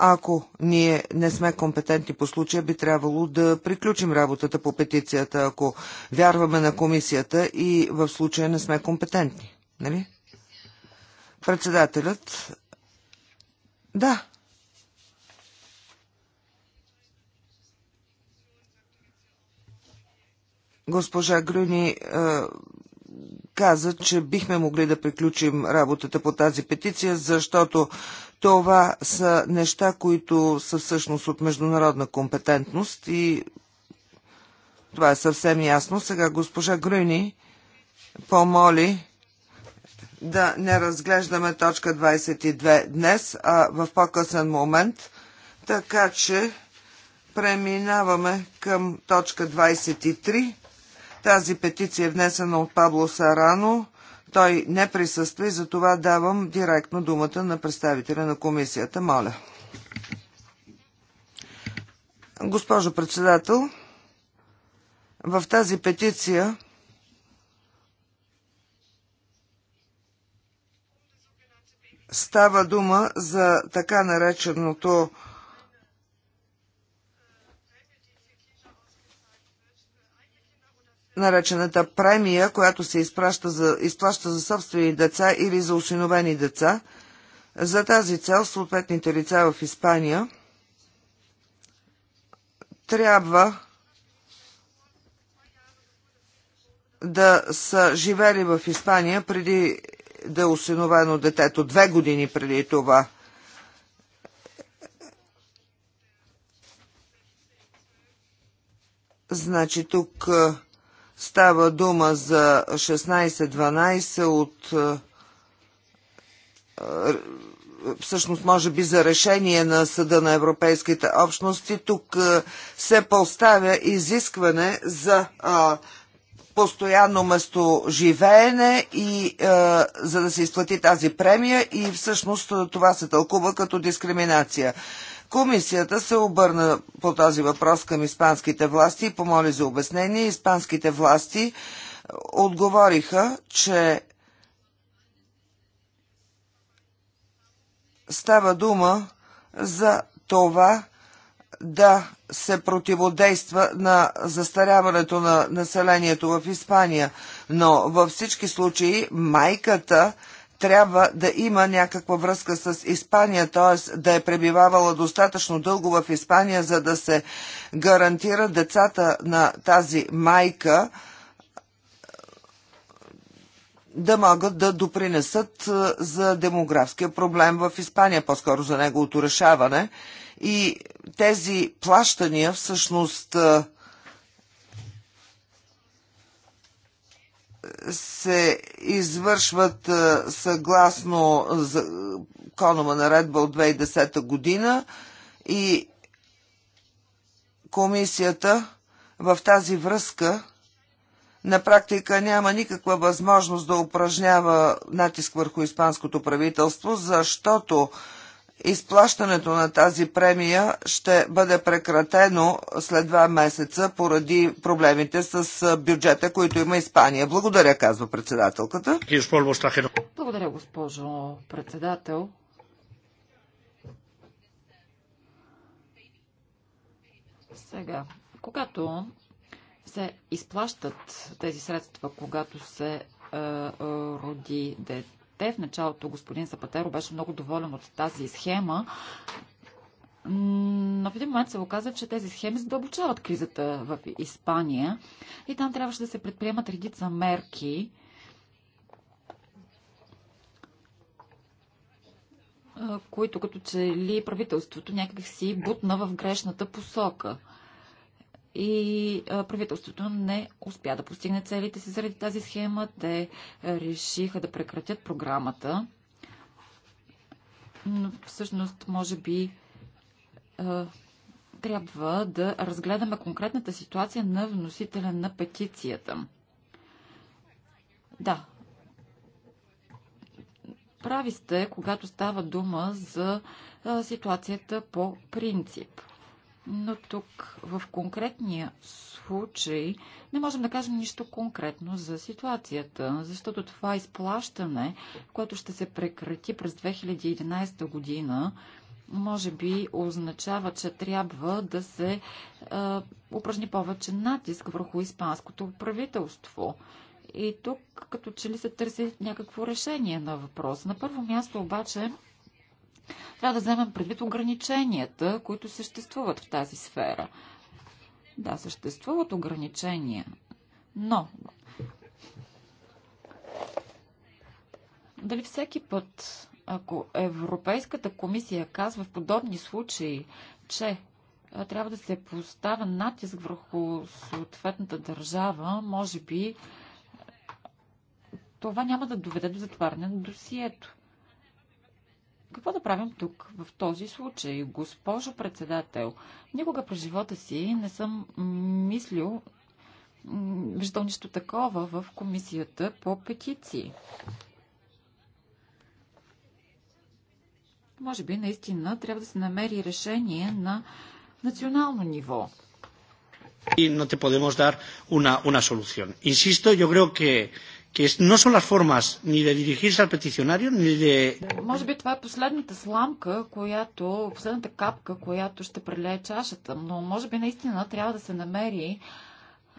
Ако ние не сме компетентни по случая, би трябвало да приключим работата по петицията, ако вярваме на комисията и в случая не сме компетентни. Нали? Председателят. Да. Госпожа Грюни е, каза, че бихме могли да приключим работата по тази петиция, защото това са неща, които са всъщност от международна компетентност и това е съвсем ясно. Сега госпожа Грюни помоли да не разглеждаме точка 22 днес, а в по-късен момент, така че преминаваме към точка 23. Тази петиция е внесена от Пабло Сарано той не присъства и за това давам директно думата на представителя на комисията. Моля. Госпожо председател, в тази петиция става дума за така нареченото наречената премия, която се изплаща за, изплаща за собствени деца или за осиновени деца. За тази цел съответните лица в Испания трябва да са живели в Испания преди да е осиновено детето, две години преди това. Значи тук Става дума за 16-12 от е, е, всъщност може би за решение на Съда на Европейските общности. Тук е, се поставя изискване за постоянно место живеене и за да се изплати тази премия и всъщност това се тълкува като дискриминация. Комисията се обърна по този въпрос към испанските власти и помоли за обяснение. Испанските власти е, отговориха, че става дума за това да се противодейства на застаряването на населението в Испания. Но във всички случаи майката трябва да има някаква връзка с Испания, т.е. да е пребивавала достатъчно дълго в Испания, за да се гарантира децата на тази майка да могат да допринесат е, за демографския проблем в Испания, по-скоро за неговото решаване. И тези плащания всъщност е, се извършват съгласно законова наредба от 2010 година и комисията в тази връзка на практика няма никаква възможност да упражнява натиск върху испанското правителство, защото Изплащането на тази премия ще бъде прекратено след два месеца поради проблемите с бюджета, които има Испания. Благодаря, казва председателката. Благодаря, госпожо председател. Сега, когато се изплащат тези средства, когато се е, роди дете, те. В началото господин Сапатеро беше много доволен от тази схема, но в един момент се оказа, че тези схеми задълбочават кризата в Испания и там трябваше да се предприемат редица мерки, които като че ли правителството някак си бутна в грешната посока – и правителството не успя да постигне целите си заради тази схема. Те решиха да прекратят програмата, но всъщност може би трябва да разгледаме конкретната ситуация на вносителя на петицията. Да. Прави сте, когато става дума за ситуацията по принцип но тук в конкретния случай не можем да кажем нищо конкретно за ситуацията, защото това изплащане, което ще се прекрати през 2011 година, може би означава, че трябва да се е, упражни повече натиск върху испанското правителство. И тук като че ли се търси някакво решение на въпроса. На първо място обаче трябва да вземем предвид ограниченията, които съществуват в тази сфера. Да, съществуват ограничения, но дали всеки път, ако Европейската комисия казва в подобни случаи, че трябва да се поставя натиск върху съответната държава, може би това няма да доведе до затваряне на досието. Какво да правим тук, в този случай? Госпожо председател, никога през живота си не съм мислил, виждал нищо такова в комисията по петиции. Може би наистина трябва да се намери решение на национално ниво. И не те podemos dar una, una solución. Insisto, yo creo que que no son las formas ни да dirigirse al peticionario, ни de... Може би това е последната сламка, която, последната капка, която ще прелее чашата, но може би наистина трябва да се намери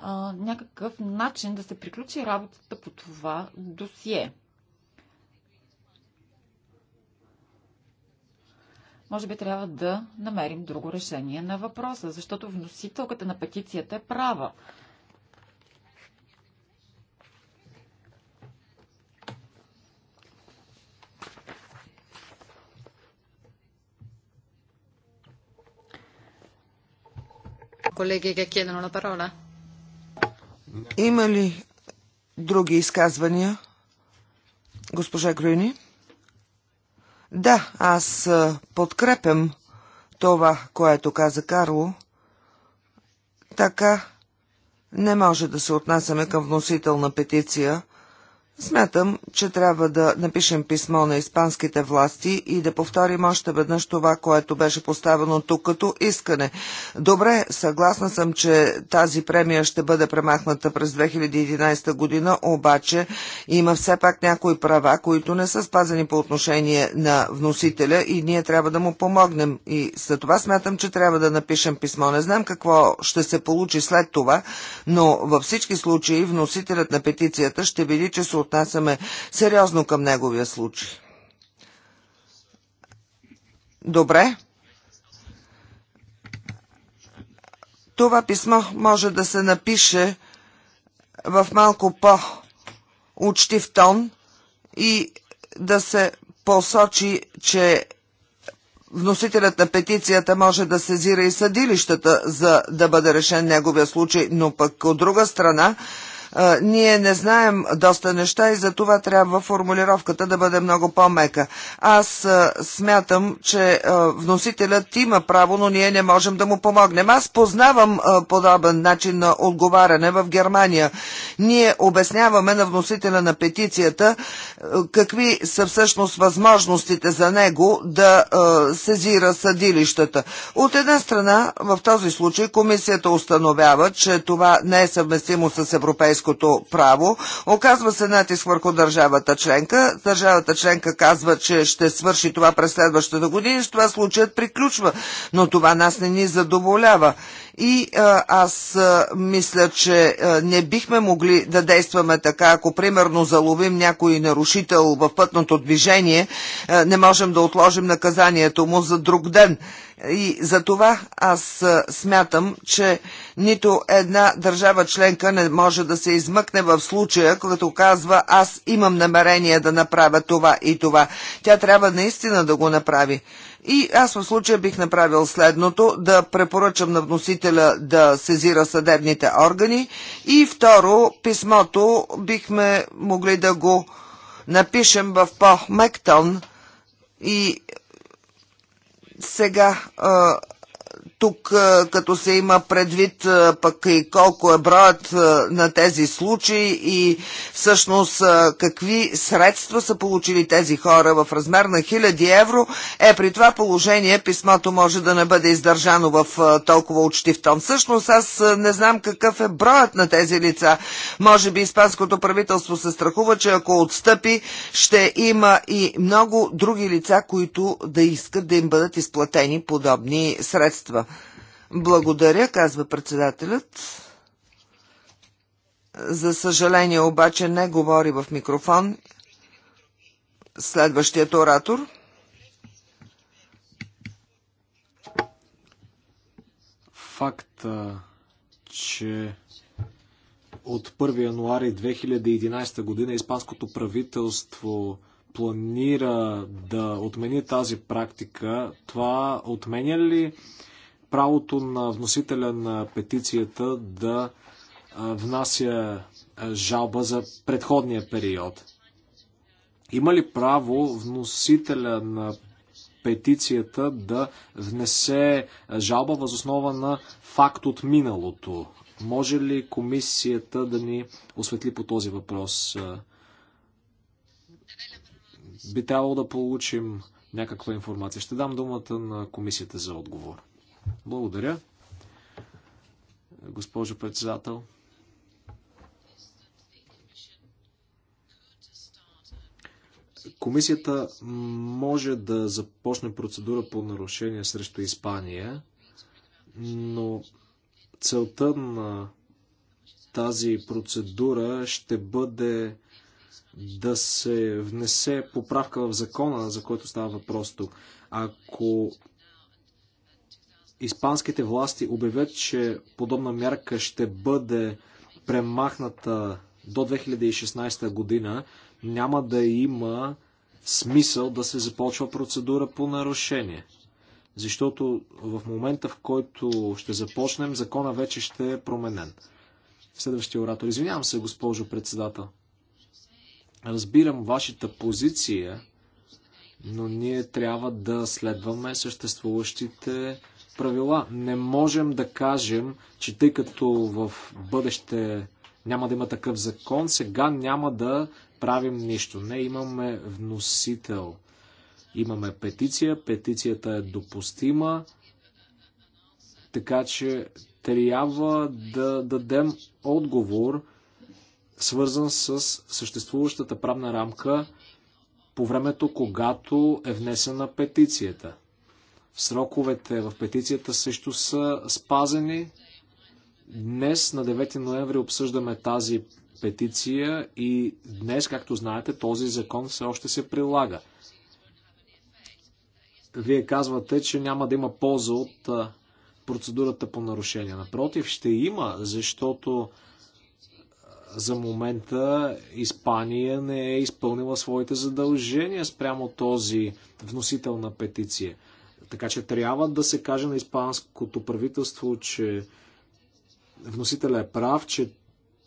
а, някакъв начин да се приключи работата по това досие. Може би трябва да намерим друго решение на въпроса, защото вносителката на петицията е права. колеги che chiedono la parola? Има ли други изказвания? Госпожа Грюни? Да, аз подкрепям това, което каза Карло. Така не може да се отнасяме към вносител на петиция, Смятам, че трябва да напишем писмо на испанските власти и да повторим още веднъж това, което беше поставено тук като искане. Добре, съгласна съм, че тази премия ще бъде премахната през 2011 година, обаче има все пак някои права, които не са спазени по отношение на вносителя и ние трябва да му помогнем. И за това смятам, че трябва да напишем писмо. Не знам какво ще се получи след това, но във всички случаи вносителят на петицията ще види, че се отнасяме сериозно към неговия случай. Добре. Това писмо може да се напише в малко по-учтив тон и да се посочи, че Вносителят на петицията може да сезира и съдилищата, за да бъде решен неговия случай, но пък от друга страна ние не знаем доста неща и за това трябва формулировката да бъде много по-мека. Аз смятам, че вносителят има право, но ние не можем да му помогнем. Аз познавам подобен начин на отговаряне в Германия. Ние обясняваме на вносителя на петицията какви са всъщност възможностите за него да сезира съдилищата. От една страна, в този случай комисията установява, че това не е съвместимо с европейското европейското право. Оказва се натиск върху държавата членка. Държавата членка казва, че ще свърши това през следващата година и с това случаят приключва. Но това нас не ни задоволява. И а, аз а, мисля, че а, не бихме могли да действаме така, ако примерно заловим някой нарушител в пътното движение, а, не можем да отложим наказанието му за друг ден. И за това аз а, смятам, че нито една държава членка не може да се измъкне в случая, като казва аз имам намерение да направя това и това. Тя трябва наистина да го направи. И аз в случая бих направил следното, да препоръчам на вносителя да сезира съдебните органи и второ, писмото бихме могли да го напишем в по-мектон и сега а, тук, като се има предвид пък и колко е броят на тези случаи и всъщност какви средства са получили тези хора в размер на хиляди евро, е при това положение писмото може да не бъде издържано в толкова учтив тон. Всъщност аз не знам какъв е броят на тези лица. Може би испанското правителство се страхува, че ако отстъпи, ще има и много други лица, които да искат да им бъдат изплатени подобни средства. Благодаря, казва председателят. За съжаление обаче не говори в микрофон следващият оратор. Факта, че от 1 януари 2011 година испанското правителство планира да отмени тази практика, това отменя ли правото на вносителя на петицията да внася жалба за предходния период. Има ли право вносителя на петицията да внесе жалба възоснова на факт от миналото? Може ли комисията да ни осветли по този въпрос? Би трябвало да получим някаква информация. Ще дам думата на комисията за отговор. Благодаря, госпожо председател. Комисията може да започне процедура по нарушение срещу Испания, но целта на тази процедура ще бъде да се внесе поправка в закона, за който става въпрос тук. Ако испанските власти обявят, че подобна мярка ще бъде премахната до 2016 година, няма да има смисъл да се започва процедура по нарушение. Защото в момента, в който ще започнем, закона вече ще е променен. Следващия оратор. Извинявам се, госпожо председател. Разбирам вашата позиция, но ние трябва да следваме съществуващите правила. Не можем да кажем, че тъй като в бъдеще няма да има такъв закон, сега няма да правим нищо. Не, имаме вносител. Имаме петиция, петицията е допустима, така че трябва да дадем отговор, свързан с съществуващата правна рамка по времето, когато е внесена петицията. Сроковете в петицията също са спазени. Днес, на 9 ноември, обсъждаме тази петиция и днес, както знаете, този закон все още се прилага. Вие казвате, че няма да има полза от процедурата по нарушение. Напротив, ще има, защото за момента Испания не е изпълнила своите задължения спрямо този вносител на петиция. Така че трябва да се каже на испанското правителство, че вносителя е прав, че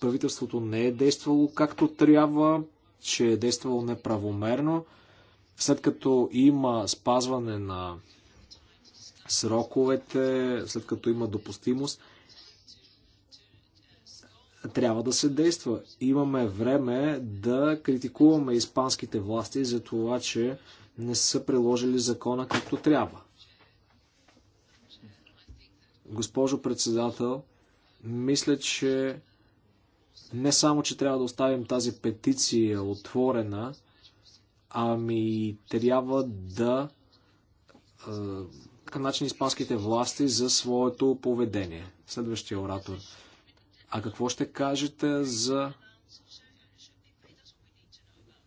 правителството не е действало както трябва, че е действало неправомерно. След като има спазване на сроковете, след като има допустимост, трябва да се действа. Имаме време да критикуваме испанските власти за това, че не са приложили закона както трябва. Госпожо председател, мисля, че не само, че трябва да оставим тази петиция отворена, ами трябва да е, към начин испанските власти за своето поведение. Следващия оратор. А какво ще кажете за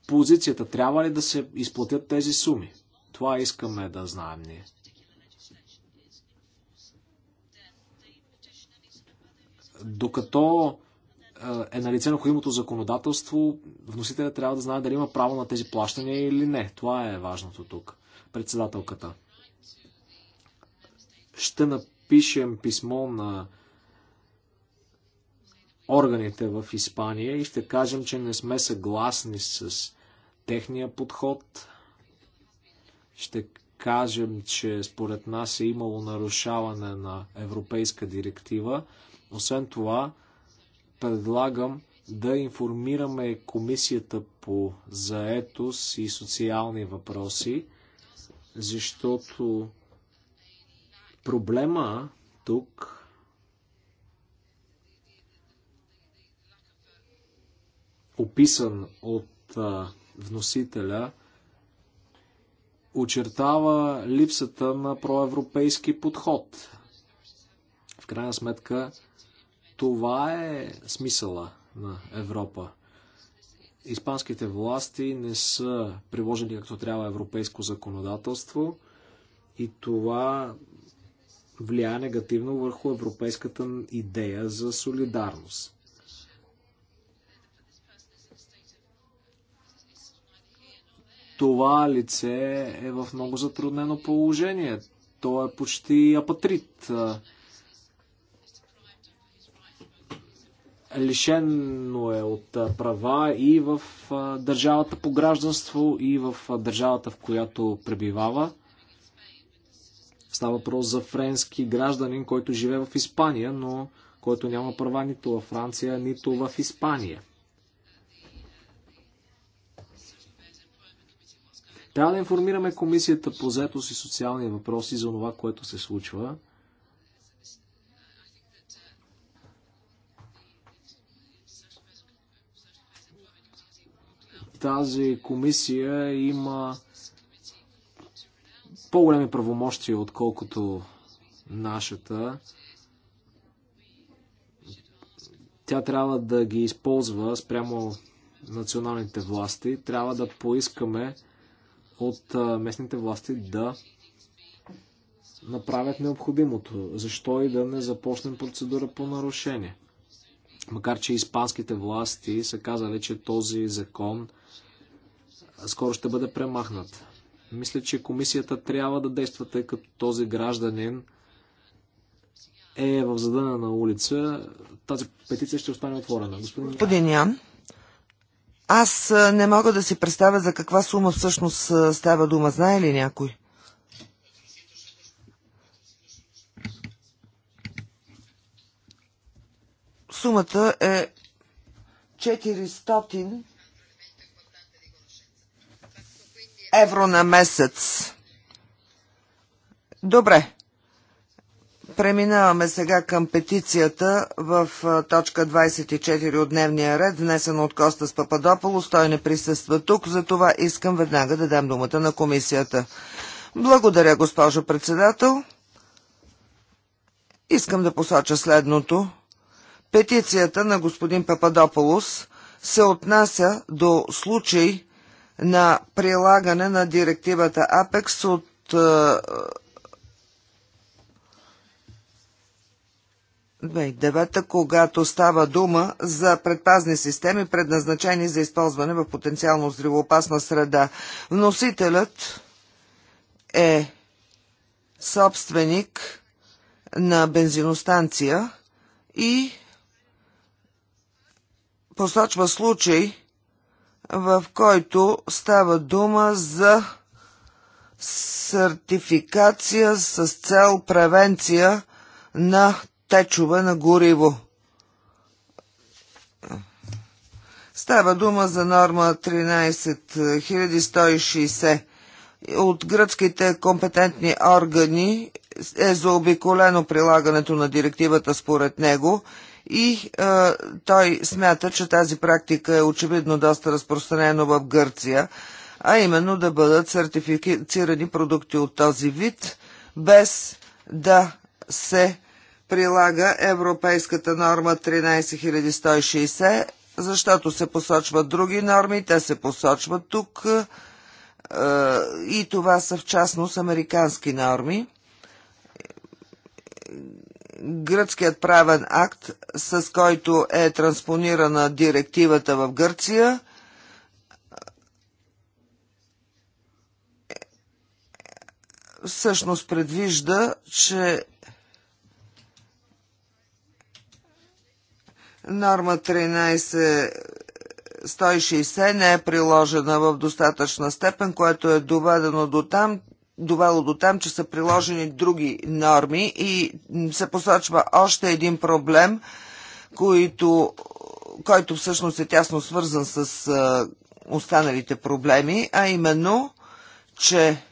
позицията? Трябва ли да се изплатят тези суми? Това искаме да знаем ние. Докато е на лице необходимото законодателство, вносителя трябва да знае дали има право на тези плащания или не. Това е важното тук. Председателката. Ще напишем писмо на органите в Испания и ще кажем, че не сме съгласни с техния подход. Ще кажем, че според нас е имало нарушаване на европейска директива освен това, предлагам да информираме комисията по заетост и социални въпроси, защото проблема тук описан от а, вносителя, очертава липсата на проевропейски подход. В крайна сметка, това е смисъла на Европа. Испанските власти не са приложили както трябва европейско законодателство и това влияе негативно върху европейската идея за солидарност. Това лице е в много затруднено положение. То е почти апатрит. лишено е от права и в държавата по гражданство, и в държавата, в която пребивава. Става въпрос за френски гражданин, който живее в Испания, но който няма права нито във Франция, нито в Испания. Трябва да информираме комисията по заетост и социални въпроси за това, което се случва. тази комисия има по-големи правомощия, отколкото нашата. Тя трябва да ги използва спрямо националните власти. Трябва да поискаме от местните власти да направят необходимото. Защо и да не започнем процедура по нарушение? Макар, че испанските власти са казали, че този закон скоро ще бъде премахнат. Мисля, че комисията трябва да действа, тъй като този гражданин е в задъна на улица. Тази петиция ще остане отворена. Господин, Господин Ян, аз не мога да си представя за каква сума всъщност става дума. Знае ли някой? сумата е 400 евро на месец. Добре. Преминаваме сега към петицията в точка 24 от дневния ред, внесена от Костас Пападополос. Той не присъства тук, затова искам веднага да дам думата на комисията. Благодаря, госпожо председател. Искам да посоча следното. Петицията на господин Пападополус се отнася до случай на прилагане на директивата АПЕКС от е, Девета, 2009, когато става дума за предпазни системи, предназначени за използване в потенциално здравоопасна среда. Вносителят е собственик на бензиностанция и посочва случай, в който става дума за сертификация с цел превенция на течове на гориво. Става дума за норма 13160. От гръцките компетентни органи е заобиколено прилагането на директивата според него – и а, той смята, че тази практика е очевидно доста разпространена в Гърция, а именно да бъдат сертифицирани продукти от този вид, без да се прилага европейската норма 13160, защото се посочват други норми, те се посочват тук и това са в частност американски норми гръцкият правен акт, с който е транспонирана директивата в Гърция, всъщност предвижда, че норма 160 не е приложена в достатъчна степен, което е доведено до там, довело до там, че са приложени други норми и се посочва още един проблем, който, който всъщност е тясно свързан с останалите проблеми, а именно, че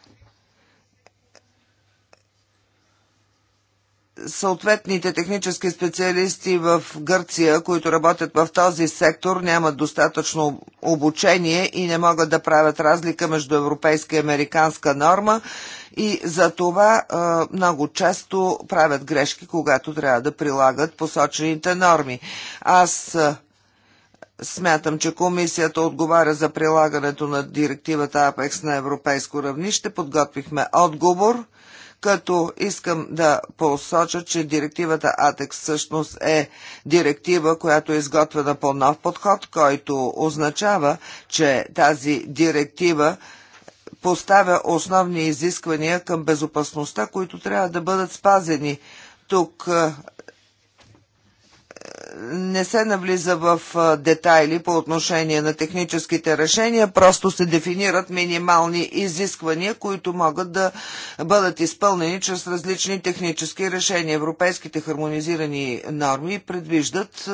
съответните технически специалисти в Гърция, които работят в този сектор, нямат достатъчно обучение и не могат да правят разлика между европейска и американска норма и за това много често правят грешки, когато трябва да прилагат посочените норми. Аз Смятам, че комисията отговаря за прилагането на директивата АПЕКС на европейско равнище. Подготвихме отговор като искам да посоча, че директивата АТЕКС всъщност е директива, която е изготвена по нов подход, който означава, че тази директива поставя основни изисквания към безопасността, които трябва да бъдат спазени. Тук не се навлиза в детайли по отношение на техническите решения, просто се дефинират минимални изисквания, които могат да бъдат изпълнени чрез различни технически решения. Европейските хармонизирани норми предвиждат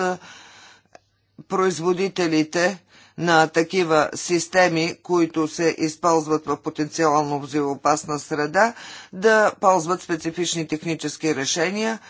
производителите на такива системи, които се използват в потенциално взривоопасна среда, да ползват специфични технически решения –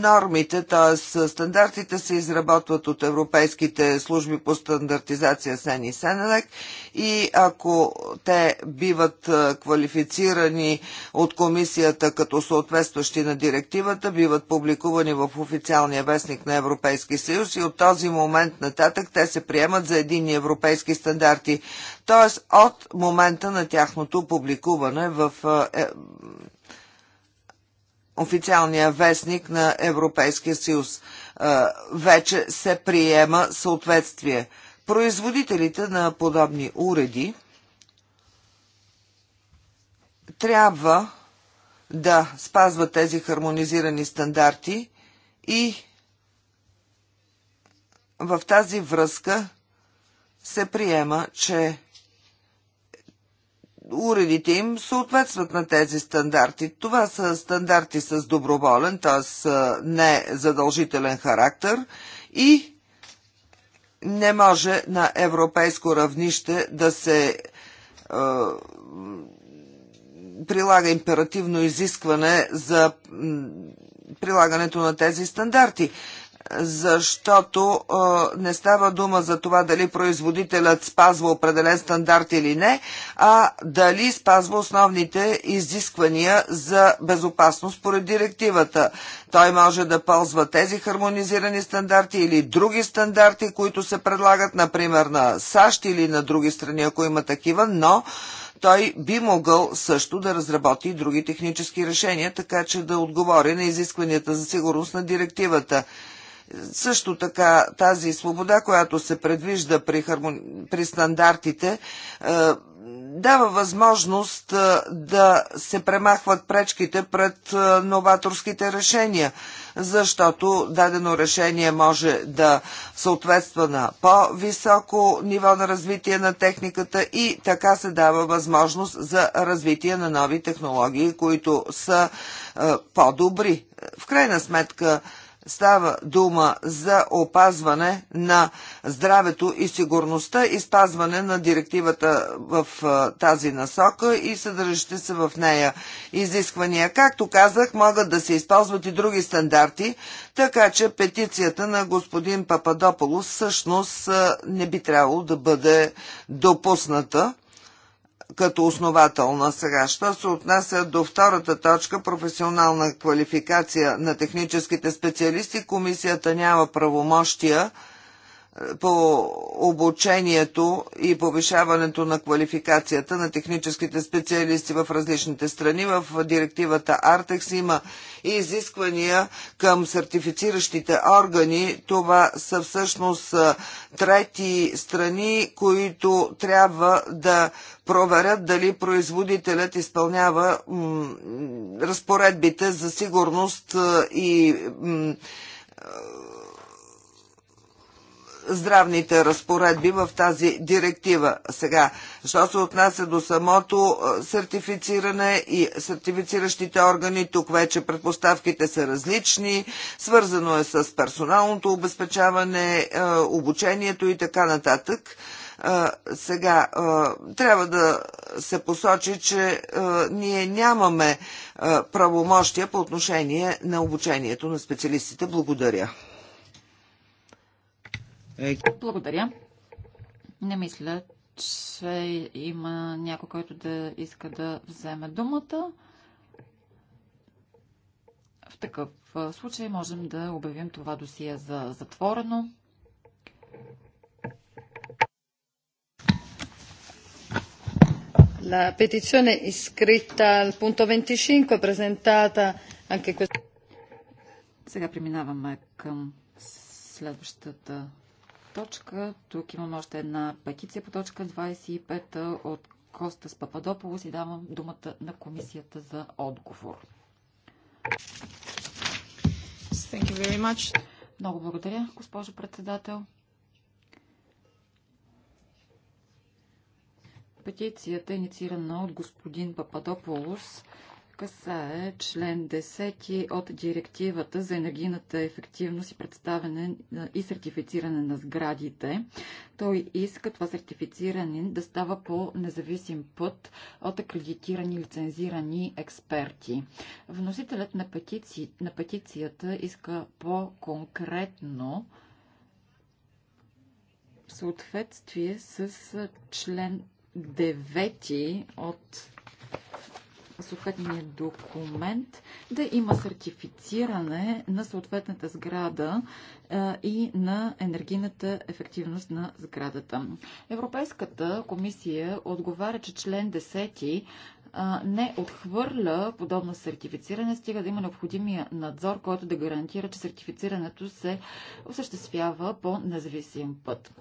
нормите, т.е. стандартите се изработват от европейските служби по стандартизация СЕН и СЕНЕЛЕК и ако те биват квалифицирани от комисията като съответстващи на директивата, биват публикувани в официалния вестник на Европейски съюз и от този момент нататък те се приемат за едини европейски стандарти, т.е. от момента на тяхното публикуване в е, официалния вестник на Европейския съюз. Е, вече се приема съответствие. Производителите на подобни уреди трябва да спазват тези хармонизирани стандарти и в тази връзка се приема, че уредите им съответстват на тези стандарти. Това са стандарти с доброволен, т.е. не задължителен характер и не може на европейско равнище да се е, прилага императивно изискване за прилагането на тези стандарти защото а, не става дума за това дали производителят спазва определен стандарт или не, а дали спазва основните изисквания за безопасност поред директивата. Той може да ползва тези хармонизирани стандарти или други стандарти, които се предлагат, например, на САЩ или на други страни, ако има такива, но той би могъл също да разработи и други технически решения, така че да отговори на изискванията за сигурност на директивата. Също така тази свобода, която се предвижда при, хармон... при стандартите, е, дава възможност е, да се премахват пречките пред е, новаторските решения, защото дадено решение може да съответства на по-високо ниво на развитие на техниката и така се дава възможност за развитие на нови технологии, които са по-добри. В крайна сметка, Става дума за опазване на здравето и сигурността и спазване на директивата в тази насока и съдържащите се в нея изисквания. Както казах, могат да се използват и други стандарти, така че петицията на господин Пападополос всъщност не би трябвало да бъде допусната като основателна сега. Що се отнася до втората точка, професионална квалификация на техническите специалисти, комисията няма правомощия по обучението и повишаването на квалификацията на техническите специалисти в различните страни. В директивата Артекс има и изисквания към сертифициращите органи. Това са всъщност трети страни, които трябва да проверят дали производителят изпълнява разпоредбите за сигурност и здравните разпоредби в тази директива. Сега, що се отнася до самото сертифициране и сертифициращите органи, тук вече предпоставките са различни, свързано е с персоналното обезпечаване, обучението и така нататък. Сега, трябва да се посочи, че ние нямаме правомощия по отношение на обучението на специалистите. Благодаря. Благодаря. Не мисля, че има някой, който да иска да вземе думата. В такъв случай можем да обявим това досие за затворено. La petizione iscritta al punto 25 presentata anche questa. Сега преминаваме към следващата точка. Тук имам още една петиция по точка 25 от Коста с Пападополос и давам думата на комисията за отговор. Thank you very much. Много благодаря, госпожо председател. Петицията е инициирана от господин Пападополос касае член 10 от директивата за енергийната ефективност и представяне и сертифициране на сградите. Той иска това сертифициране да става по независим път от акредитирани лицензирани експерти. Вносителят на, петици, на петицията иска по-конкретно в съответствие с член 9 от съответния документ да има сертифициране на съответната сграда и на енергийната ефективност на сградата. Европейската комисия отговаря, че член 10 не отхвърля подобно сертифициране, стига да има необходимия надзор, който да гарантира, че сертифицирането се осъществява по независим път.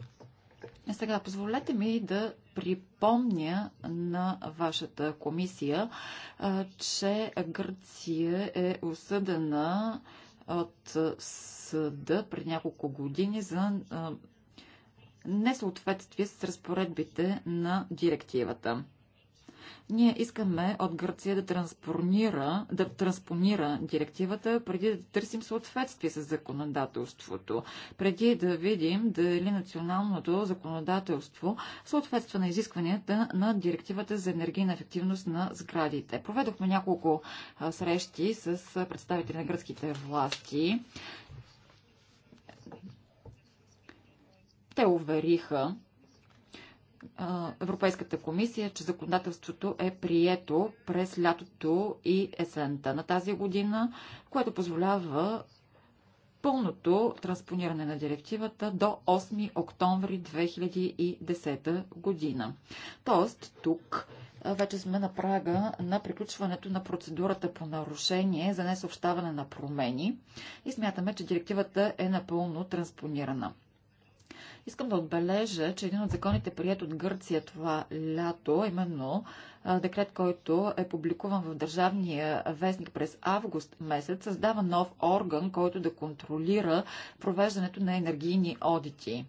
Е, сега позволете ми да припомня на вашата комисия, че Гърция е осъдена от съда пред няколко години за несъответствие с разпоредбите на директивата. Ние искаме от Гърция да транспонира, да транспонира директивата, преди да търсим съответствие с законодателството, преди да видим дали националното законодателство съответства на изискванията на директивата за енергийна ефективност на сградите. Проведохме няколко срещи с представители на гръцките власти. Те увериха, Европейската комисия, че законодателството е прието през лятото и есента на тази година, което позволява пълното транспониране на директивата до 8 октомври 2010 година. Тоест, тук вече сме на прага на приключването на процедурата по нарушение за несъобщаване на промени и смятаме, че директивата е напълно транспонирана. Искам да отбележа, че един от законите, прият от Гърция това лято, е именно декрет, който е публикуван в Държавния вестник през август месец, създава нов орган, който да контролира провеждането на енергийни одити.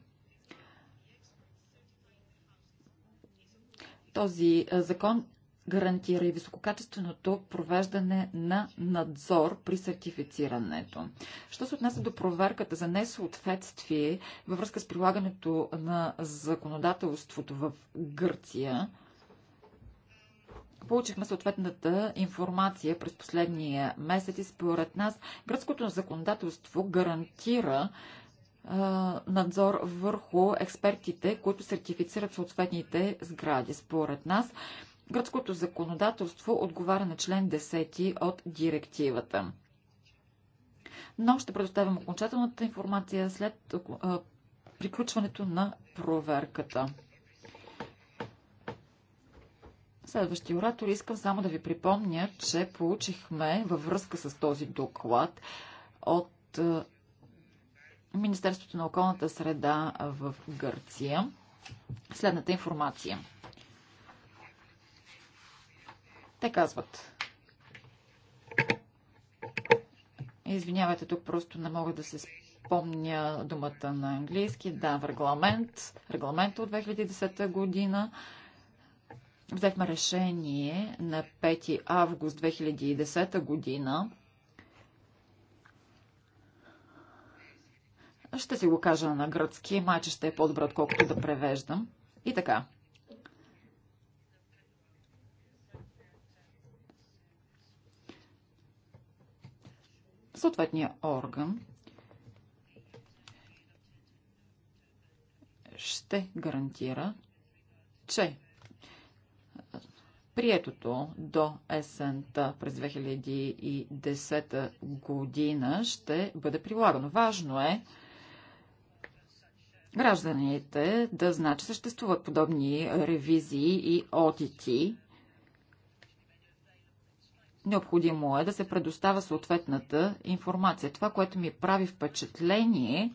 Този закон гарантира и висококачественото провеждане на надзор при сертифицирането. Що се отнася до проверката за несъответствие във връзка с прилагането на законодателството в Гърция, Получихме съответната информация през последния месец и според нас гръцкото законодателство гарантира надзор върху експертите, които сертифицират съответните сгради. Според нас Гръцкото законодателство отговаря на член 10 от директивата. Но ще предоставим окончателната информация след приключването на проверката. Следващия оратор искам само да ви припомня, че получихме във връзка с този доклад от Министерството на околната среда в Гърция следната информация. Те казват. Извинявайте, тук просто не мога да се спомня думата на английски. Да, в регламент, регламент от 2010 година взехме решение на 5 август 2010 година. Ще си го кажа на гръцки, майче ще е по-добре, отколкото да превеждам. И така. съответния орган ще гарантира, че приетото до есента през 2010 година ще бъде прилагано. Важно е гражданите да знаят, че съществуват подобни ревизии и одити Необходимо е да се предоставя съответната информация. Това, което ми прави впечатление,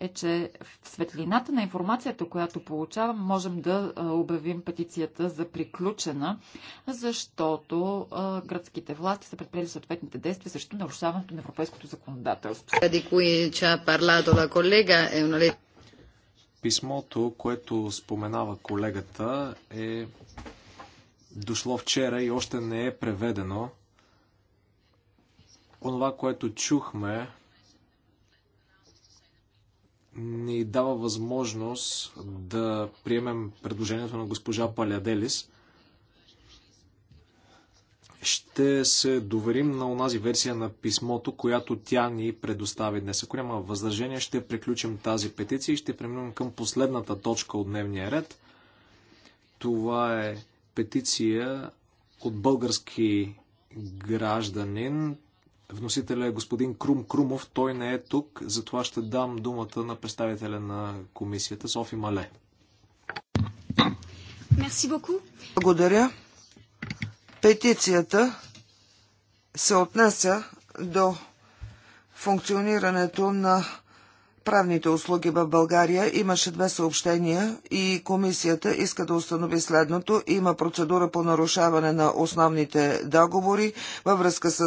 е, че в светлината на информацията, която получавам, можем да обявим петицията за приключена, защото градските власти са предприели съответните действия срещу нарушаването на европейското законодателство. Писмото, което споменава колегата, е дошло вчера и още не е преведено онова, което чухме, ни дава възможност да приемем предложението на госпожа Паляделис. Ще се доверим на онази версия на писмото, която тя ни предостави днес. Ако няма възражение, ще приключим тази петиция и ще преминем към последната точка от дневния ред. Това е петиция от български гражданин Вносителя е господин Крум Крумов. Той не е тук, затова ще дам думата на представителя на комисията Софи Мале. Благодаря. Петицията се отнася до функционирането на правните услуги в България имаше две съобщения и комисията иска да установи следното. Има процедура по нарушаване на основните договори във връзка с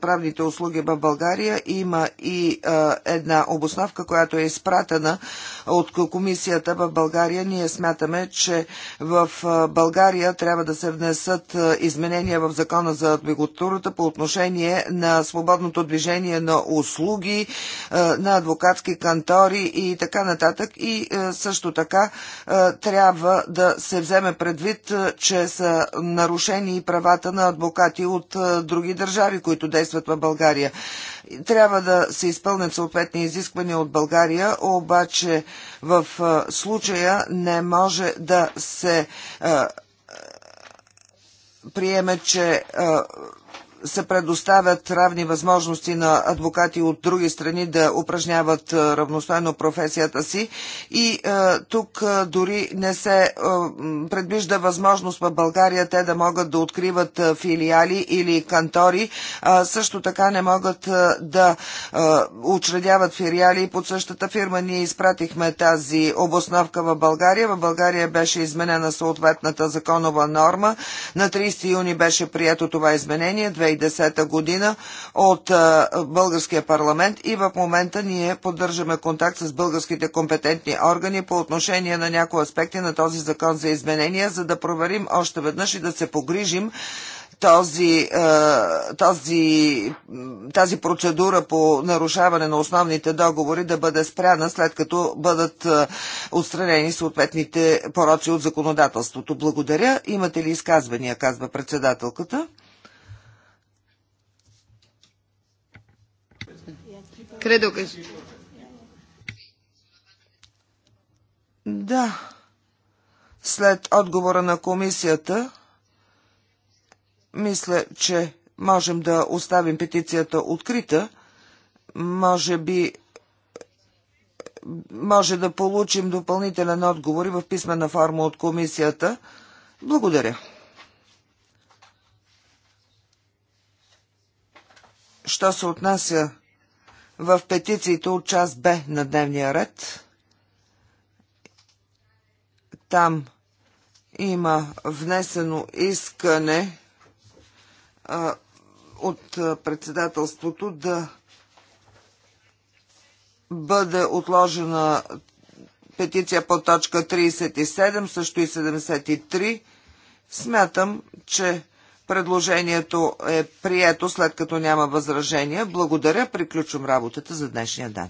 правните услуги в България. Има и а, една обосновка, която е изпратена от комисията в България. Ние смятаме, че в България трябва да се внесат изменения в закона за адвокатурата по отношение на свободното движение на услуги, на адвокатски кандидати кантори и така нататък. И е, също така е, трябва да се вземе предвид, е, че са нарушени и правата на адвокати от други държави, които действат в България. Трябва да се изпълнят съответни изисквания от България, обаче в случая не може да се приеме, че се предоставят равни възможности на адвокати от други страни да упражняват е, равностойно професията си и е, тук е, дори не се предвижда възможност в България те да могат да откриват филиали или кантори, също така не могат да учредяват филиали под същата фирма. Ние изпратихме тази обосновка в България. В България беше изменена съответната законова норма. На 30 юни беше прието това изменение изменение. 2010 година от българския парламент и в момента ние поддържаме контакт с българските компетентни органи по отношение на някои аспекти на този закон за изменения, за да проверим още веднъж и да се погрижим този, този, тази процедура по нарушаване на основните договори да бъде спряна, след като бъдат отстранени съответните пороци от законодателството. Благодаря. Имате ли изказвания, казва председателката? Credo che... Да. След отговора на комисията, мисля, че можем да оставим петицията открита. Може би може да получим допълнителен отговор и в писмена форма от комисията. Благодаря. Що се отнася в петициите от част Б на дневния ред. Там има внесено искане а, от председателството да бъде отложена петиция по точка 37, също и 73. Смятам, че Предложението е прието след като няма възражения. Благодаря. Приключвам работата за днешния ден.